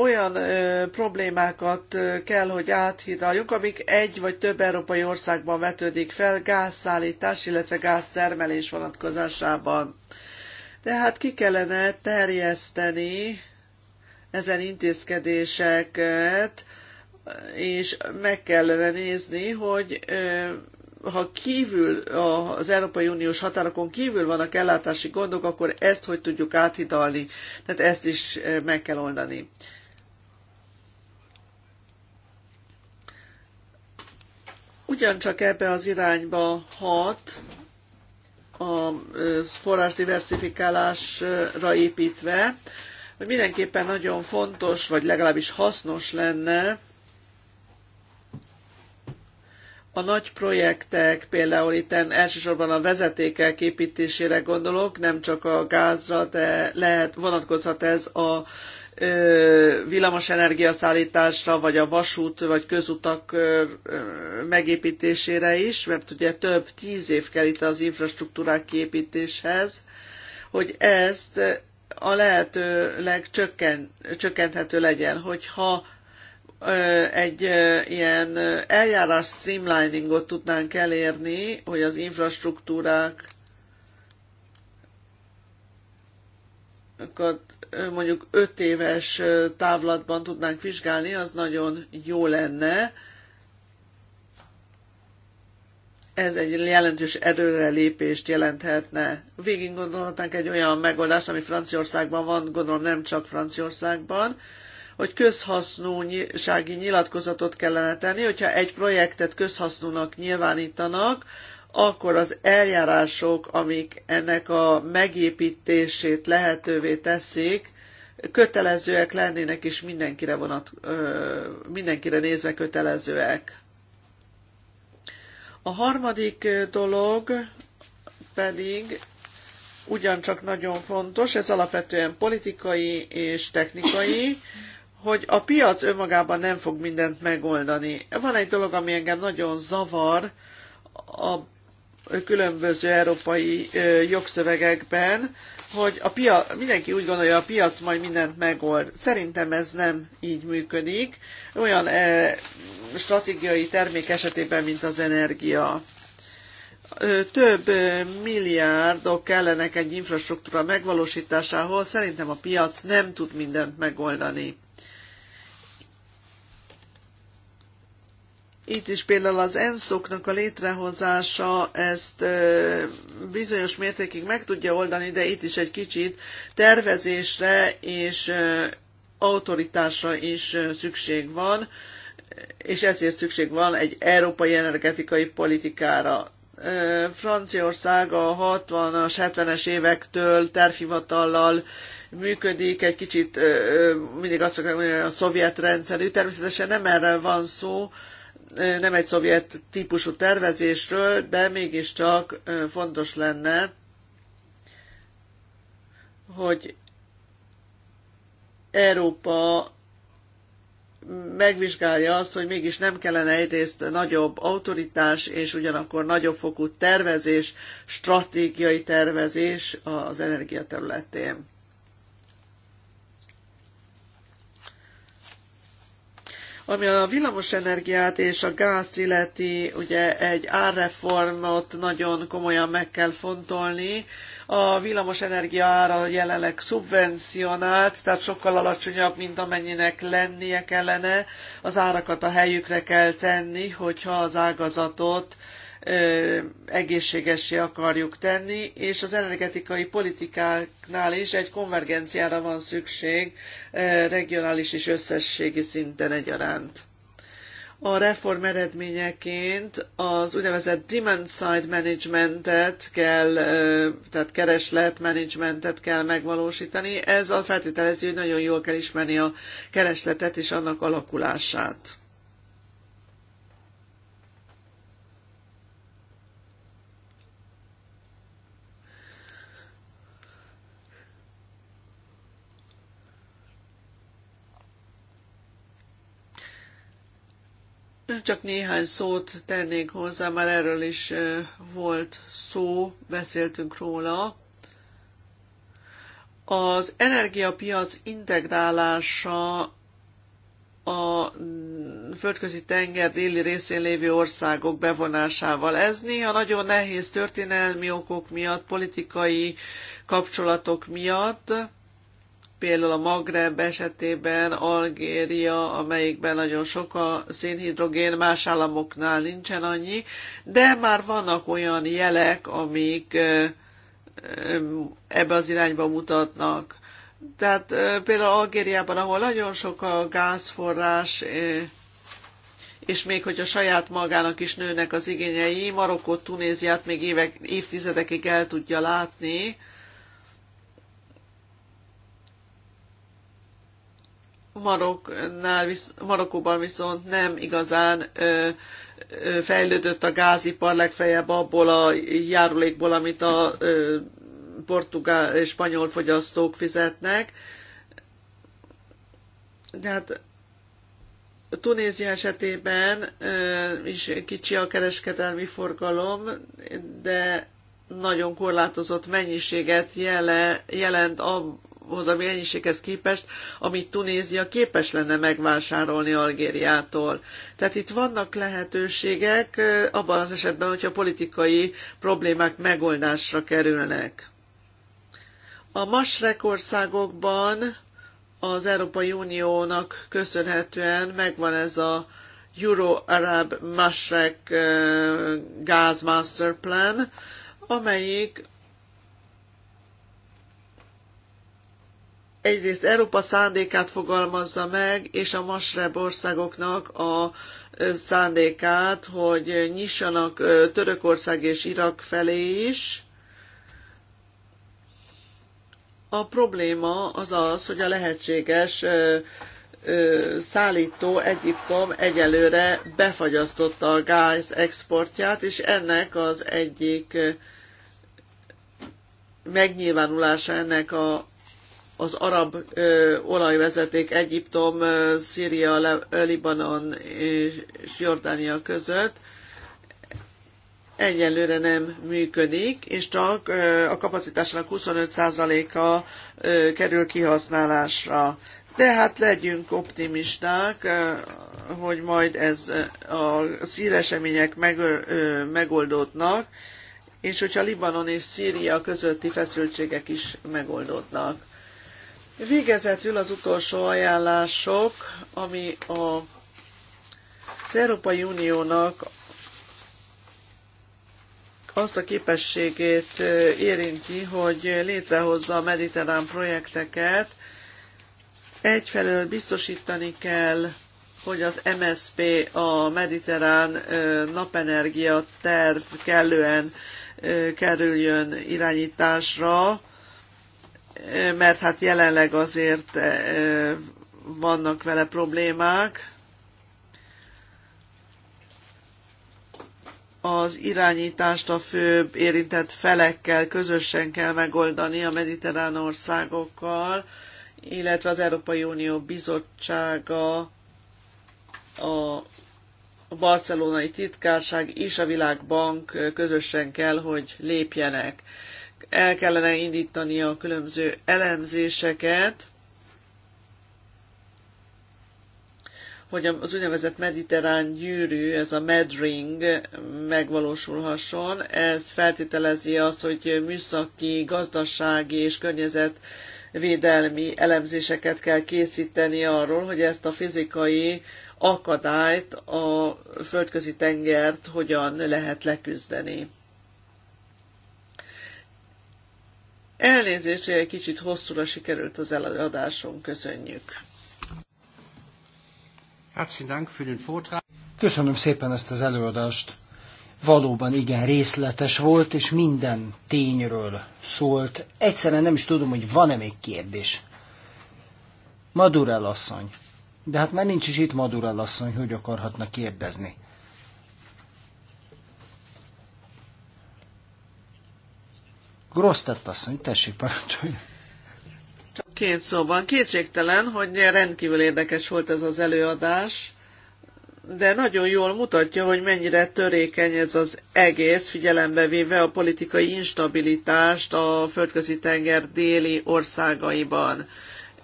olyan ö, problémákat ö, kell, hogy áthidaljunk, amik egy vagy több európai országban vetődik fel gázszállítás, illetve gáztermelés vonatkozásában. Tehát ki kellene terjeszteni ezen intézkedéseket, és meg kellene nézni, hogy ö, ha kívül, az Európai Uniós határokon kívül vannak ellátási gondok, akkor ezt hogy tudjuk áthidalni, tehát ezt is meg kell oldani. ugyancsak ebbe az irányba hat, a forrás diversifikálásra építve, hogy mindenképpen nagyon fontos, vagy legalábbis hasznos lenne a nagy projektek, például itt elsősorban a vezetékek építésére gondolok, nem csak a gázra, de lehet, vonatkozhat ez a villamosenergia szállításra, vagy a vasút, vagy közutak megépítésére is, mert ugye több tíz év kell itt az infrastruktúrák kiépítéshez, hogy ezt a lehető legcsökkenthető legyen, hogyha egy ilyen eljárás streamliningot tudnánk elérni, hogy az infrastruktúrák mondjuk 5 éves távlatban tudnánk vizsgálni, az nagyon jó lenne. Ez egy jelentős erőrelépést jelenthetne. Végig gondolhatnánk egy olyan megoldást, ami Franciaországban van, gondolom nem csak Franciaországban, hogy közhasznúsági nyilatkozatot kellene tenni, hogyha egy projektet közhasznúnak nyilvánítanak, akkor az eljárások, amik ennek a megépítését lehetővé teszik, kötelezőek lennének, és mindenkire, vonat, mindenkire nézve kötelezőek. A harmadik dolog pedig ugyancsak nagyon fontos, ez alapvetően politikai és technikai, hogy a piac önmagában nem fog mindent megoldani. Van egy dolog, ami engem nagyon zavar, a különböző európai jogszövegekben, hogy a pia, mindenki úgy gondolja, a piac majd mindent megold. Szerintem ez nem így működik. Olyan stratégiai termék esetében, mint az energia. Több milliárdok kellenek egy infrastruktúra megvalósításához, szerintem a piac nem tud mindent megoldani. Itt is például az enszoknak a létrehozása ezt bizonyos mértékig meg tudja oldani, de itt is egy kicsit tervezésre és autoritásra is szükség van, és ezért szükség van egy európai energetikai politikára. Franciaország a 60-as, 70-es évektől tervhivatallal működik, egy kicsit mindig azt szokták mondani, hogy a szovjet rendszerű. Természetesen nem erről van szó, nem egy szovjet típusú tervezésről, de mégiscsak fontos lenne, hogy Európa megvizsgálja azt, hogy mégis nem kellene egyrészt nagyobb autoritás és ugyanakkor nagyobb fokú tervezés, stratégiai tervezés az energia területén. Ami a villamosenergiát és a gázt illeti, ugye egy árreformot nagyon komolyan meg kell fontolni. A villamosenergia ára jelenleg szubvencionált, tehát sokkal alacsonyabb, mint amennyinek lennie kellene. Az árakat a helyükre kell tenni, hogyha az ágazatot egészségessé akarjuk tenni, és az energetikai politikáknál is egy konvergenciára van szükség regionális és összességi szinten egyaránt. A reform eredményeként az úgynevezett demand side managementet kell, tehát kereslet managementet kell megvalósítani. Ez a feltételező, hogy nagyon jól kell ismerni a keresletet és annak alakulását. Csak néhány szót tennék hozzá, már erről is volt szó, beszéltünk róla. Az energiapiac integrálása a földközi tenger déli részén lévő országok bevonásával. Ez néha nagyon nehéz történelmi okok miatt, politikai kapcsolatok miatt például a Magreb esetében, Algéria, amelyikben nagyon sok a szénhidrogén, más államoknál nincsen annyi, de már vannak olyan jelek, amik ebbe az irányba mutatnak. Tehát például Algériában, ahol nagyon sok a gázforrás, és még hogy a saját magának is nőnek az igényei, Marokkot, Tunéziát még évek, évtizedekig el tudja látni, Marokknál, Marokkóban viszont nem igazán ö, ö, fejlődött a gázipar legfeljebb abból a járulékból, amit a ö, portugál és spanyol fogyasztók fizetnek. De hát Tunézia esetében ö, is kicsi a kereskedelmi forgalom, de nagyon korlátozott mennyiséget jele, jelent a, ahhoz a mennyiséghez képest, amit Tunézia képes lenne megvásárolni Algériától. Tehát itt vannak lehetőségek abban az esetben, hogyha politikai problémák megoldásra kerülnek. A masrek országokban az Európai Uniónak köszönhetően megvan ez a Euro-Arab Masrek Gas Master Plan, amelyik egyrészt Európa szándékát fogalmazza meg, és a Masreb országoknak a szándékát, hogy nyissanak Törökország és Irak felé is. A probléma az az, hogy a lehetséges szállító Egyiptom egyelőre befagyasztotta a gáz exportját, és ennek az egyik megnyilvánulása ennek a az arab ö, olajvezeték Egyiptom, ö, Szíria, Le, Libanon és, és Jordánia között egyelőre nem működik, és csak ö, a kapacitásnak 25%-a ö, kerül kihasználásra. De hát legyünk optimisták, hogy majd ez a szíresemények meg, megoldódnak, és hogyha Libanon és Szíria közötti feszültségek is megoldódnak. Végezetül az utolsó ajánlások, ami a, az Európai Uniónak azt a képességét érinti, hogy létrehozza a mediterrán projekteket. Egyfelől biztosítani kell, hogy az MSP, a mediterrán napenergia terv kellően kerüljön irányításra, mert hát jelenleg azért eh, vannak vele problémák. Az irányítást a főbb érintett felekkel közösen kell megoldani a mediterrán országokkal, illetve az Európai Unió Bizottsága, a barcelonai titkárság és a Világbank közösen kell, hogy lépjenek el kellene indítani a különböző elemzéseket, hogy az úgynevezett mediterrán gyűrű, ez a medring megvalósulhasson. Ez feltételezi azt, hogy műszaki, gazdasági és környezetvédelmi elemzéseket kell készíteni arról, hogy ezt a fizikai akadályt, a földközi tengert hogyan lehet leküzdeni. Elnézést, hogy egy kicsit hosszúra sikerült az előadáson. köszönjük. Köszönöm szépen ezt az előadást. Valóban igen részletes volt, és minden tényről szólt. Egyszerűen nem is tudom, hogy van-e még kérdés. Madurell asszony. De hát már nincs is itt Madurell asszony, hogy akarhatna kérdezni. Grosztett asszony, tessék parancsolni. Csak két szóban. Kétségtelen, hogy rendkívül érdekes volt ez az előadás, de nagyon jól mutatja, hogy mennyire törékeny ez az egész, figyelembe véve a politikai instabilitást a földközi tenger déli országaiban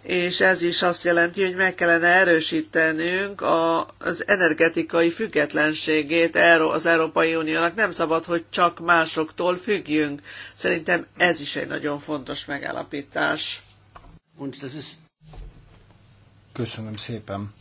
és ez is azt jelenti, hogy meg kellene erősítenünk az energetikai függetlenségét az Európai Uniónak. Nem szabad, hogy csak másoktól függjünk. Szerintem ez is egy nagyon fontos megállapítás. Köszönöm szépen.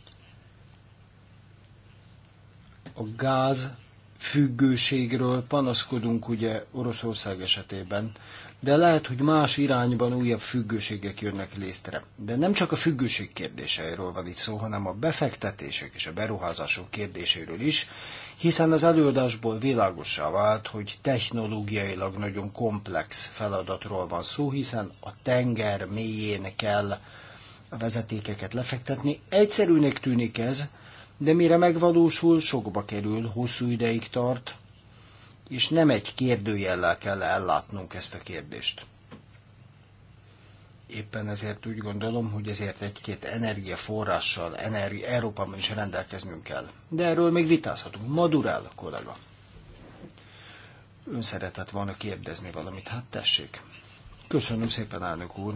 A gáz függőségről panaszkodunk ugye Oroszország esetében de lehet, hogy más irányban újabb függőségek jönnek létre. De nem csak a függőség kérdéseiről van itt szó, hanem a befektetések és a beruházások kérdéséről is, hiszen az előadásból világosá vált, hogy technológiailag nagyon komplex feladatról van szó, hiszen a tenger mélyén kell a vezetékeket lefektetni. Egyszerűnek tűnik ez, de mire megvalósul, sokba kerül, hosszú ideig tart, és nem egy kérdőjellel kell ellátnunk ezt a kérdést. Éppen ezért úgy gondolom, hogy ezért egy-két energiaforrással energi Európában is rendelkeznünk kell. De erről még vitázhatunk. Madurál, kollega. Ön szeretett volna kérdezni valamit, hát tessék. Köszönöm szépen, elnök úr.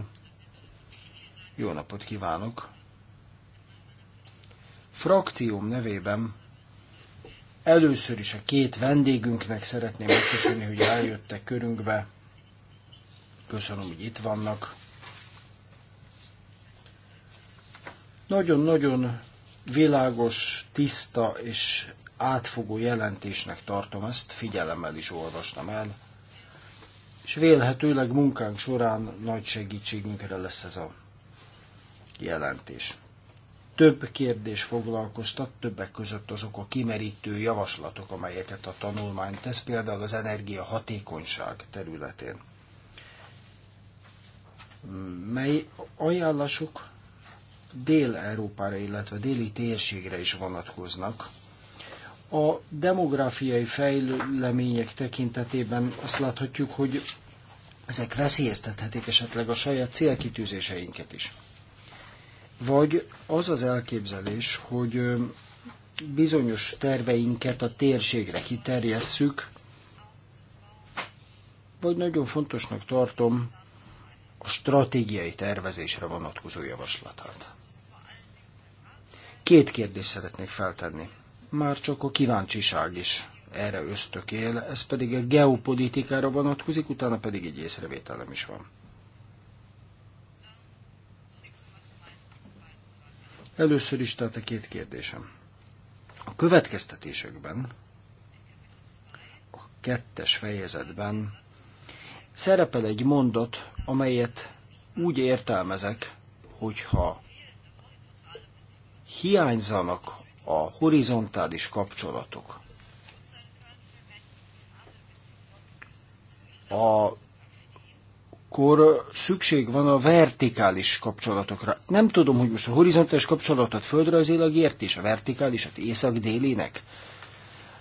Jó napot kívánok. Frakcióm nevében Először is a két vendégünknek szeretném megköszönni, hogy eljöttek körünkbe. Köszönöm, hogy itt vannak. Nagyon-nagyon világos, tiszta és átfogó jelentésnek tartom ezt, figyelemmel is olvastam el, és vélhetőleg munkánk során nagy segítségünkre lesz ez a jelentés több kérdés foglalkoztat, többek között azok a kimerítő javaslatok, amelyeket a tanulmány tesz, például az energia hatékonyság területén, mely ajánlások Dél-Európára, illetve déli térségre is vonatkoznak. A demográfiai fejlemények tekintetében azt láthatjuk, hogy ezek veszélyeztethetik esetleg a saját célkitűzéseinket is. Vagy az az elképzelés, hogy bizonyos terveinket a térségre kiterjesszük, vagy nagyon fontosnak tartom a stratégiai tervezésre vonatkozó javaslatát. Két kérdést szeretnék feltenni. Már csak a kíváncsiság is erre ösztökél, ez pedig a geopolitikára vonatkozik, utána pedig egy észrevételem is van. Először is tehát a két kérdésem. A következtetésekben, a kettes fejezetben szerepel egy mondat, amelyet úgy értelmezek, hogyha hiányzanak a horizontális kapcsolatok, a akkor szükség van a vertikális kapcsolatokra. Nem tudom, hogy most a horizontális kapcsolatot földrajzilag ért, és a vertikálisat észak-délinek.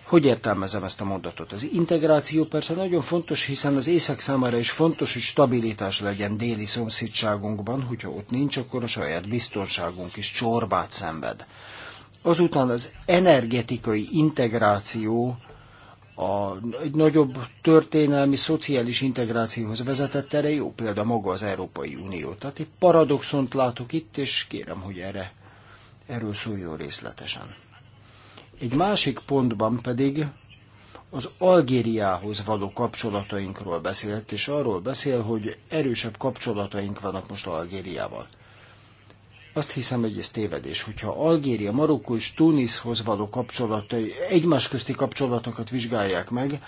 Hogy értelmezem ezt a mondatot? Az integráció persze nagyon fontos, hiszen az észak számára is fontos, hogy stabilitás legyen déli szomszédságunkban, hogyha ott nincs, akkor a saját biztonságunk is csorbát szenved. Azután az energetikai integráció a, egy nagyobb történelmi, szociális integrációhoz vezetett erre jó példa maga az Európai Unió. Tehát egy paradoxont látok itt, és kérem, hogy erre, erről szóljon részletesen. Egy másik pontban pedig az Algériához való kapcsolatainkról beszélt, és arról beszél, hogy erősebb kapcsolataink vannak most Algériával. Azt hiszem, hogy ez tévedés. Hogyha Algéria, Marokkó és Tunishoz való kapcsolatai, egymás közti kapcsolatokat vizsgálják meg,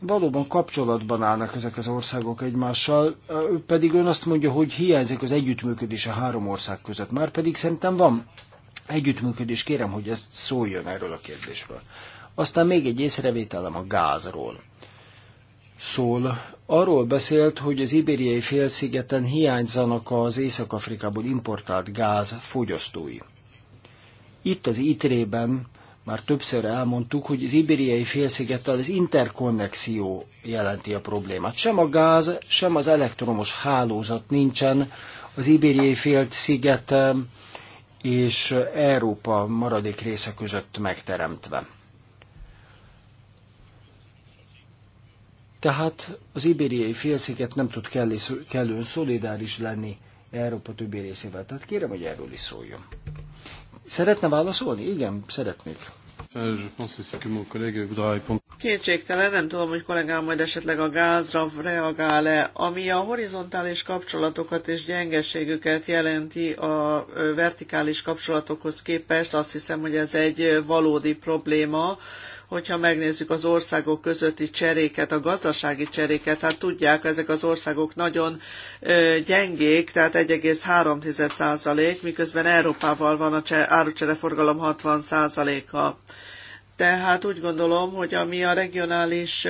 valóban kapcsolatban állnak ezek az országok egymással, pedig ön azt mondja, hogy hiányzik az együttműködés a három ország között. Már pedig szerintem van együttműködés, kérem, hogy ez szóljon erről a kérdésről. Aztán még egy észrevételem a gázról. Szól arról beszélt, hogy az ibériai félszigeten hiányzanak az Észak-Afrikából importált gáz fogyasztói. Itt az ITRE-ben már többször elmondtuk, hogy az ibériai félszigettel az interkonnexió jelenti a problémát. Sem a gáz, sem az elektromos hálózat nincsen az ibériai félsziget és Európa maradék része között megteremtve. Tehát az ibériai félsziget nem tud kellően szolidáris lenni Európa többi részével. Tehát kérem, hogy erről is szóljon. Szeretne válaszolni? Igen, szeretnék. Kétségtelen, nem tudom, hogy kollégám majd esetleg a gázra reagál-e, ami a horizontális kapcsolatokat és gyengeségüket jelenti a vertikális kapcsolatokhoz képest. Azt hiszem, hogy ez egy valódi probléma, hogyha megnézzük az országok közötti cseréket, a gazdasági cseréket, hát tudják, ezek az országok nagyon gyengék, tehát 1,3%, miközben Európával van a árucsereforgalom 60%-a. Tehát úgy gondolom, hogy ami a regionális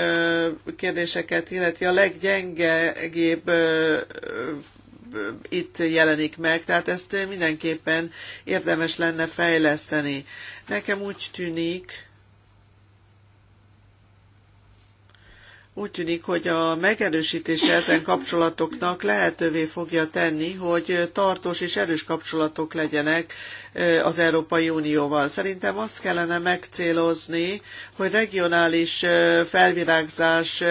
kérdéseket illeti, a leggyengébb itt jelenik meg, tehát ezt mindenképpen érdemes lenne fejleszteni. Nekem úgy tűnik, Úgy tűnik, hogy a megerősítése ezen kapcsolatoknak lehetővé fogja tenni, hogy tartós és erős kapcsolatok legyenek az Európai Unióval. Szerintem azt kellene megcélozni, hogy regionális felvirágzás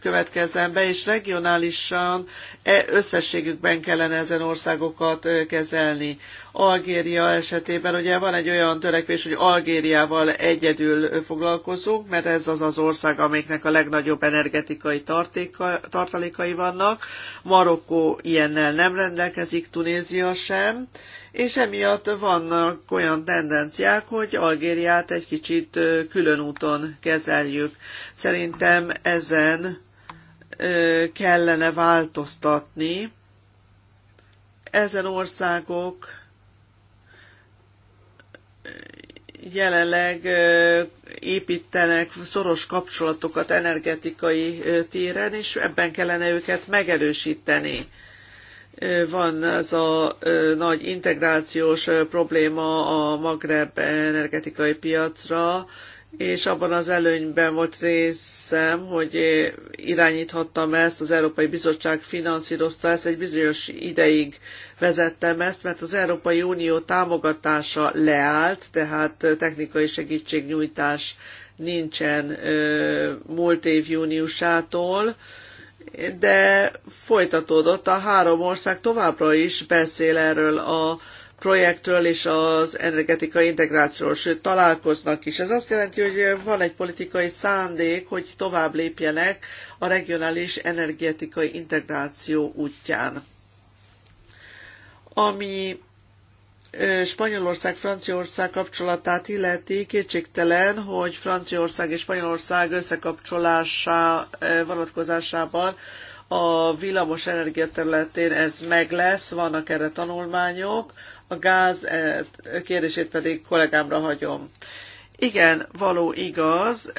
következzen be, és regionálisan e, összességükben kellene ezen országokat kezelni. Algéria esetében ugye van egy olyan törekvés, hogy Algériával egyedül foglalkozunk, mert ez az az ország, amiknek a legnagyobb energetikai tartéka, tartalékai vannak. Marokkó ilyennel nem rendelkezik, Tunézia sem, és emiatt vannak olyan tendenciák, hogy Algériát egy kicsit külön úton kezeljük. Szerintem ezen kellene változtatni. Ezen országok jelenleg építenek szoros kapcsolatokat energetikai téren, és ebben kellene őket megerősíteni. Van ez a nagy integrációs probléma a Magreb energetikai piacra, és abban az előnyben volt részem, hogy irányíthattam ezt, az Európai Bizottság finanszírozta ezt, egy bizonyos ideig vezettem ezt, mert az Európai Unió támogatása leállt, tehát technikai segítségnyújtás nincsen múlt év júniusától, de folytatódott, a három ország továbbra is beszél erről a projektről és az energetikai integrációról, sőt találkoznak is. Ez azt jelenti, hogy van egy politikai szándék, hogy tovább lépjenek a regionális energetikai integráció útján. Ami Spanyolország-Franciaország kapcsolatát illeti, kétségtelen, hogy Franciaország és Spanyolország összekapcsolása vonatkozásában a villamos energia területén ez meg lesz, vannak erre tanulmányok. A gáz eh, kérdését pedig kollégámra hagyom. Igen, való igaz,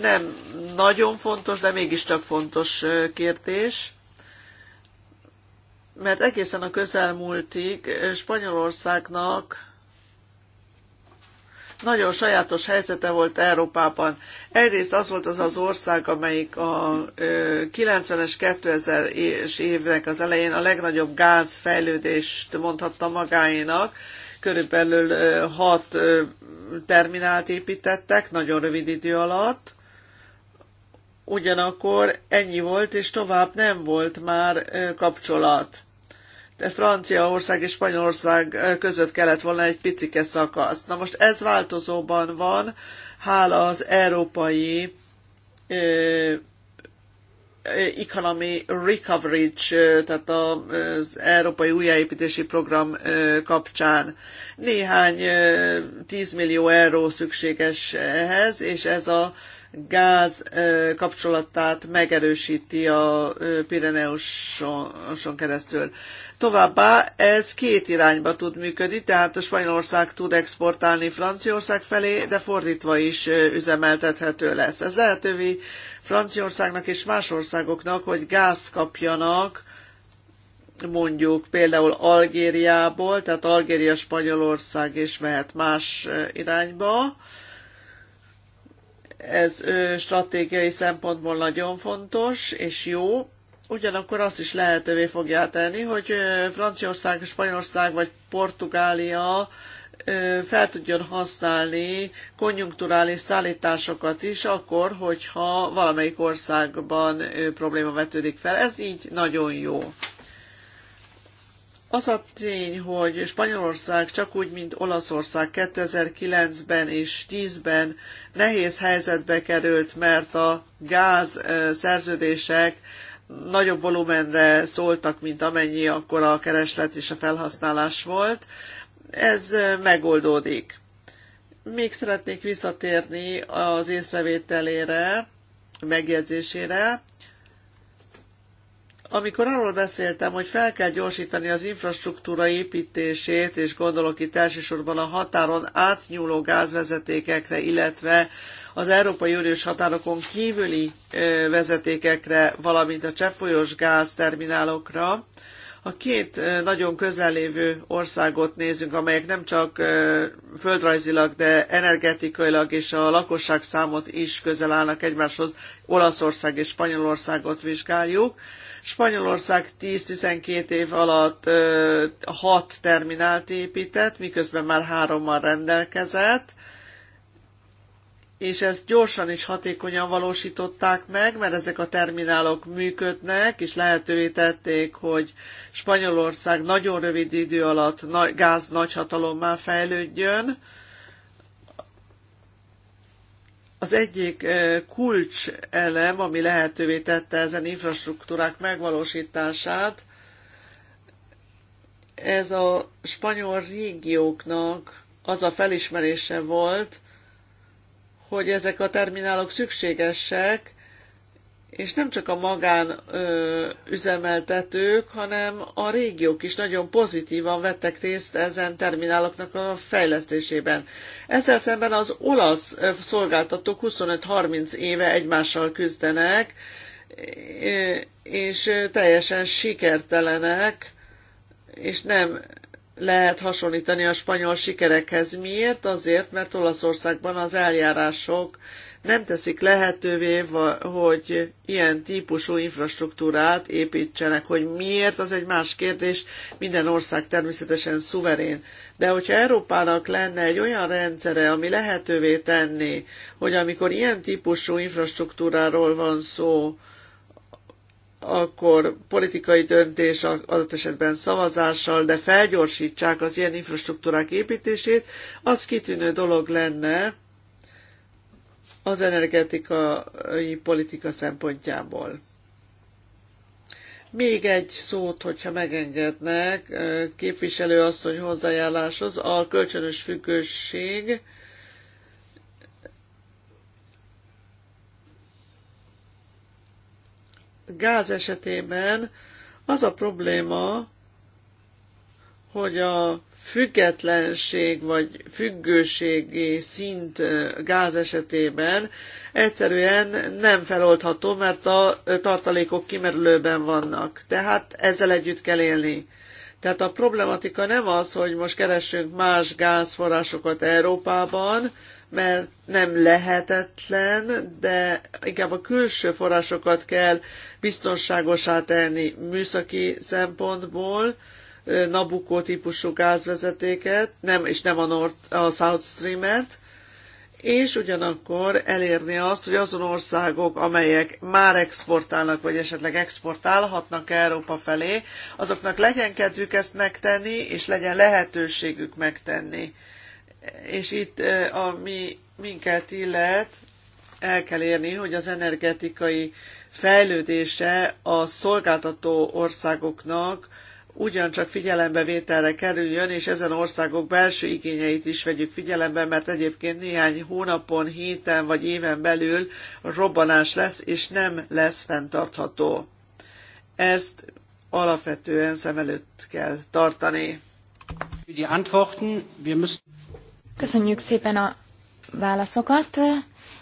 nem nagyon fontos, de mégiscsak fontos eh, kérdés, mert egészen a közelmúltig Spanyolországnak nagyon sajátos helyzete volt Európában. Egyrészt az volt az az ország, amelyik a 90-es, 2000-es évek az elején a legnagyobb gázfejlődést mondhatta magáénak, körülbelül hat terminált építettek nagyon rövid idő alatt. Ugyanakkor ennyi volt, és tovább nem volt már kapcsolat. Franciaország és Spanyolország között kellett volna egy picike szakasz. Na most ez változóban van, hála az európai Economy Recovery, tehát az Európai Újjáépítési Program kapcsán néhány 10 millió euró szükséges ehhez, és ez a gáz kapcsolatát megerősíti a Pireneuson keresztül. Továbbá ez két irányba tud működni, tehát a Spanyolország tud exportálni Franciaország felé, de fordítva is üzemeltethető lesz. Ez lehetővé Franciaországnak és más országoknak, hogy gázt kapjanak, mondjuk például Algériából, tehát Algéria, Spanyolország is mehet más irányba. Ez stratégiai szempontból nagyon fontos és jó ugyanakkor azt is lehetővé fogják tenni, hogy Franciaország, Spanyolország vagy Portugália fel tudjon használni konjunkturális szállításokat is, akkor, hogyha valamelyik országban probléma vetődik fel. Ez így nagyon jó. Az a tény, hogy Spanyolország csak úgy, mint Olaszország 2009-ben és 10-ben nehéz helyzetbe került, mert a gáz szerződések nagyobb volumenre szóltak, mint amennyi akkor a kereslet és a felhasználás volt. Ez megoldódik. Még szeretnék visszatérni az észrevételére, megjegyzésére, amikor arról beszéltem, hogy fel kell gyorsítani az infrastruktúra építését, és gondolok itt elsősorban a határon átnyúló gázvezetékekre, illetve az Európai Uniós határokon kívüli vezetékekre, valamint a cseppfolyós gázterminálokra, ha két nagyon közel lévő országot nézünk, amelyek nem csak földrajzilag, de energetikailag és a lakosság számot is közel állnak egymáshoz, Olaszország és Spanyolországot vizsgáljuk. Spanyolország 10-12 év alatt 6 terminált épített, miközben már hárommal rendelkezett és ezt gyorsan és hatékonyan valósították meg, mert ezek a terminálok működnek, és lehetővé tették, hogy Spanyolország nagyon rövid idő alatt gáz nagyhatalommal fejlődjön. Az egyik eh, kulcs elem, ami lehetővé tette ezen infrastruktúrák megvalósítását, ez a spanyol régióknak az a felismerése volt, hogy ezek a terminálok szükségesek, és nem csak a magán ö, üzemeltetők, hanem a régiók is nagyon pozitívan vettek részt ezen termináloknak a fejlesztésében. Ezzel szemben az olasz szolgáltatók 25-30 éve egymással küzdenek, és teljesen sikertelenek, és nem lehet hasonlítani a spanyol sikerekhez. Miért? Azért, mert Olaszországban az eljárások nem teszik lehetővé, hogy ilyen típusú infrastruktúrát építsenek. Hogy miért, az egy más kérdés. Minden ország természetesen szuverén. De hogyha Európának lenne egy olyan rendszere, ami lehetővé tenni, hogy amikor ilyen típusú infrastruktúráról van szó, akkor politikai döntés, adott esetben szavazással, de felgyorsítsák az ilyen infrastruktúrák építését, az kitűnő dolog lenne az energetikai politika szempontjából. Még egy szót, hogyha megengednek, képviselő asszony hozzájárláshoz, a kölcsönös függőség, gáz esetében az a probléma, hogy a függetlenség vagy függőségi szint gáz esetében egyszerűen nem feloldható, mert a tartalékok kimerülőben vannak. Tehát ezzel együtt kell élni. Tehát a problematika nem az, hogy most keressünk más gázforrásokat Európában, mert nem lehetetlen, de inkább a külső forrásokat kell biztonságosá tenni műszaki szempontból, Nabucco típusú gázvezetéket, nem, és nem a, Nord, a South Stream-et, és ugyanakkor elérni azt, hogy azon országok, amelyek már exportálnak, vagy esetleg exportálhatnak Európa felé, azoknak legyen kedvük ezt megtenni, és legyen lehetőségük megtenni és itt, ami minket illet, el kell érni, hogy az energetikai fejlődése a szolgáltató országoknak ugyancsak figyelembevételre kerüljön, és ezen országok belső igényeit is vegyük figyelembe, mert egyébként néhány hónapon, héten vagy éven belül robbanás lesz, és nem lesz fenntartható. Ezt alapvetően szem előtt kell tartani. Köszönjük szépen a válaszokat.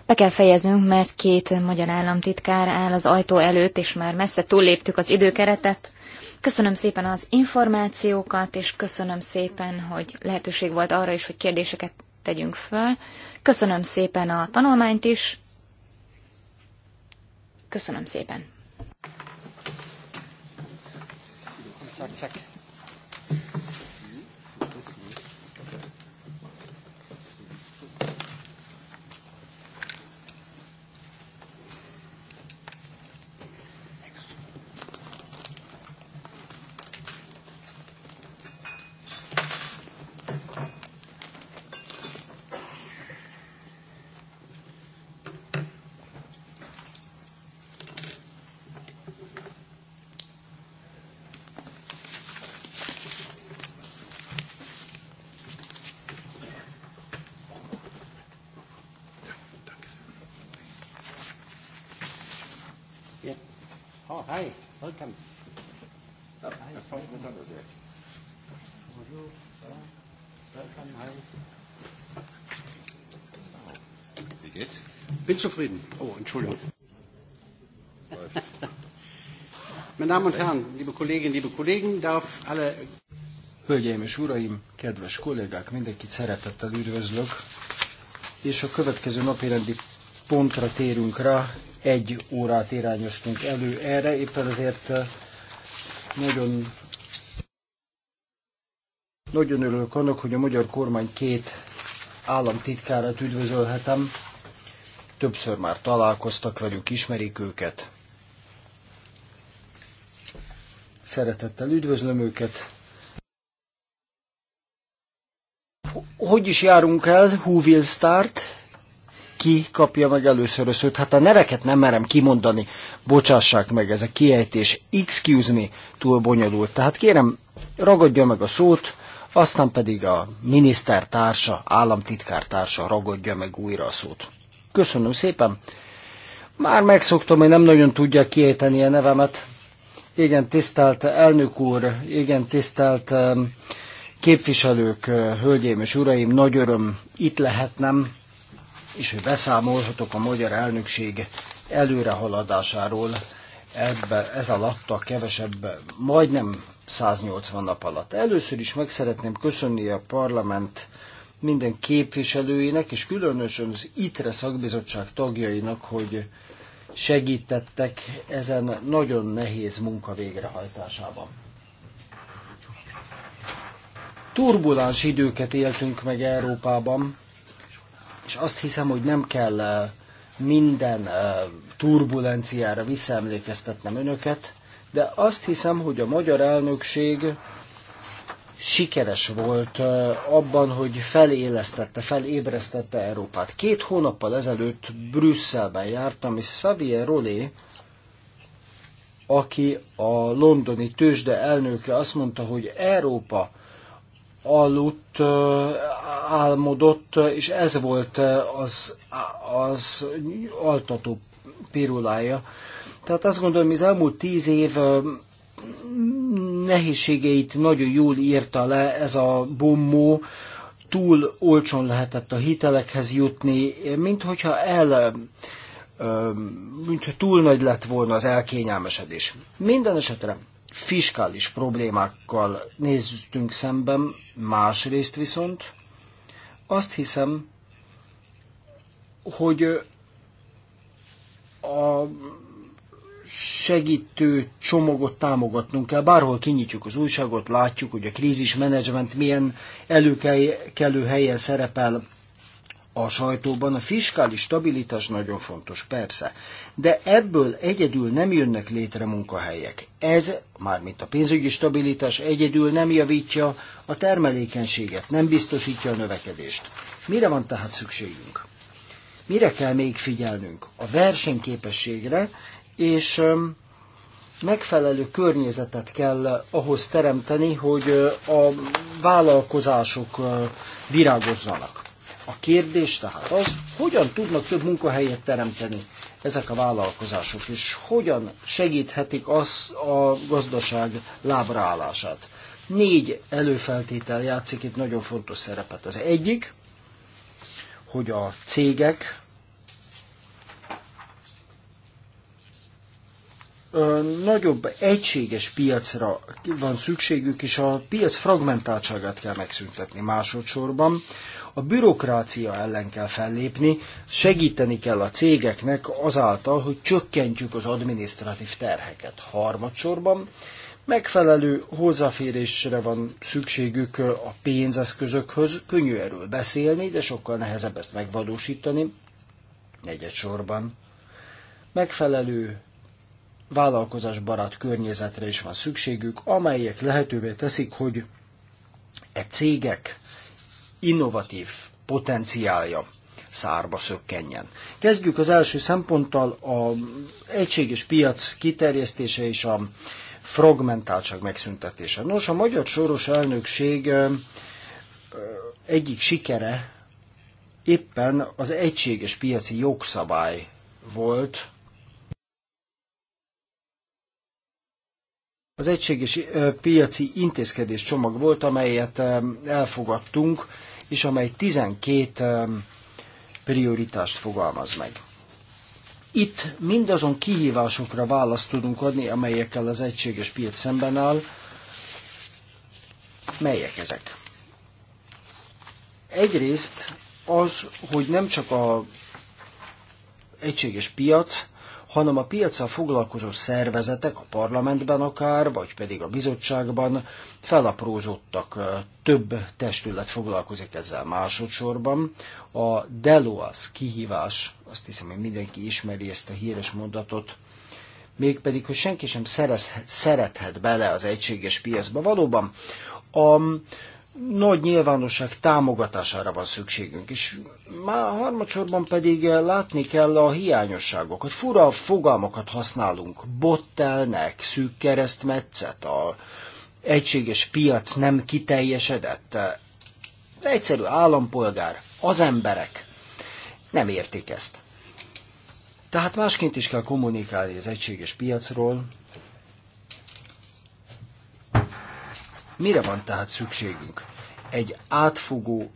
Be kell fejeznünk, mert két magyar államtitkár áll az ajtó előtt, és már messze túlléptük az időkeretet. Köszönöm szépen az információkat, és köszönöm szépen, hogy lehetőség volt arra is, hogy kérdéseket tegyünk föl. Köszönöm szépen a tanulmányt is. Köszönöm szépen. Köszönöm szépen. bin zufrieden. Oh, Entschuldigung. Meine Damen und Herren, liebe Kolleginnen, liebe Kollegen, darf alle... Hölgyeim és uraim, kedves kollégák, mindenkit szeretettel üdvözlök, és a következő napirendi pontra térünk rá, egy órát irányoztunk elő erre, éppen azért eh, nagyon nagyon örülök annak, hogy a magyar kormány két államtitkárát üdvözölhetem, többször már találkoztak velük, ismerik őket. Szeretettel üdvözlöm őket. Hogy is járunk el? Who will start? Ki kapja meg először a Hát a neveket nem merem kimondani. Bocsássák meg, ez a kiejtés. Excuse me, túl bonyolult. Tehát kérem, ragadja meg a szót, aztán pedig a minisztertársa, államtitkártársa ragadja meg újra a szót. Köszönöm szépen. Már megszoktam, hogy nem nagyon tudja kiejteni a nevemet. Igen, tisztelt elnök úr, igen, tisztelt képviselők, hölgyeim és uraim, nagy öröm itt lehetnem, és hogy beszámolhatok a magyar elnökség előrehaladásáról ebbe, ez alatt a kevesebb, majdnem 180 nap alatt. Először is meg szeretném köszönni a parlament minden képviselőinek, és különösen az ITRE szakbizottság tagjainak, hogy segítettek ezen nagyon nehéz munka végrehajtásában. Turbuláns időket éltünk meg Európában, és azt hiszem, hogy nem kell eh, minden eh, turbulenciára visszaemlékeztetnem önöket, de azt hiszem, hogy a magyar elnökség sikeres volt abban, hogy felélesztette, felébresztette Európát. Két hónappal ezelőtt Brüsszelben jártam, és Xavier Rolé, aki a londoni tőzsde elnöke, azt mondta, hogy Európa aludt, álmodott, és ez volt az, az altató pirulája. Tehát azt gondolom, hogy az elmúlt tíz év nehézségeit nagyon jól írta le ez a bombó, túl olcsón lehetett a hitelekhez jutni, mint hogyha el mint hogy túl nagy lett volna az elkényelmesedés. Minden esetre fiskális problémákkal néztünk szemben, másrészt viszont azt hiszem, hogy a segítő csomagot támogatnunk kell. Bárhol kinyitjuk az újságot, látjuk, hogy a krízismenedzsment milyen előkelő helyen szerepel a sajtóban. A fiskális stabilitás nagyon fontos, persze. De ebből egyedül nem jönnek létre munkahelyek. Ez, mármint a pénzügyi stabilitás, egyedül nem javítja a termelékenységet, nem biztosítja a növekedést. Mire van tehát szükségünk? Mire kell még figyelnünk? A versenyképességre és megfelelő környezetet kell ahhoz teremteni, hogy a vállalkozások virágozzanak. A kérdés tehát az, hogyan tudnak több munkahelyet teremteni ezek a vállalkozások, és hogyan segíthetik az a gazdaság lábraállását. Négy előfeltétel játszik itt nagyon fontos szerepet. Az egyik, hogy a cégek nagyobb egységes piacra van szükségük, és a piac fragmentáltságát kell megszüntetni másodszorban. A bürokrácia ellen kell fellépni, segíteni kell a cégeknek azáltal, hogy csökkentjük az adminisztratív terheket. Harmadsorban megfelelő hozzáférésre van szükségük a pénzeszközökhöz, könnyű erről beszélni, de sokkal nehezebb ezt megvalósítani. Negyedsorban megfelelő vállalkozásbarát környezetre is van szükségük, amelyek lehetővé teszik, hogy e cégek innovatív potenciálja szárba szökkenjen. Kezdjük az első szemponttal a egységes piac kiterjesztése és a fragmentáltság megszüntetése. Nos, a magyar soros elnökség egyik sikere éppen az egységes piaci jogszabály volt, az egységes piaci intézkedés csomag volt, amelyet elfogadtunk, és amely 12 prioritást fogalmaz meg. Itt mindazon kihívásokra választ tudunk adni, amelyekkel az egységes piac szemben áll. Melyek ezek? Egyrészt az, hogy nem csak a egységes piac, hanem a piacsal foglalkozó szervezetek a parlamentben akár, vagy pedig a bizottságban felaprózottak. Több testület foglalkozik ezzel másodszorban. A DELOAS kihívás, azt hiszem, hogy mindenki ismeri ezt a híres mondatot, mégpedig, hogy senki sem szerezhet, szerethet bele az egységes piacba. Valóban a nagy nyilvánosság támogatására van szükségünk, és már harmadsorban pedig látni kell a hiányosságokat. Fura fogalmakat használunk, bottelnek, szűk keresztmetszet, a egységes piac nem kiteljesedett. Az egyszerű állampolgár, az emberek nem értik ezt. Tehát másként is kell kommunikálni az egységes piacról, Mire van tehát szükségünk? Egy átfogó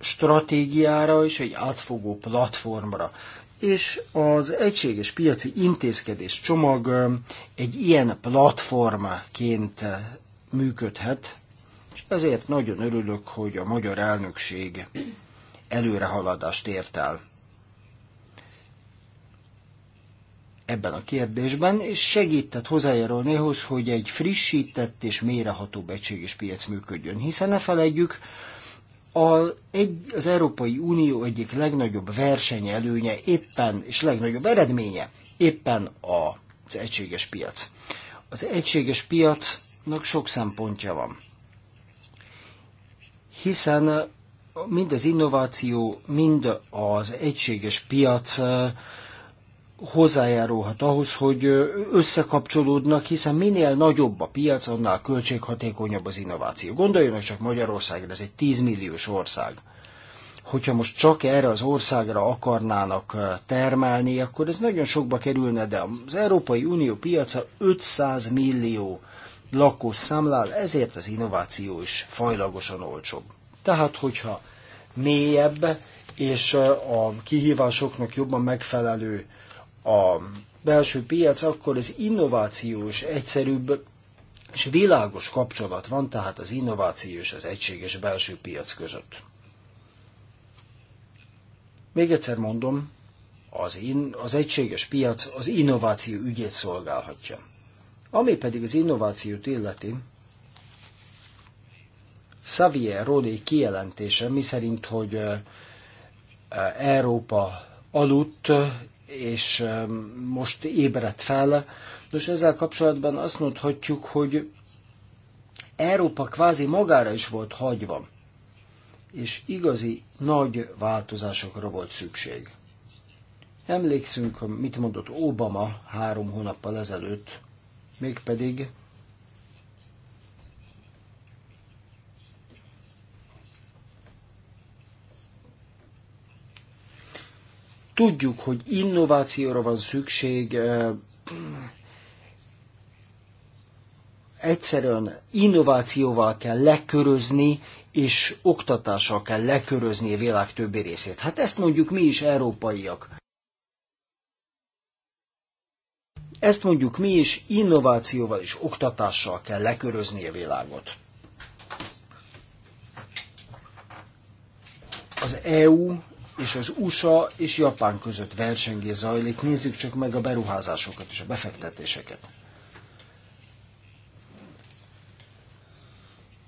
stratégiára és egy átfogó platformra. És az egységes piaci intézkedés csomag egy ilyen platformaként működhet, és ezért nagyon örülök, hogy a magyar elnökség előrehaladást ért el ebben a kérdésben, és segített hozzájárulnéhoz, hogy egy frissített és mélyrehatóbb egységes piac működjön. Hiszen ne felejtjük, a, egy, az Európai Unió egyik legnagyobb versenyelőnye éppen, és legnagyobb eredménye éppen az egységes piac. Az egységes piacnak sok szempontja van. Hiszen mind az innováció, mind az egységes piac hozzájárulhat ahhoz, hogy összekapcsolódnak, hiszen minél nagyobb a piac, annál költséghatékonyabb az innováció. Gondoljon, hogy csak Magyarországra, ez egy 10 milliós ország. Hogyha most csak erre az országra akarnának termelni, akkor ez nagyon sokba kerülne, de az Európai Unió piaca 500 millió lakos számlál, ezért az innováció is fajlagosan olcsóbb. Tehát, hogyha mélyebb és a kihívásoknak jobban megfelelő a belső piac, akkor az innovációs egyszerűbb és világos kapcsolat van tehát az innovációs és az egységes belső piac között. Még egyszer mondom, az, in, az egységes piac az innováció ügyét szolgálhatja. Ami pedig az innovációt illeti, Xavier Rodé kijelentése, miszerint, hogy Európa aludt, és um, most ébredt fel. Nos, ezzel kapcsolatban azt mondhatjuk, hogy Európa kvázi magára is volt hagyva, és igazi nagy változásokra volt szükség. Emlékszünk, mit mondott Obama három hónappal ezelőtt, mégpedig Tudjuk, hogy innovációra van szükség, egyszerűen innovációval kell lekörözni, és oktatással kell lekörözni a világ többi részét. Hát ezt mondjuk mi is európaiak. Ezt mondjuk mi is innovációval és oktatással kell lekörözni a világot. Az EU és az USA és Japán között versengés zajlik. Nézzük csak meg a beruházásokat és a befektetéseket.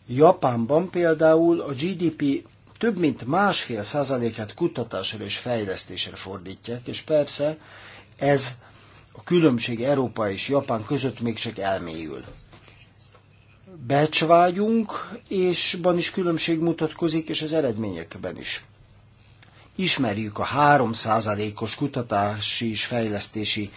Japánban például a GDP több mint másfél százalékát kutatásra és fejlesztésre fordítják, és persze ez a különbség Európa és Japán között még csak elmélyül. Becsvágyunk, és ban is különbség mutatkozik, és az eredményekben is. Ismerjük a 3%-os kutatási és fejlesztési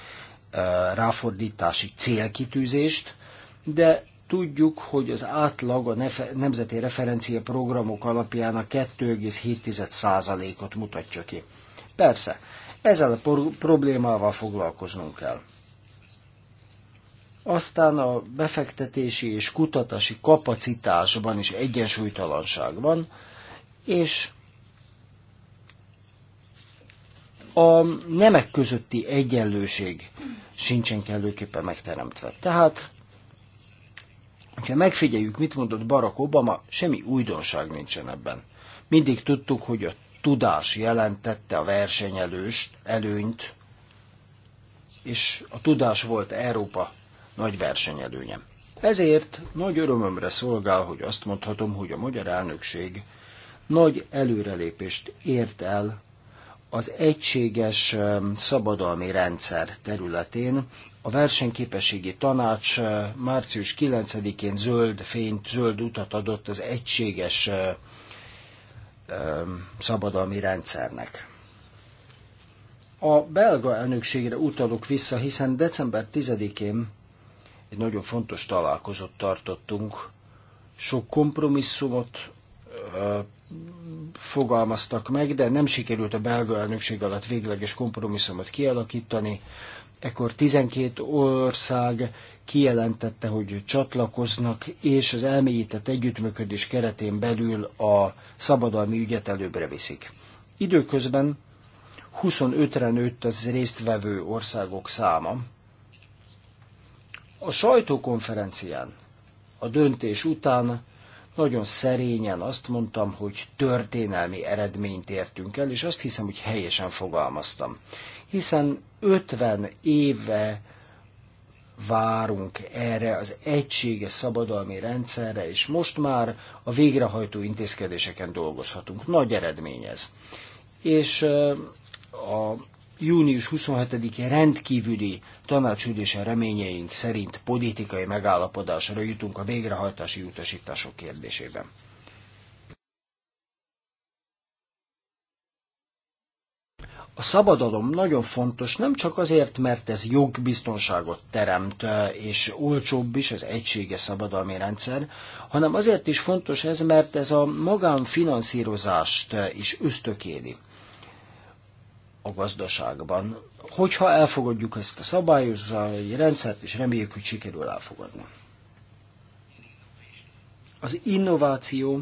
ráfordítási célkitűzést, de tudjuk, hogy az átlag a nemzeti referencia programok alapján a 2,7%-ot mutatja ki. Persze, ezzel a problémával foglalkoznunk kell. Aztán a befektetési és kutatási kapacitásban is egyensúlytalanság van, és a nemek közötti egyenlőség sincsen kellőképpen megteremtve. Tehát, ha megfigyeljük, mit mondott Barack Obama, semmi újdonság nincsen ebben. Mindig tudtuk, hogy a tudás jelentette a versenyelőst, előnyt, és a tudás volt Európa nagy versenyelőnye. Ezért nagy örömömre szolgál, hogy azt mondhatom, hogy a magyar elnökség nagy előrelépést ért el az egységes szabadalmi rendszer területén a versenyképességi tanács március 9-én zöld fényt, zöld utat adott az egységes szabadalmi rendszernek. A belga elnökségre utalok vissza, hiszen december 10-én egy nagyon fontos találkozót tartottunk. Sok kompromisszumot fogalmaztak meg, de nem sikerült a belga elnökség alatt végleges kompromisszumot kialakítani. Ekkor 12 ország kijelentette, hogy csatlakoznak, és az elmélyített együttműködés keretén belül a szabadalmi ügyet előbbre viszik. Időközben 25-re nőtt az résztvevő országok száma. A sajtókonferencián a döntés után nagyon szerényen azt mondtam, hogy történelmi eredményt értünk el, és azt hiszem, hogy helyesen fogalmaztam. Hiszen 50 éve várunk erre az egységes szabadalmi rendszerre, és most már a végrehajtó intézkedéseken dolgozhatunk. Nagy eredmény ez. És a június 27-i rendkívüli tanácsülése reményeink szerint politikai megállapodásra jutunk a végrehajtási utasítások kérdésében. A szabadalom nagyon fontos, nem csak azért, mert ez jogbiztonságot teremt, és olcsóbb is az egységes szabadalmi rendszer, hanem azért is fontos ez, mert ez a magánfinanszírozást is ösztökéli a gazdaságban, hogyha elfogadjuk ezt a szabályozói rendszert, és reméljük, hogy sikerül elfogadni. Az innováció,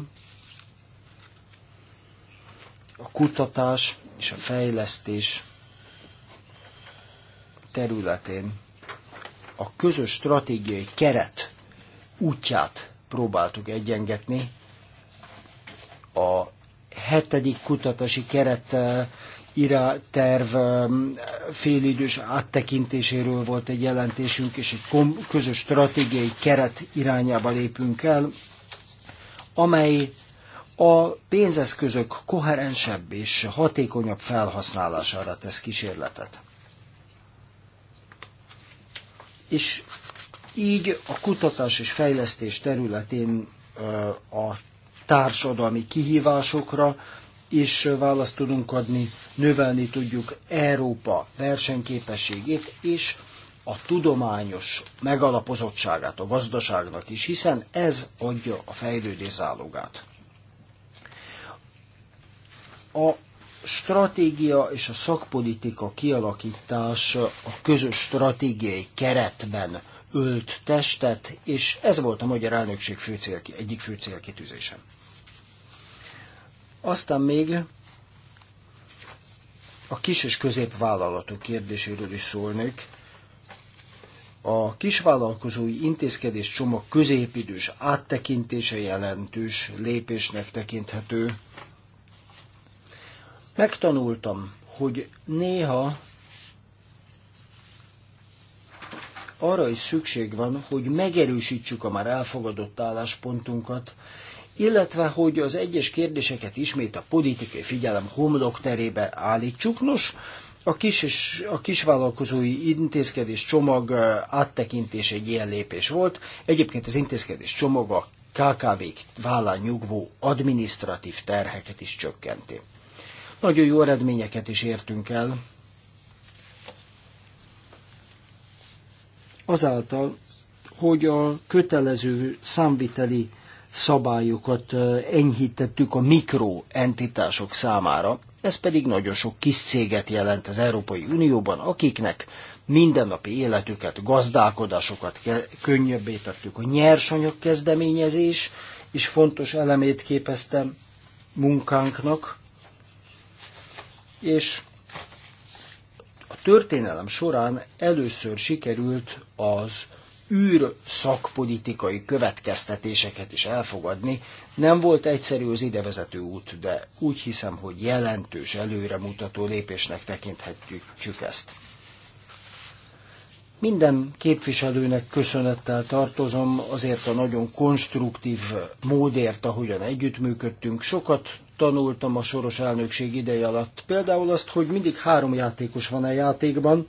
a kutatás és a fejlesztés területén a közös stratégiai keret útját próbáltuk egyengetni. A hetedik kutatási keret irá terv félidős áttekintéséről volt egy jelentésünk, és egy közös stratégiai keret irányába lépünk el, amely a pénzeszközök koherensebb és hatékonyabb felhasználására tesz kísérletet. És így a kutatás és fejlesztés területén a társadalmi kihívásokra, is választ tudunk adni, növelni tudjuk Európa versenyképességét és a tudományos megalapozottságát a gazdaságnak is, hiszen ez adja a fejlődés zálogát. A stratégia és a szakpolitika kialakítása a közös stratégiai keretben ölt testet, és ez volt a magyar elnökség fő célki, egyik fő célkitűzésem. Aztán még a kis és középvállalatok kérdéséről is szólnék. A kisvállalkozói intézkedés csomag középidős áttekintése jelentős lépésnek tekinthető. Megtanultam, hogy néha arra is szükség van, hogy megerősítsük a már elfogadott álláspontunkat, illetve hogy az egyes kérdéseket ismét a politikai figyelem homlok terébe állítsuk. Nos, a, kis és a kisvállalkozói intézkedés csomag áttekintés egy ilyen lépés volt. Egyébként az intézkedés csomaga KKV-k vállán nyugvó adminisztratív terheket is csökkenti. Nagyon jó eredményeket is értünk el. Azáltal, hogy a kötelező számviteli szabályokat enyhítettük a mikroentitások számára, ez pedig nagyon sok kis céget jelent az Európai Unióban, akiknek mindennapi életüket, gazdálkodásokat könnyebbé tettük. A nyersanyag kezdeményezés is fontos elemét képezte munkánknak, és a történelem során először sikerült az űr szakpolitikai következtetéseket is elfogadni. Nem volt egyszerű az idevezető út, de úgy hiszem, hogy jelentős előremutató lépésnek tekinthetjük ezt. Minden képviselőnek köszönettel tartozom azért a nagyon konstruktív módért, ahogyan együttműködtünk. Sokat tanultam a soros elnökség ideje alatt. Például azt, hogy mindig három játékos van a játékban,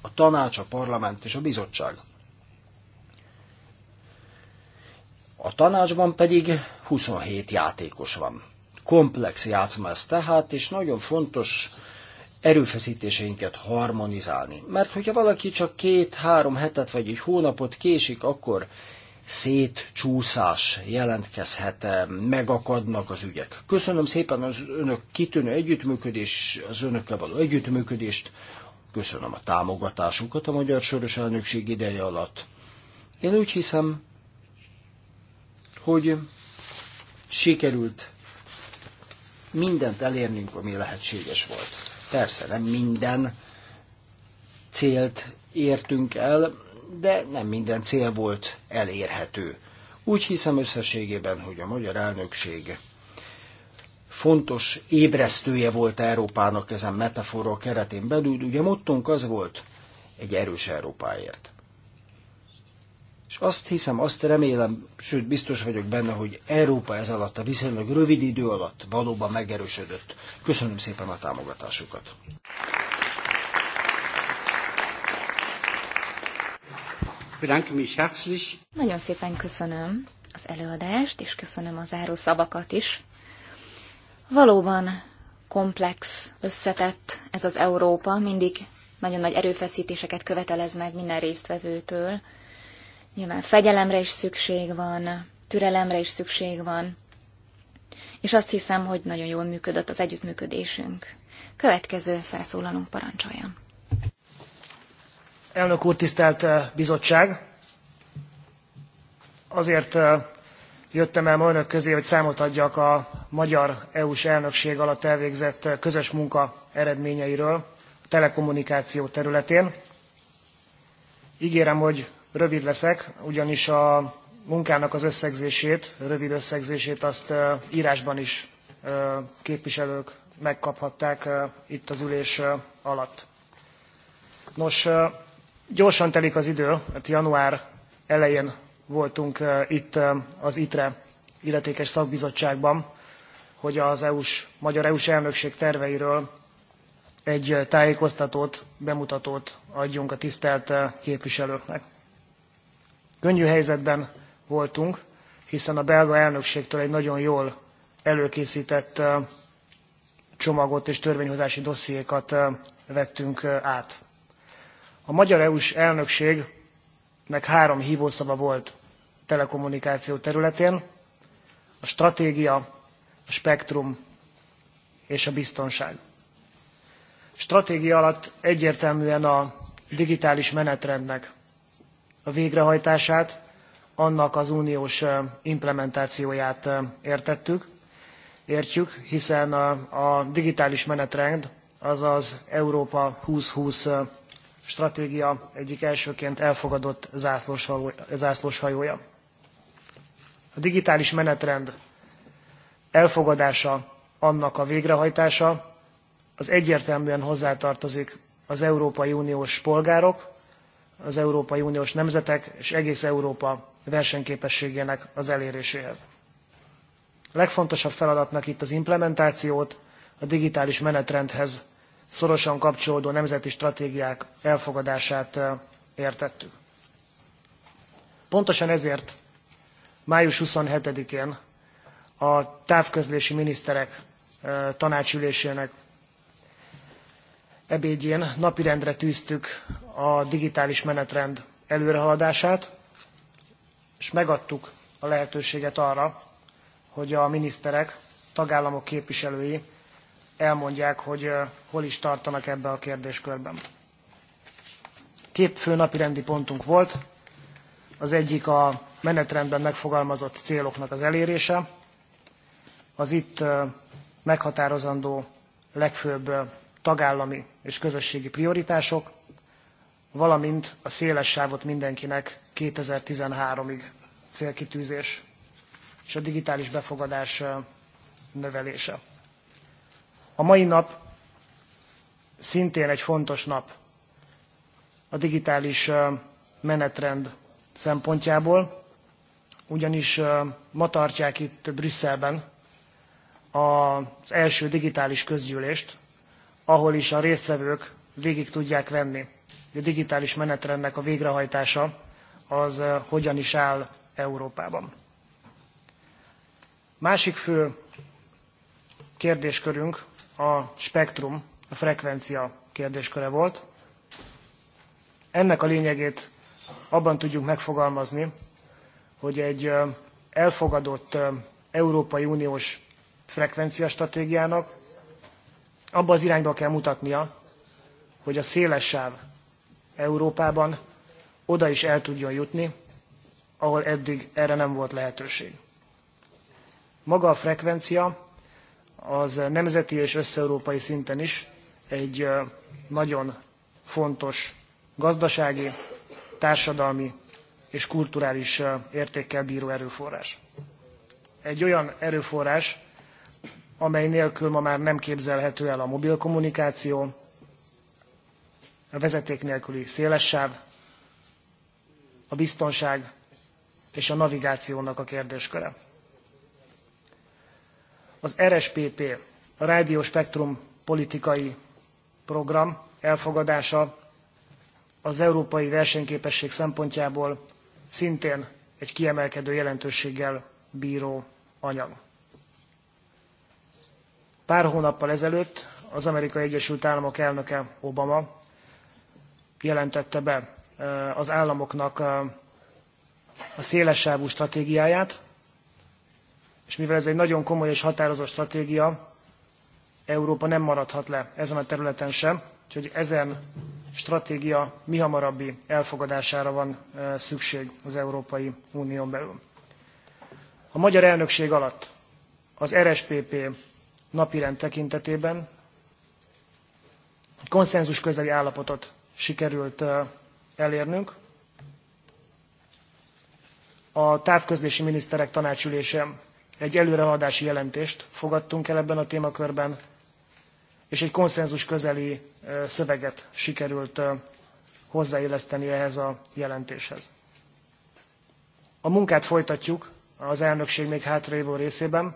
a tanács, a parlament és a bizottság. A tanácsban pedig 27 játékos van. Komplex játszma ez tehát, és nagyon fontos erőfeszítéseinket harmonizálni. Mert hogyha valaki csak két-három hetet vagy egy hónapot késik, akkor szétcsúszás jelentkezhet, eh, megakadnak az ügyek. Köszönöm szépen az önök kitűnő együttműködés, az önökkel való együttműködést, köszönöm a támogatásukat a Magyar Soros Elnökség ideje alatt. Én úgy hiszem, hogy sikerült mindent elérnünk, ami lehetséges volt. Persze nem minden célt értünk el, de nem minden cél volt elérhető. Úgy hiszem összességében, hogy a magyar elnökség fontos ébresztője volt Európának ezen metafora keretén belül. Ugye mottunk az volt, egy erős Európáért. És azt hiszem, azt remélem, sőt biztos vagyok benne, hogy Európa ez alatt a viszonylag rövid idő alatt valóban megerősödött. Köszönöm szépen a támogatásukat. Nagyon szépen köszönöm az előadást, és köszönöm a záró szavakat is. Valóban komplex, összetett ez az Európa, mindig nagyon nagy erőfeszítéseket követelez meg minden résztvevőtől, Nyilván fegyelemre is szükség van, türelemre is szükség van, és azt hiszem, hogy nagyon jól működött az együttműködésünk. Következő felszólalunk parancsoljon. Elnök úr, tisztelt eh, bizottság! Azért eh, jöttem el ma önök közé, hogy számot adjak a magyar EU-s elnökség alatt elvégzett eh, közös munka eredményeiről a telekommunikáció területén. Ígérem, hogy Rövid leszek, ugyanis a munkának az összegzését, rövid összegzését azt írásban is képviselők megkaphatták itt az ülés alatt. Nos, gyorsan telik az idő, mert január elején voltunk itt az ITRE illetékes szakbizottságban, hogy az EU-s, magyar EU-s elnökség terveiről egy tájékoztatót, bemutatót adjunk a tisztelt képviselőknek. Könnyű helyzetben voltunk, hiszen a belga elnökségtől egy nagyon jól előkészített csomagot és törvényhozási dossziékat vettünk át. A magyar EU-s elnökségnek három hívószava volt telekommunikáció területén, a stratégia, a spektrum és a biztonság. Stratégia alatt egyértelműen a digitális menetrendnek a végrehajtását, annak az uniós implementációját értettük, értjük, hiszen a, digitális menetrend, azaz Európa 2020 stratégia egyik elsőként elfogadott zászlóshajója. A digitális menetrend elfogadása, annak a végrehajtása az egyértelműen hozzátartozik az Európai Uniós polgárok, az Európai Uniós nemzetek és egész Európa versenyképességének az eléréséhez. A legfontosabb feladatnak itt az implementációt, a digitális menetrendhez szorosan kapcsolódó nemzeti stratégiák elfogadását értettük. Pontosan ezért május 27-én a távközlési miniszterek tanácsülésének ebédjén napirendre tűztük a digitális menetrend előrehaladását, és megadtuk a lehetőséget arra, hogy a miniszterek, tagállamok képviselői elmondják, hogy hol is tartanak ebbe a kérdéskörben. Két fő napirendi pontunk volt, az egyik a menetrendben megfogalmazott céloknak az elérése, az itt meghatározandó legfőbb tagállami és közösségi prioritások, valamint a széles sávot mindenkinek 2013-ig célkitűzés és a digitális befogadás növelése. A mai nap szintén egy fontos nap a digitális menetrend szempontjából, ugyanis ma tartják itt Brüsszelben az első digitális közgyűlést, ahol is a résztvevők végig tudják venni, hogy a digitális menetrendnek a végrehajtása az eh, hogyan is áll Európában. Másik fő kérdéskörünk a spektrum, a frekvencia kérdésköre volt. Ennek a lényegét abban tudjuk megfogalmazni, hogy egy eh, elfogadott eh, Európai Uniós frekvenciastratégiának abba az irányba kell mutatnia, hogy a széles sáv Európában oda is el tudjon jutni, ahol eddig erre nem volt lehetőség. Maga a frekvencia az nemzeti és összeurópai szinten is egy nagyon fontos gazdasági, társadalmi és kulturális értékkel bíró erőforrás. Egy olyan erőforrás, amely nélkül ma már nem képzelhető el a mobil kommunikáció, a vezeték nélküli szélessáv, a biztonság és a navigációnak a kérdésköre. Az RSPP, a Rádió Spektrum politikai program elfogadása az európai versenyképesség szempontjából szintén egy kiemelkedő jelentőséggel bíró anyag. Pár hónappal ezelőtt az Amerikai Egyesült Államok elnöke Obama jelentette be eh, az államoknak eh, a szélessávú stratégiáját, és mivel ez egy nagyon komoly és határozott stratégia, Európa nem maradhat le ezen a területen sem, úgyhogy ezen stratégia mihamarabbi elfogadására van eh, szükség az Európai Unión belül. A magyar elnökség alatt az RSPP napirend tekintetében konszenzus közeli állapotot sikerült elérnünk. A távközlési miniszterek tanácsülése egy előrehaladási jelentést fogadtunk el ebben a témakörben, és egy konszenzus közeli szöveget sikerült hozzáilleszteni ehhez a jelentéshez. A munkát folytatjuk az elnökség még hátralévő részében,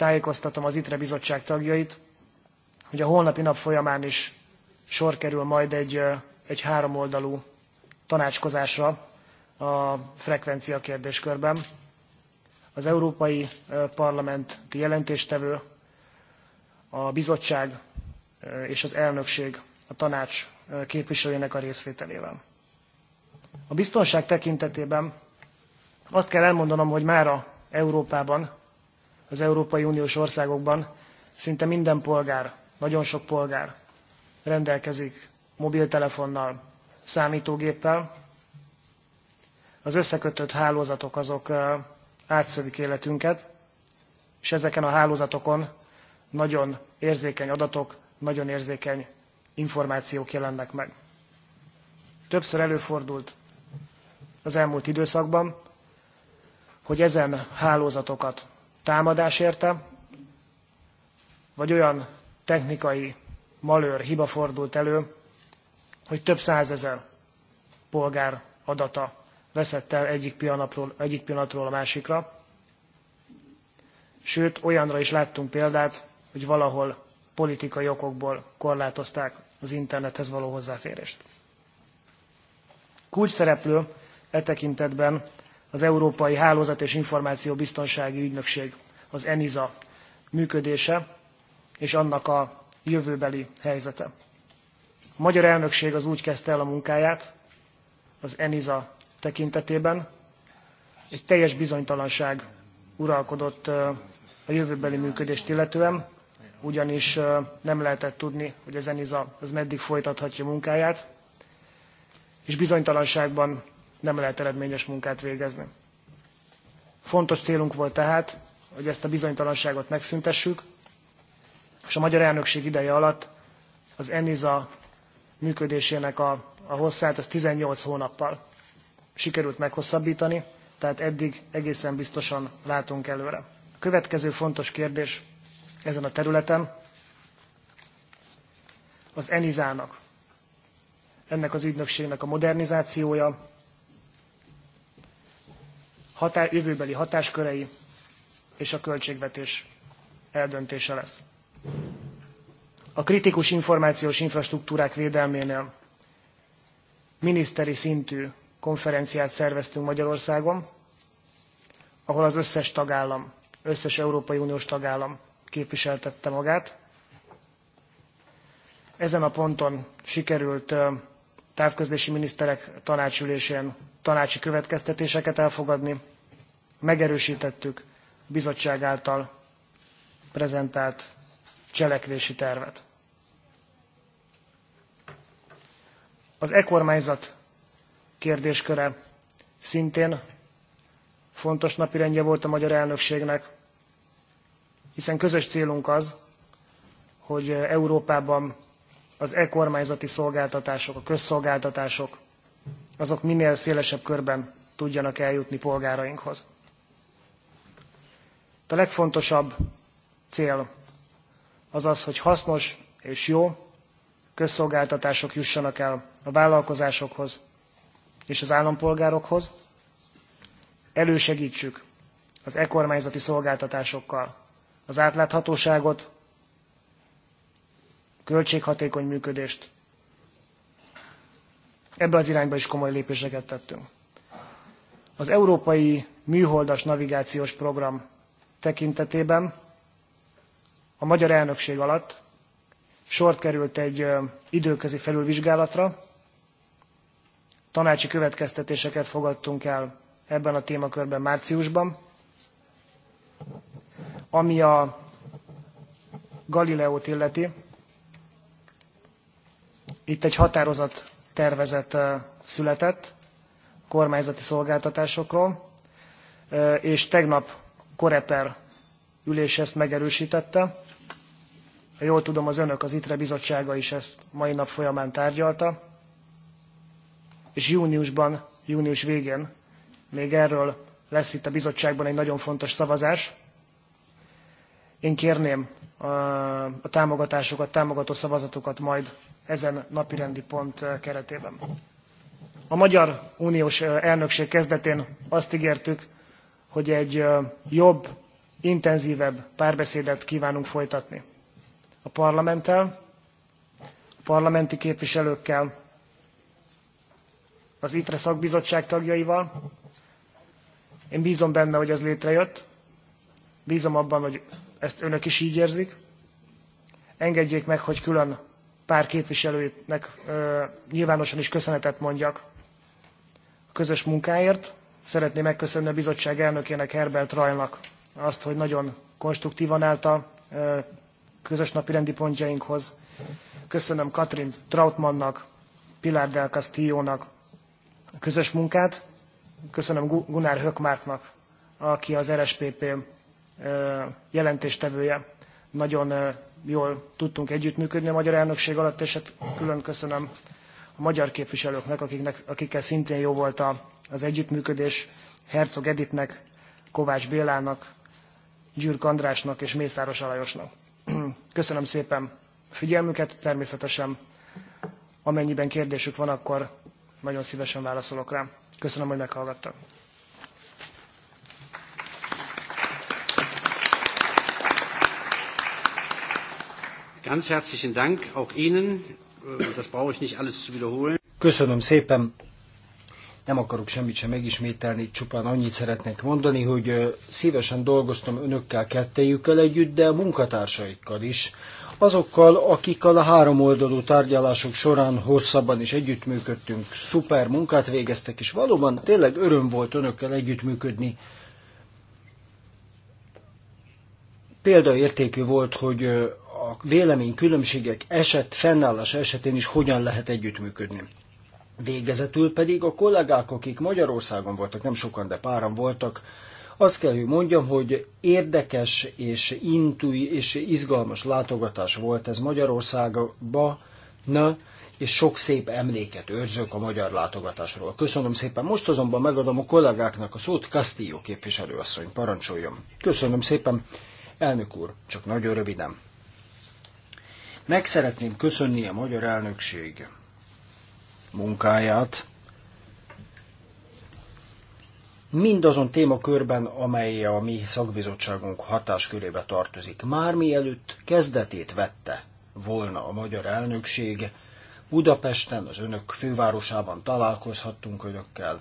tájékoztatom az ITRE bizottság tagjait, hogy a holnapi nap folyamán is sor kerül majd egy, egy háromoldalú tanácskozásra a frekvencia kérdéskörben. Az Európai Parlamenti jelentéstevő, a bizottság és az elnökség a tanács képviselőjének a részvételével. A biztonság tekintetében azt kell elmondanom, hogy már a Európában az Európai Uniós országokban szinte minden polgár, nagyon sok polgár rendelkezik mobiltelefonnal, számítógéppel. Az összekötött hálózatok azok átszövik életünket, és ezeken a hálózatokon nagyon érzékeny adatok, nagyon érzékeny információk jelennek meg. Többször előfordult az elmúlt időszakban, hogy ezen hálózatokat, támadás érte, vagy olyan technikai malőr, hiba fordult elő, hogy több százezer polgár adata veszett el egyik pillanatról, egyik pillanatról a másikra. Sőt, olyanra is láttunk példát, hogy valahol politikai okokból korlátozták az internethez való hozzáférést. Kulcs szereplő e tekintetben az Európai Hálózat és Információbiztonsági Ügynökség, az ENISA működése és annak a jövőbeli helyzete. A magyar elnökség az úgy kezdte el a munkáját az ENISA tekintetében, egy teljes bizonytalanság uralkodott a jövőbeli működést illetően, ugyanis nem lehetett tudni, hogy az ENISA az meddig folytathatja munkáját, és bizonytalanságban nem lehet eredményes munkát végezni. Fontos célunk volt tehát, hogy ezt a bizonytalanságot megszüntessük, és a magyar elnökség ideje alatt az ENISA működésének a, a hosszát, az 18 hónappal sikerült meghosszabbítani, tehát eddig egészen biztosan látunk előre. A következő fontos kérdés ezen a területen az ENISA-nak, ennek az ügynökségnek a modernizációja, határ, jövőbeli hatáskörei és a költségvetés eldöntése lesz. A kritikus információs infrastruktúrák védelménél miniszteri szintű konferenciát szerveztünk Magyarországon, ahol az összes tagállam, összes Európai Uniós tagállam képviseltette magát. Ezen a ponton sikerült távközlési miniszterek tanácsülésén tanácsi következtetéseket elfogadni. Megerősítettük bizottság által prezentált cselekvési tervet. Az e-kormányzat kérdésköre szintén fontos napirendje volt a magyar elnökségnek, hiszen közös célunk az, hogy Európában az e-kormányzati szolgáltatások, a közszolgáltatások azok minél szélesebb körben tudjanak eljutni polgárainkhoz. A legfontosabb cél az az, hogy hasznos és jó közszolgáltatások jussanak el a vállalkozásokhoz és az állampolgárokhoz. Elősegítsük az e-kormányzati szolgáltatásokkal az átláthatóságot, költséghatékony működést Ebbe az irányba is komoly lépéseket tettünk. Az Európai Műholdas Navigációs Program tekintetében a magyar elnökség alatt sort került egy időközi felülvizsgálatra, tanácsi következtetéseket fogadtunk el ebben a témakörben márciusban, ami a Galileót illeti. Itt egy határozat tervezet született kormányzati szolgáltatásokról, és tegnap Koreper ülés ezt megerősítette. Ha jól tudom, az önök, az ITRE bizottsága is ezt mai nap folyamán tárgyalta, és júniusban, június végén még erről lesz itt a bizottságban egy nagyon fontos szavazás. Én kérném a támogatásokat, támogató szavazatokat majd ezen napirendi pont keretében. A Magyar Uniós elnökség kezdetén azt ígértük, hogy egy jobb, intenzívebb párbeszédet kívánunk folytatni. A parlamenttel, a parlamenti képviselőkkel, az ITRE szakbizottság tagjaival. Én bízom benne, hogy ez létrejött. Bízom abban, hogy ezt önök is így érzik. Engedjék meg, hogy külön pár képviselőnek nyilvánosan is köszönetet mondjak a közös munkáért. Szeretném megköszönni a bizottság elnökének Herbert Rajnak azt, hogy nagyon konstruktívan állt a közös napi rendi pontjainkhoz. Köszönöm Katrin Trautmannnak, Pilar del Castillo-nak a közös munkát. Köszönöm Gunnar Hökmárknak, aki az RSPP jelentéstevője. Nagyon jól tudtunk együttműködni a magyar elnökség alatt, és hát külön köszönöm a magyar képviselőknek, akiknek, akikkel szintén jó volt a, az együttműködés, Herzog Editnek, Kovács Bélának, Gyürk Andrásnak és Mészáros Alajosnak. Köszönöm szépen a figyelmüket, természetesen amennyiben kérdésük van, akkor nagyon szívesen válaszolok rá. Köszönöm, hogy meghallgattak. Ganz herzlichen Dank auch Ihnen. Äh, das brauche ich nicht alles zu wiederholen. Köszönöm szépen. Nem akarok semmit sem megismételni, csupán annyit szeretnék mondani, hogy szívesen dolgoztam önökkel kettejükkel együtt, de a munkatársaikkal is. Azokkal, akikkel a három oldalú tárgyalások során hosszabban is együttműködtünk, szuper munkát végeztek, és valóban tényleg öröm volt önökkel együttműködni. példaértékű volt, hogy a különbségek eset, fennállása esetén is hogyan lehet együttműködni. Végezetül pedig a kollégák, akik Magyarországon voltak, nem sokan, de páran voltak, azt kell, hogy mondjam, hogy érdekes és intui és izgalmas látogatás volt ez Magyarországba, na, és sok szép emléket őrzök a magyar látogatásról. Köszönöm szépen. Most azonban megadom a kollégáknak a szót, Castillo képviselőasszony, parancsoljon. Köszönöm szépen. Elnök úr, csak nagyon röviden. Meg szeretném köszönni a magyar elnökség munkáját, mindazon témakörben, amely a mi szakbizottságunk hatáskörébe tartozik. Már mielőtt kezdetét vette volna a magyar elnökség, Budapesten, az önök fővárosában találkozhattunk önökkel.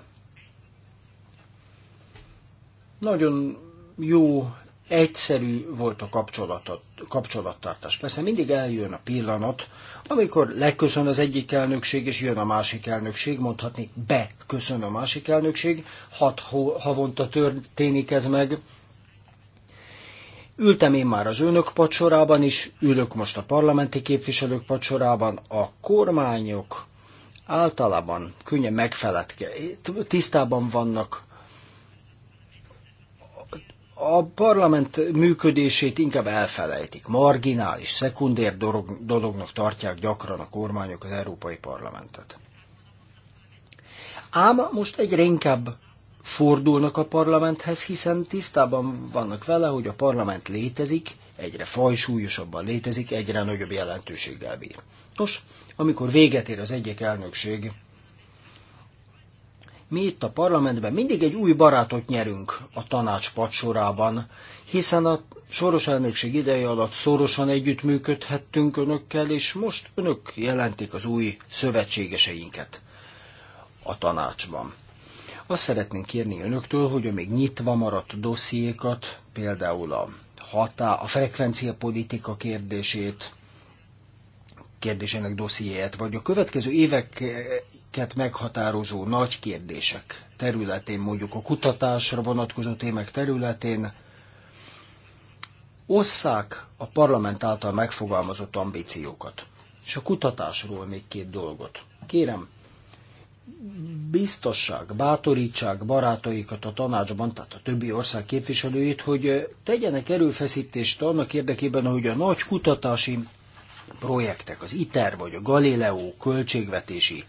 Nagyon jó egyszerű volt a kapcsolattartás. Persze mindig eljön a pillanat, amikor leköszön az egyik elnökség, és jön a másik elnökség, mondhatni beköszön a másik elnökség, hat havonta történik ez meg. Ültem én már az önök pacsorában is, ülök most a parlamenti képviselők pacsorában, a kormányok általában könnyen megfeledke, tisztában vannak a parlament működését inkább elfelejtik. Marginális, szekundér dolognak tartják gyakran a kormányok az Európai Parlamentet. Ám most egyre inkább fordulnak a parlamenthez, hiszen tisztában vannak vele, hogy a parlament létezik, egyre fajsúlyosabban létezik, egyre nagyobb jelentőséggel bír. Nos, amikor véget ér az egyik elnökség, mi itt a parlamentben mindig egy új barátot nyerünk a tanács padsorában, hiszen a soros elnökség ideje alatt szorosan együttműködhettünk önökkel, és most önök jelentik az új szövetségeseinket a tanácsban. Azt szeretnénk kérni önöktől, hogy a még nyitva maradt dossziékat, például a hatá, a frekvencia politika kérdését, kérdésének dossziéját, vagy a következő évek minket meghatározó nagy kérdések területén, mondjuk a kutatásra vonatkozó témák területén, osszák a parlament által megfogalmazott ambíciókat. És a kutatásról még két dolgot. Kérem, biztosság, bátorítsák barátaikat a tanácsban, tehát a többi ország képviselőit, hogy tegyenek erőfeszítést annak érdekében, hogy a nagy kutatási projektek, az ITER vagy a Galileo költségvetési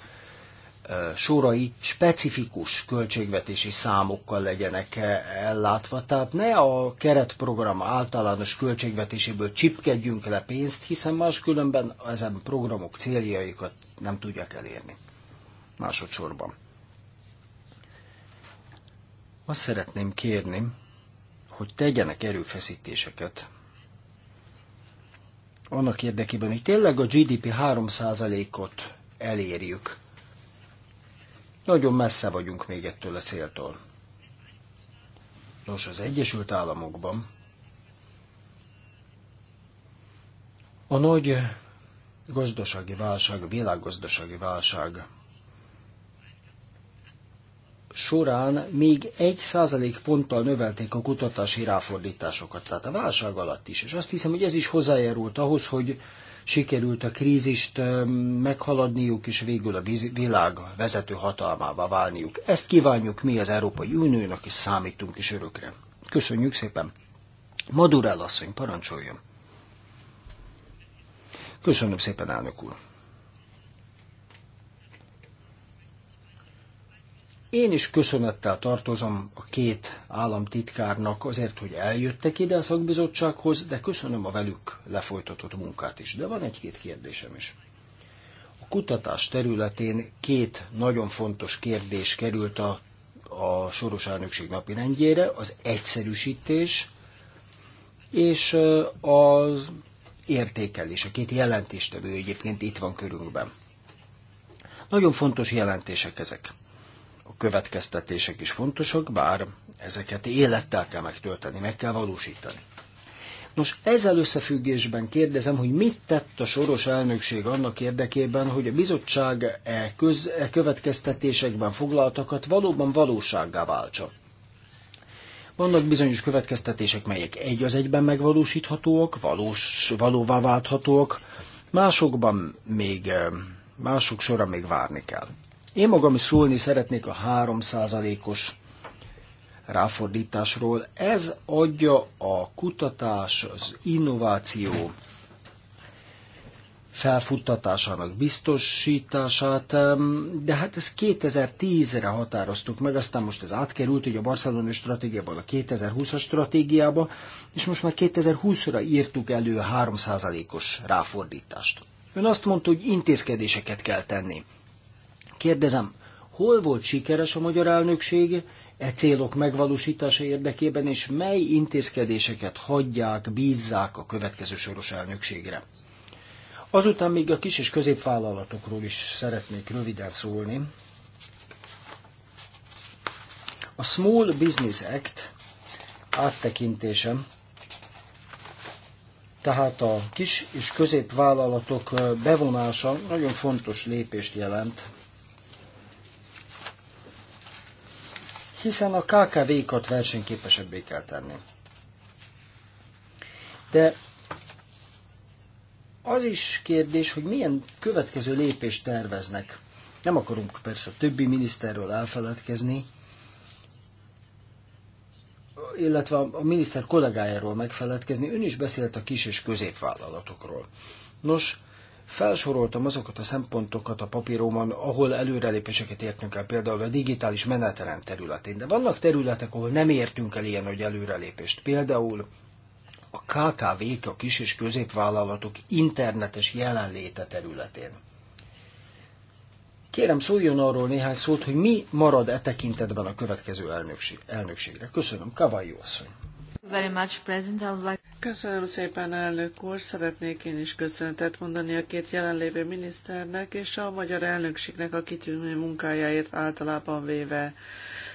sorai specifikus költségvetési számokkal legyenek ellátva. Tehát ne a keretprogram általános költségvetéséből csipkedjünk le pénzt, hiszen máskülönben ezen programok céljaikat nem tudják elérni. Másodszorban. Azt szeretném kérni, hogy tegyenek erőfeszítéseket annak érdekében, hogy tényleg a GDP 3%-ot elérjük nagyon messze vagyunk még ettől a céltól. Nos, az Egyesült Államokban a nagy gazdasági válság, világgazdasági válság során még egy százalék ponttal növelték a kutatási ráfordításokat, tehát a válság alatt is. És azt hiszem, hogy ez is hozzájárult ahhoz, hogy sikerült a krízist meghaladniuk, és végül a világ vezető hatalmává válniuk. Ezt kívánjuk mi az Európai Uniónak, és számítunk is örökre. Köszönjük szépen! Madurell asszony, parancsoljon! Köszönöm szépen, elnök úr! Én is köszönettel tartozom a két államtitkárnak azért, hogy eljöttek ide a szakbizottsághoz, de köszönöm a velük lefolytatott munkát is. De van egy-két kérdésem is. A kutatás területén két nagyon fontos kérdés került a, a soros elnökség napirendjére, az egyszerűsítés és az értékelés. A két jelentéstevő egyébként itt van körünkben. Nagyon fontos jelentések ezek. A következtetések is fontosak, bár ezeket élettel kell megtölteni, meg kell valósítani. Nos, ezzel összefüggésben kérdezem, hogy mit tett a soros elnökség annak érdekében, hogy a bizottság e, köz, e következtetésekben foglaltakat valóban valósággá váltsa. Vannak bizonyos következtetések, melyek egy az egyben megvalósíthatóak, valós, valóvá válthatóak, másokban még, e, mások sorra még várni kell. Én magam is szólni szeretnék a 3%-os ráfordításról. Ez adja a kutatás, az innováció felfuttatásának biztosítását, de hát ez 2010-re határoztuk meg, aztán most ez átkerült ugye a barcelonai stratégiában, a 2020-as stratégiába, és most már 2020-ra írtuk elő a 3%-os ráfordítást. Ön azt mondta, hogy intézkedéseket kell tenni. Kérdezem, hol volt sikeres a magyar elnökség e célok megvalósítása érdekében, és mely intézkedéseket hagyják, bízzák a következő soros elnökségre? Azután még a kis és középvállalatokról is szeretnék röviden szólni. A Small Business Act áttekintésem, tehát a kis és középvállalatok bevonása nagyon fontos lépést jelent hiszen a KKV-kat versenyképesebbé kell tenni. De az is kérdés, hogy milyen következő lépést terveznek. Nem akarunk persze a többi miniszterről elfeledkezni, illetve a miniszter kollégájáról megfeledkezni. Ön is beszélt a kis és középvállalatokról. Nos, Felsoroltam azokat a szempontokat a papíróban, ahol előrelépéseket értünk el, például a digitális menetrend területén, de vannak területek, ahol nem értünk el ilyen nagy előrelépést. Például a KKV-k, a kis- és középvállalatok internetes jelenléte területén. Kérem, szóljon arról néhány szót, hogy mi marad e tekintetben a következő elnökség, elnökségre. Köszönöm, Kavalyi asszony. Very much, President. Köszönöm szépen, elnök úr! Szeretnék én is köszönetet mondani a két jelenlévő miniszternek és a magyar elnökségnek a kitűnő munkájáért általában véve.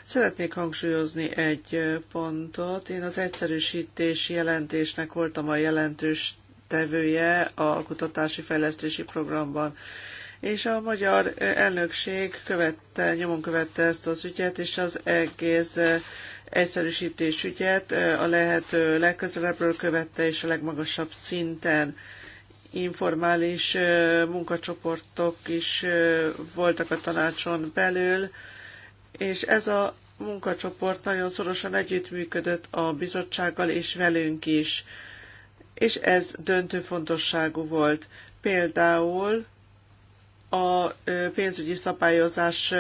Szeretnék hangsúlyozni egy pontot. Én az egyszerűsítési jelentésnek voltam a jelentős tevője a kutatási fejlesztési programban és a magyar elnökség követte, nyomon követte ezt az ügyet, és az egész egyszerűsítés ügyet a lehető legközelebbről követte és a legmagasabb szinten informális munkacsoportok is voltak a tanácson belül, és ez a munkacsoport nagyon szorosan együttműködött a bizottsággal és velünk is, és ez döntő fontosságú volt. Például a pénzügyi szabályozás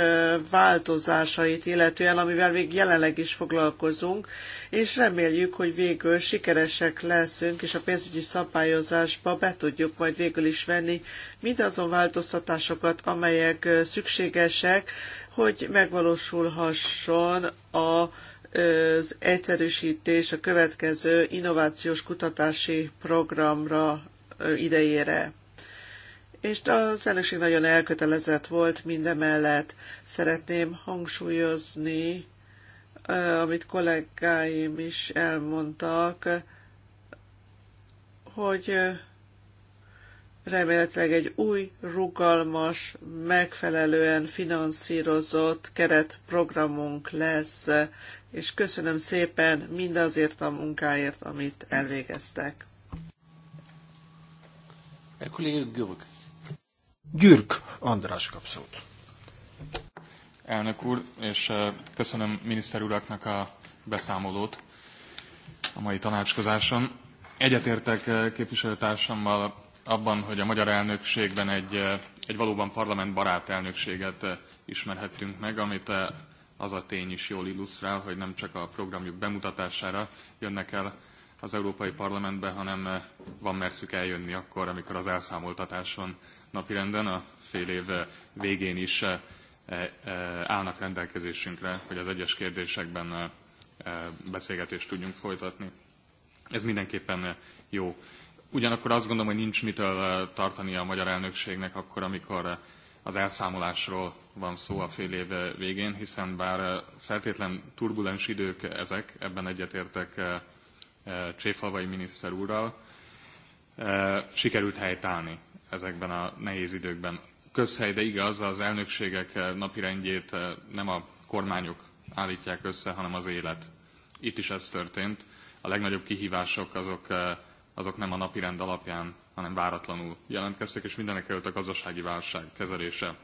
változásait illetően, amivel még jelenleg is foglalkozunk, és reméljük, hogy végül sikeresek leszünk, és a pénzügyi szabályozásba be tudjuk majd végül is venni mindazon változtatásokat, amelyek szükségesek, hogy megvalósulhasson a az egyszerűsítés a következő innovációs kutatási programra idejére és az elnökség nagyon elkötelezett volt mindemellett. Szeretném hangsúlyozni, amit kollégáim is elmondtak, hogy remélhetőleg egy új, rugalmas, megfelelően finanszírozott keretprogramunk lesz, és köszönöm szépen mindazért a munkáért, amit elvégeztek. Herr Kollege Görg. Gyürk András kapszót. Elnök úr, és eh, köszönöm miniszter uraknak a beszámolót a mai tanácskozáson. Egyetértek eh, képviselőtársammal abban, hogy a magyar elnökségben egy, eh, egy valóban parlamentbarát elnökséget ismerhetünk meg, amit az a tény is jól illusztrál, hogy nem csak a programjuk bemutatására jönnek el az Európai Parlamentbe, hanem van merszük eljönni akkor, amikor az elszámoltatáson napirenden a fél év eh, végén is eh, eh, állnak rendelkezésünkre, hogy az egyes kérdésekben beszélgetést tudjunk folytatni. Ez mindenképpen jó. Ugyanakkor azt gondolom, hogy nincs mitől tartani a magyar elnökségnek akkor, amikor az elszámolásról van szó a fél év végén, hiszen bár feltétlen turbulens idők ezek, ebben egyetértek Cséfalvai miniszter úrral, sikerült helytállni ezekben a nehéz időkben. Közhely, de igaz, az elnökségek eh, napirendjét eh, nem a kormányok állítják össze, hanem az élet. Itt is ez történt. A legnagyobb kihívások azok, eh, azok nem a napirend alapján, hanem váratlanul jelentkeztek, és mindenek előtt a gazdasági válság kezelése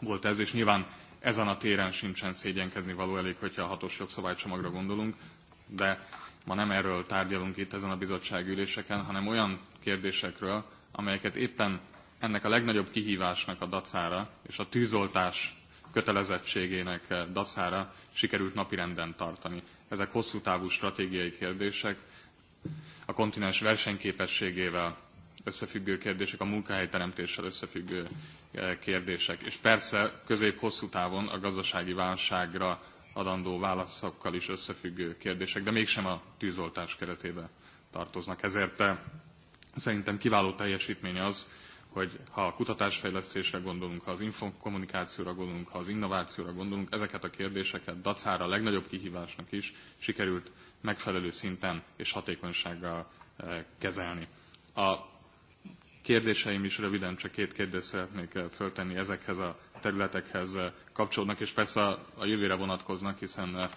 volt ez, és nyilván ezen a téren sincsen szégyenkezni való elég, hogyha a hatos jogszabálycsomagra gondolunk, de ma nem erről tárgyalunk itt ezen a bizottság üléseken, hanem olyan kérdésekről, amelyeket éppen ennek a legnagyobb kihívásnak a dacára és a tűzoltás kötelezettségének eh, dacára sikerült napirenden tartani. Ezek hosszú távú stratégiai kérdések, a kontinens versenyképességével összefüggő kérdések, a munkahelyteremtéssel összefüggő eh, kérdések, és persze közép-hosszú távon a gazdasági válságra adandó válaszokkal is összefüggő kérdések, de mégsem a tűzoltás keretébe tartoznak. Ezért eh, Szerintem kiváló teljesítmény az, hogy ha a kutatásfejlesztésre gondolunk, ha az infokommunikációra gondolunk, ha az innovációra gondolunk, ezeket a kérdéseket dacára a legnagyobb kihívásnak is sikerült megfelelő szinten és hatékonysággal eh, kezelni. A kérdéseim is röviden, csak két kérdést szeretnék eh, föltenni ezekhez a területekhez eh, kapcsolódnak, és persze a jövőre vonatkoznak, hiszen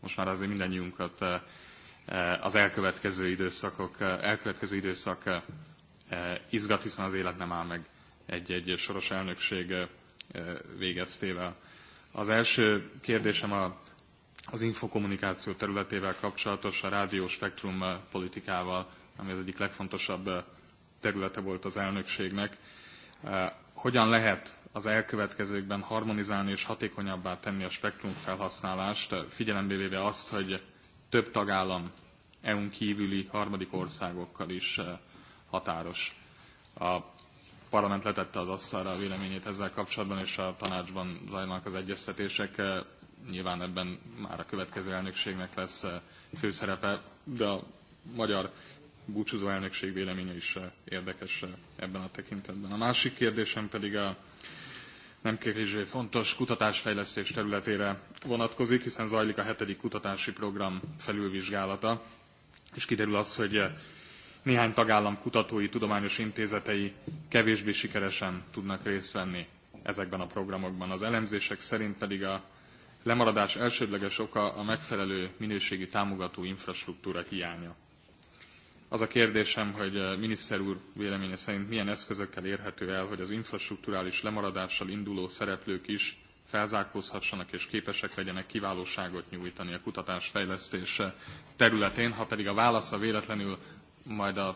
most már azért mindannyiunkat Eh, az elkövetkező, időszakok, eh, elkövetkező időszak eh, izgat, hiszen az élet nem áll meg egy-egy soros elnökség végeztével. Az első kérdésem a, az infokommunikáció területével kapcsolatos, a rádió spektrum politikával, ami az egyik legfontosabb területe volt az elnökségnek. Hogyan lehet az elkövetkezőkben harmonizálni és hatékonyabbá tenni a spektrum felhasználást, figyelembe véve azt, hogy több tagállam EU-n kívüli harmadik országokkal is eh, határos. A parlament letette az asztalra a véleményét ezzel kapcsolatban, és a tanácsban zajlanak az egyeztetések. Eh, nyilván ebben már a következő elnökségnek lesz eh, főszerepe, de a magyar búcsúzó elnökség véleménye is érdekes ebben a tekintetben. A másik kérdésem pedig a nem kevésbé fontos kutatásfejlesztés területére vonatkozik, hiszen zajlik a hetedik kutatási program felülvizsgálata, és kiderül az, hogy eh, néhány tagállam kutatói, tudományos intézetei kevésbé sikeresen tudnak részt venni ezekben a programokban. Az elemzések szerint pedig a lemaradás elsődleges oka a megfelelő minőségi támogató infrastruktúra hiánya. Az a kérdésem, hogy eh, miniszter úr véleménye szerint milyen eszközökkel érhető el, hogy az infrastruktúrális lemaradással induló szereplők is felzárkózhassanak és képesek legyenek kiválóságot nyújtani a kutatás fejlesztése területén, ha pedig a válasza véletlenül majd a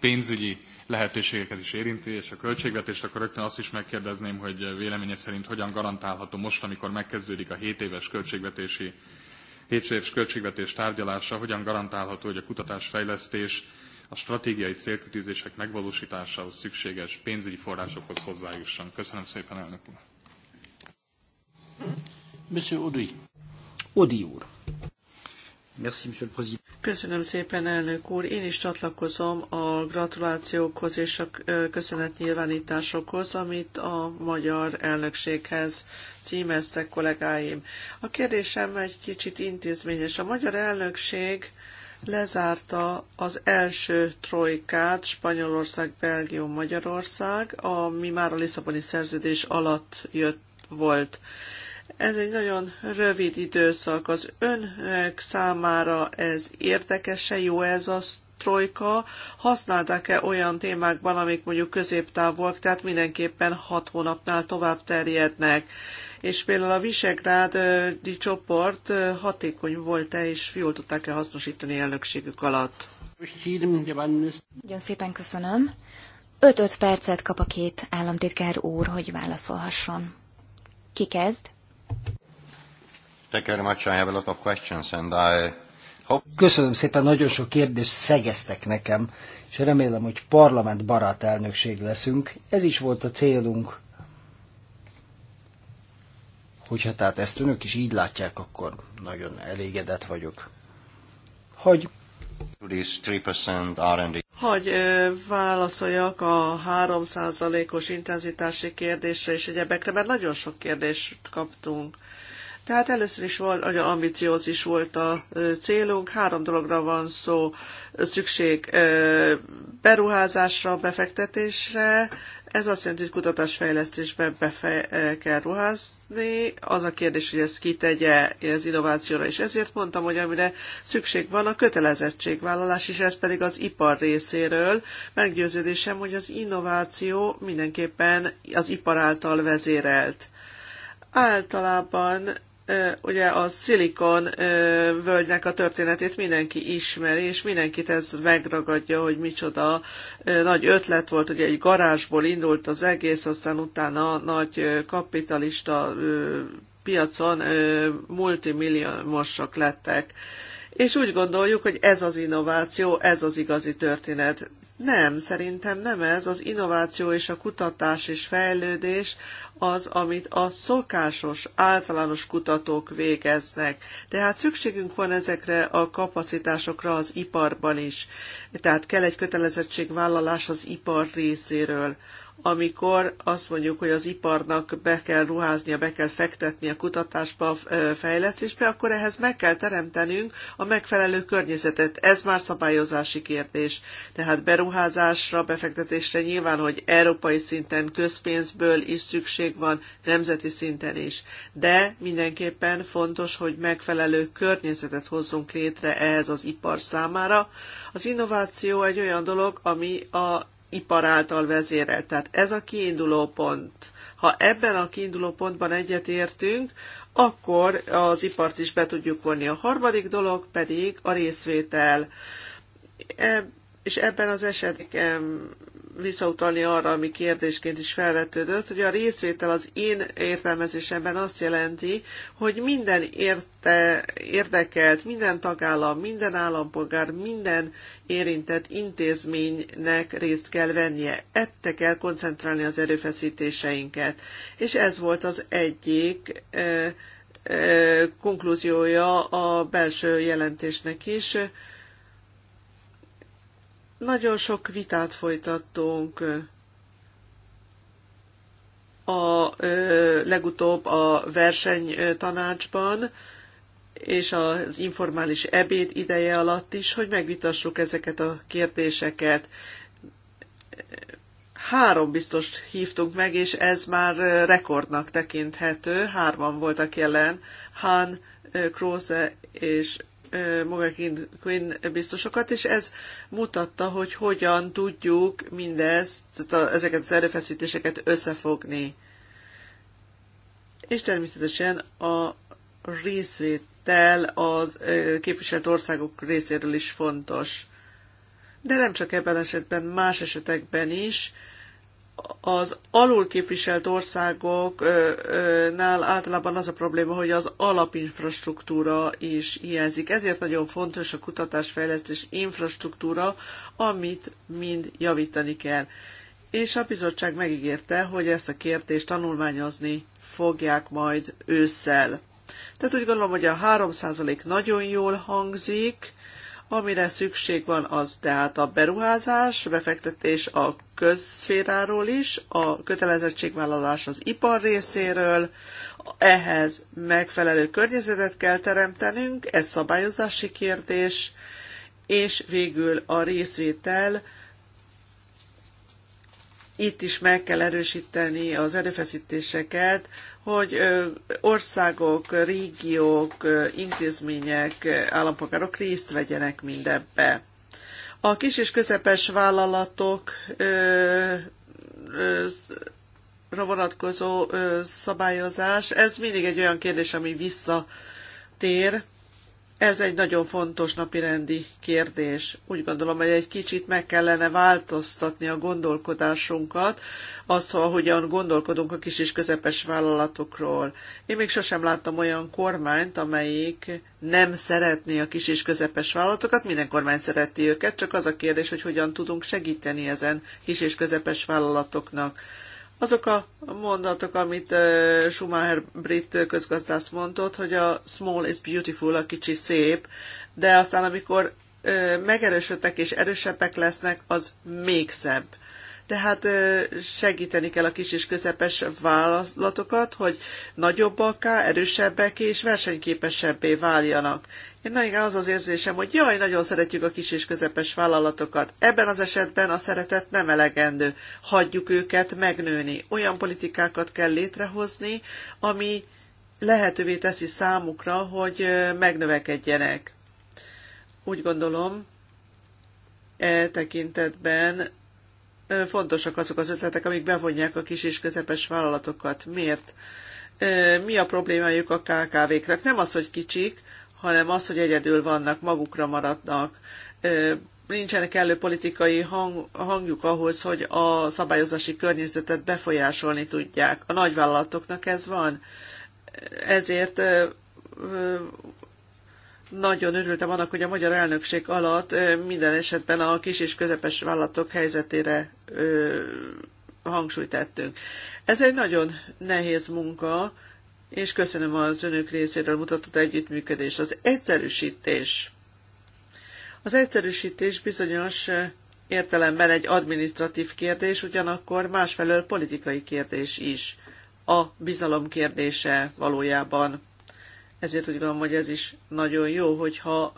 pénzügyi lehetőségeket is érinti, és a költségvetést, akkor rögtön azt is megkérdezném, hogy eh, véleménye szerint hogyan garantálható most, amikor megkezdődik a 7 éves költségvetési 7 költségvetés tárgyalása hogyan garantálható, hogy a kutatásfejlesztés a stratégiai célkitűzések megvalósításához szükséges pénzügyi forrásokhoz hozzájusson. Köszönöm szépen, elnök úr. Monsieur Odi. Odi úr. Köszönöm szépen, elnök úr. Én is csatlakozom a gratulációkhoz és a köszönetnyilvánításokhoz, amit a magyar elnökséghez címeztek kollégáim. A kérdésem egy kicsit intézményes. A magyar elnökség lezárta az első trojkát, Spanyolország, Belgium, Magyarország, ami már a Lisszaboni szerződés alatt jött volt. Ez egy nagyon rövid időszak. Az önök számára ez érdekese, jó ez a trojka, használták-e olyan témákban, amik mondjuk középtávúak, tehát mindenképpen hat hónapnál tovább terjednek. És például a Visegrádi csoport hatékony volt-e, és jól tudták-e hasznosítani elnökségük alatt? Nagyon szépen köszönöm. 5-5 percet kap a két államtitkár úr, hogy válaszolhasson. Ki kezd? Köszönöm szépen, nagyon sok kérdést szegeztek nekem, és remélem, hogy parlament barát elnökség leszünk. Ez is volt a célunk. Hogyha tehát ezt önök is így látják, akkor nagyon elégedett vagyok. Hogy hogy válaszoljak a 3%-os intenzitási kérdésre és egyebekre, mert nagyon sok kérdést kaptunk. Tehát először is volt, nagyon ambiciózis volt a célunk, három dologra van szó, szükség beruházásra, befektetésre, ez azt jelenti, hogy kutatásfejlesztésbe be eh, kell ruházni. Az a kérdés, hogy ez kitegye az innovációra, és ezért mondtam, hogy amire szükség van a kötelezettségvállalás, és ez pedig az ipar részéről. Meggyőződésem, hogy az innováció mindenképpen az ipar által vezérelt általában ugye a szilikon völgynek a történetét mindenki ismeri, és mindenkit ez megragadja, hogy micsoda nagy ötlet volt, ugye egy garázsból indult az egész, aztán utána nagy kapitalista piacon multimilliómosak lettek és úgy gondoljuk, hogy ez az innováció, ez az igazi történet. Nem, szerintem nem ez. Az innováció és a kutatás és fejlődés az, amit a szokásos, általános kutatók végeznek. Tehát szükségünk van ezekre a kapacitásokra az iparban is. Tehát kell egy kötelezettségvállalás az ipar részéről amikor azt mondjuk, hogy az iparnak be kell ruháznia, be kell fektetni a kutatásba, a fejlesztésbe, akkor ehhez meg kell teremtenünk a megfelelő környezetet. Ez már szabályozási kérdés. Tehát beruházásra, befektetésre nyilván, hogy európai szinten közpénzből is szükség van, nemzeti szinten is. De mindenképpen fontos, hogy megfelelő környezetet hozzunk létre ehhez az ipar számára. Az innováció egy olyan dolog, ami a ipar által vezérelt. Tehát ez a kiinduló pont. Ha ebben a kiinduló pontban egyetértünk, akkor az ipart is be tudjuk vonni. A harmadik dolog pedig a részvétel. E, és ebben az esetben visszautalni arra, ami kérdésként is felvetődött, hogy a részvétel az én értelmezésemben azt jelenti, hogy minden érte, érdekelt, minden tagállam, minden állampolgár, minden érintett intézménynek részt kell vennie. Ette kell koncentrálni az erőfeszítéseinket. És ez volt az egyik konklúziója a belső jelentésnek is, nagyon sok vitát folytattunk a legutóbb a versenytanácsban, és az informális ebéd ideje alatt is, hogy megvitassuk ezeket a kérdéseket. Három biztos hívtunk meg, és ez már rekordnak tekinthető. Hárman voltak jelen, Han, Króze és Mogekin Quinn biztosokat, és ez mutatta, hogy hogyan tudjuk mindezt, ezeket az erőfeszítéseket összefogni. És természetesen a részvétel az képviselt országok részéről is fontos. De nem csak ebben esetben, más esetekben is az alulképviselt országoknál általában az a probléma, hogy az alapinfrastruktúra is hiányzik. Ezért nagyon fontos a kutatásfejlesztés infrastruktúra, amit mind javítani kell. És a bizottság megígérte, hogy ezt a kérdést tanulmányozni fogják majd ősszel. Tehát úgy gondolom, hogy a 3% nagyon jól hangzik, Amire szükség van, az tehát a beruházás, befektetés a közszféráról is, a kötelezettségvállalás az ipar részéről, ehhez megfelelő környezetet kell teremtenünk, ez szabályozási kérdés, és végül a részvétel, itt is meg kell erősíteni az erőfeszítéseket hogy országok, régiók, intézmények, állampolgárok részt vegyenek mindebbe. A kis és közepes vállalatok vonatkozó szabályozás, ez mindig egy olyan kérdés, ami visszatér, ez egy nagyon fontos napirendi kérdés. Úgy gondolom, hogy egy kicsit meg kellene változtatni a gondolkodásunkat, azt, ahogyan gondolkodunk a kis és közepes vállalatokról. Én még sosem láttam olyan kormányt, amelyik nem szeretné a kis és közepes vállalatokat, minden kormány szereti őket, csak az a kérdés, hogy hogyan tudunk segíteni ezen kis és közepes vállalatoknak azok a mondatok, amit Schumacher brit közgazdász mondott, hogy a small is beautiful, a kicsi szép, de aztán amikor megerősödtek és erősebbek lesznek, az még szebb. Tehát segíteni kell a kis és közepes vállalatokat, hogy nagyobbaká, erősebbek és versenyképesebbé váljanak. Nekem az az érzésem, hogy jaj, nagyon szeretjük a kis és közepes vállalatokat. Ebben az esetben a szeretet nem elegendő. Hagyjuk őket megnőni. Olyan politikákat kell létrehozni, ami lehetővé teszi számukra, hogy megnövekedjenek. Úgy gondolom, e tekintetben fontosak azok az ötletek, amik bevonják a kis és közepes vállalatokat. Miért? Mi a problémájuk a KKV-knek? Nem az, hogy kicsik, hanem az, hogy egyedül vannak, magukra maradnak. Nincsenek elő politikai hang, hangjuk ahhoz, hogy a szabályozási környezetet befolyásolni tudják. A nagyvállalatoknak ez van. Ezért nagyon örültem annak, hogy a magyar elnökség alatt minden esetben a kis és közepes vállalatok helyzetére hangsúlyt tettünk. Ez egy nagyon nehéz munka, és köszönöm az önök részéről mutatott együttműködés, Az egyszerűsítés. Az egyszerűsítés bizonyos eh, értelemben egy administratív kérdés, ugyanakkor másfelől politikai kérdés is. A bizalom kérdése valójában. Ezért úgy gondolom, hogy ez is nagyon jó, hogyha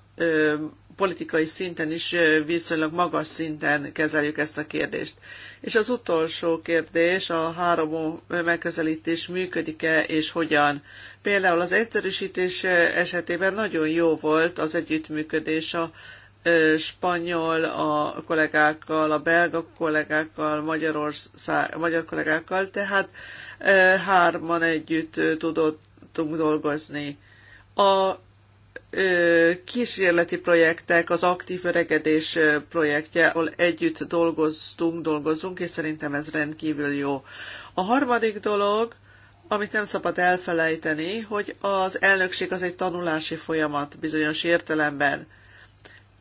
politikai szinten is viszonylag magas szinten kezeljük ezt a kérdést. És az utolsó kérdés, a három megközelítés működik-e és hogyan? Például az egyszerűsítés esetében nagyon jó volt az együttműködés a spanyol a kollégákkal, a belga kollégákkal, Magyarország, magyar kollégákkal, tehát hárman együtt tudott dolgozni. A kísérleti projektek, az aktív öregedés projektje, ahol együtt dolgoztunk, dolgozunk, és szerintem ez rendkívül jó. A harmadik dolog, amit nem szabad elfelejteni, hogy az elnökség az egy tanulási folyamat bizonyos értelemben.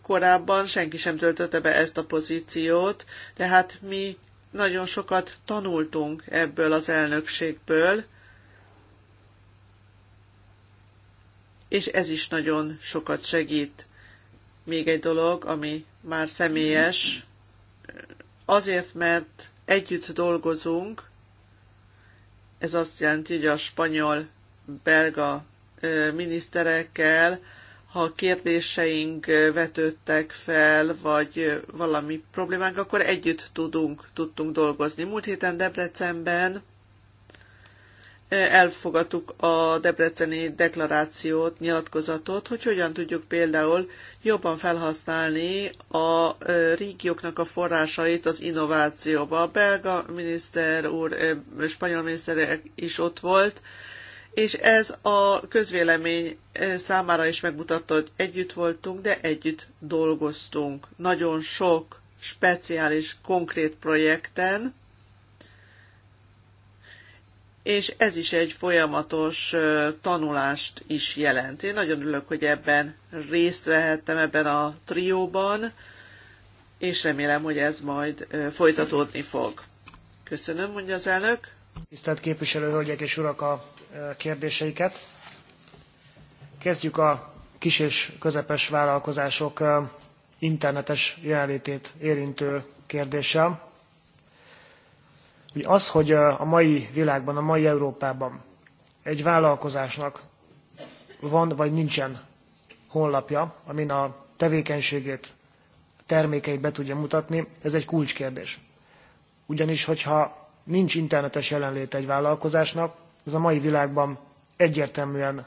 Korábban senki sem töltötte be ezt a pozíciót, tehát mi nagyon sokat tanultunk ebből az elnökségből, és ez is nagyon sokat segít. Még egy dolog, ami már személyes, azért, mert együtt dolgozunk, ez azt jelenti, hogy a spanyol-belga miniszterekkel, ha kérdéseink vetődtek fel, vagy valami problémánk, akkor együtt tudunk, tudtunk dolgozni. Múlt héten Debrecenben elfogadtuk a debreceni deklarációt, nyilatkozatot, hogy hogyan tudjuk például jobban felhasználni a régióknak a forrásait az innovációba. A belga miniszter úr, a spanyol miniszter is ott volt, és ez a közvélemény számára is megmutatta, hogy együtt voltunk, de együtt dolgoztunk. Nagyon sok speciális, konkrét projekten, és ez is egy folyamatos tanulást is jelent. Én nagyon örülök, hogy ebben részt vehettem ebben a trióban, és remélem, hogy ez majd folytatódni fog. Köszönöm, mondja az elnök. Tisztelt képviselő hölgyek és urak a kérdéseiket. Kezdjük a kis és közepes vállalkozások internetes jelenlétét érintő kérdéssel hogy az, hogy a mai világban, a mai Európában egy vállalkozásnak van vagy nincsen honlapja, amin a tevékenységét, termékeit be tudja mutatni, ez egy kulcskérdés. Ugyanis, hogyha nincs internetes jelenlét egy vállalkozásnak, ez a mai világban egyértelműen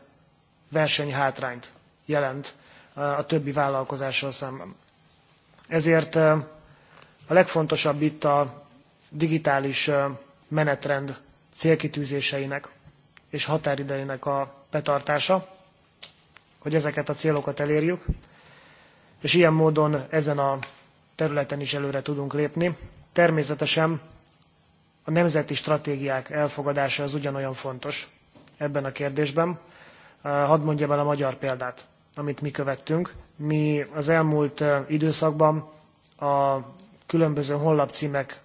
versenyhátrányt jelent eh, a többi vállalkozással szemben. Ezért eh, a legfontosabb itt a digitális menetrend célkitűzéseinek és határideinek a betartása, hogy ezeket a célokat elérjük, és ilyen módon ezen a területen is előre tudunk lépni. Természetesen a nemzeti stratégiák elfogadása az ugyanolyan fontos ebben a kérdésben. Hadd mondjam el a magyar példát, amit mi követtünk. Mi az elmúlt időszakban a különböző honlapcímek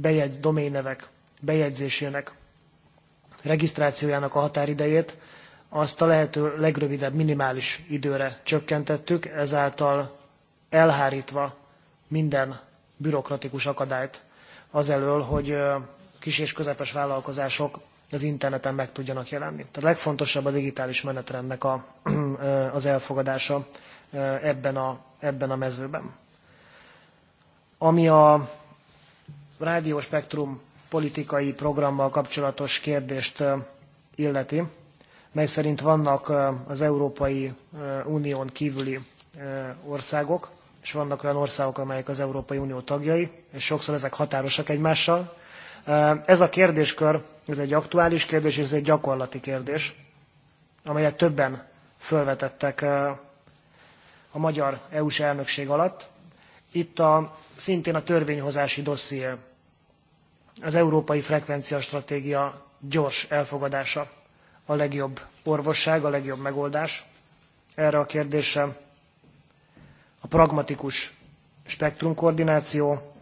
bejegyz, doménnevek bejegyzésének regisztrációjának a határidejét, azt a lehető legrövidebb minimális időre csökkentettük, ezáltal elhárítva minden bürokratikus akadályt az elől, hogy kis és közepes vállalkozások az interneten meg tudjanak jelenni. Tehát legfontosabb a digitális menetrendnek a, az elfogadása ebben a, ebben a mezőben. Ami a rádióspektrum politikai programmal kapcsolatos kérdést illeti, mely szerint vannak az Európai Unión kívüli országok, és vannak olyan országok, amelyek az Európai Unió tagjai, és sokszor ezek határosak egymással. Ez a kérdéskör, ez egy aktuális kérdés, és ez egy gyakorlati kérdés, amelyet többen fölvetettek a magyar EU-s e elnökség alatt. Itt a, szintén a törvényhozási dosszié az európai frekvenciastratégia gyors elfogadása a legjobb orvosság, a legjobb megoldás erre a kérdésre. A pragmatikus spektrumkoordináció,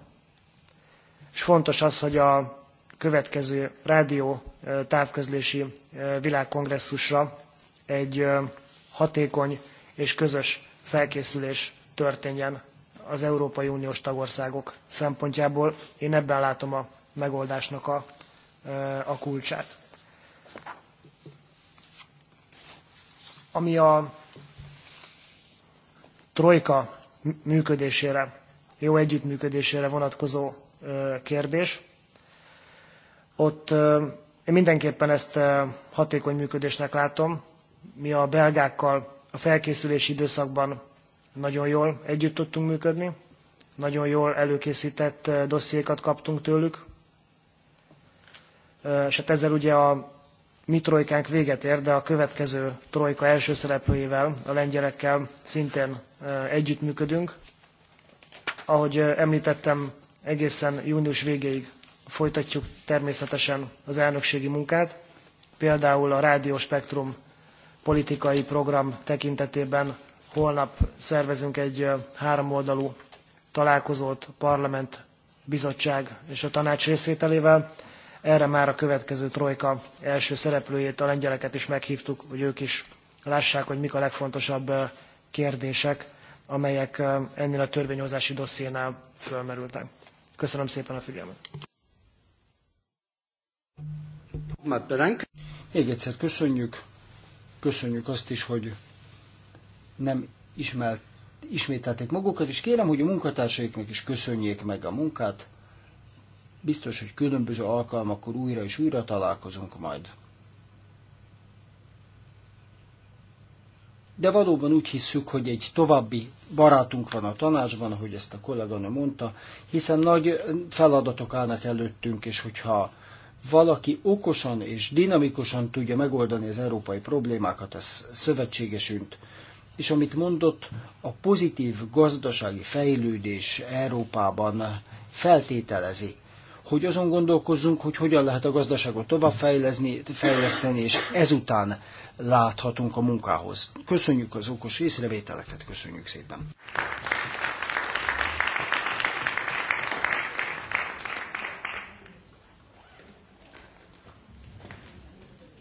és fontos az, hogy a következő rádió távközlési világkongresszusra egy hatékony és közös felkészülés történjen az Európai Uniós tagországok szempontjából. Én ebben látom a megoldásnak a, a kulcsát. Ami a trojka működésére, jó együttműködésére vonatkozó kérdés, ott én mindenképpen ezt hatékony működésnek látom. Mi a belgákkal a felkészülési időszakban nagyon jól együtt tudtunk működni, nagyon jól előkészített dossziékat kaptunk tőlük, és hát ezzel ugye a mi trojkánk véget ér, de a következő trojka első szereplőivel, a lengyelekkel szintén együttműködünk. Ahogy említettem, egészen június végéig folytatjuk természetesen az elnökségi munkát. Például a Rádióspektrum politikai program tekintetében holnap szervezünk egy háromoldalú találkozót parlament, bizottság és a tanács részvételével. Erre már a következő trojka első szereplőjét, a lengyeleket is meghívtuk, hogy ők is lássák, hogy mik a legfontosabb eh, kérdések, amelyek eh, ennél a törvényhozási dossziénál fölmerültek. Köszönöm szépen a figyelmet. Még egyszer köszönjük. Köszönjük azt is, hogy nem ismelt, ismételték magukat, és kérem, hogy a munkatársaiknak is köszönjék meg a munkát. Biztos, hogy különböző alkalmakkor újra és újra találkozunk majd. De valóban úgy hiszük, hogy egy további barátunk van a tanácsban, ahogy ezt a kolléganő mondta, hiszen nagy feladatok állnak előttünk, és hogyha valaki okosan és dinamikusan tudja megoldani az európai problémákat, ez szövetségesünk. És amit mondott, a pozitív gazdasági fejlődés Európában feltételezi hogy azon gondolkozzunk, hogy hogyan lehet a gazdaságot továbbfejleszteni, fejleszteni, és ezután láthatunk a munkához. Köszönjük az okos észrevételeket, köszönjük szépen!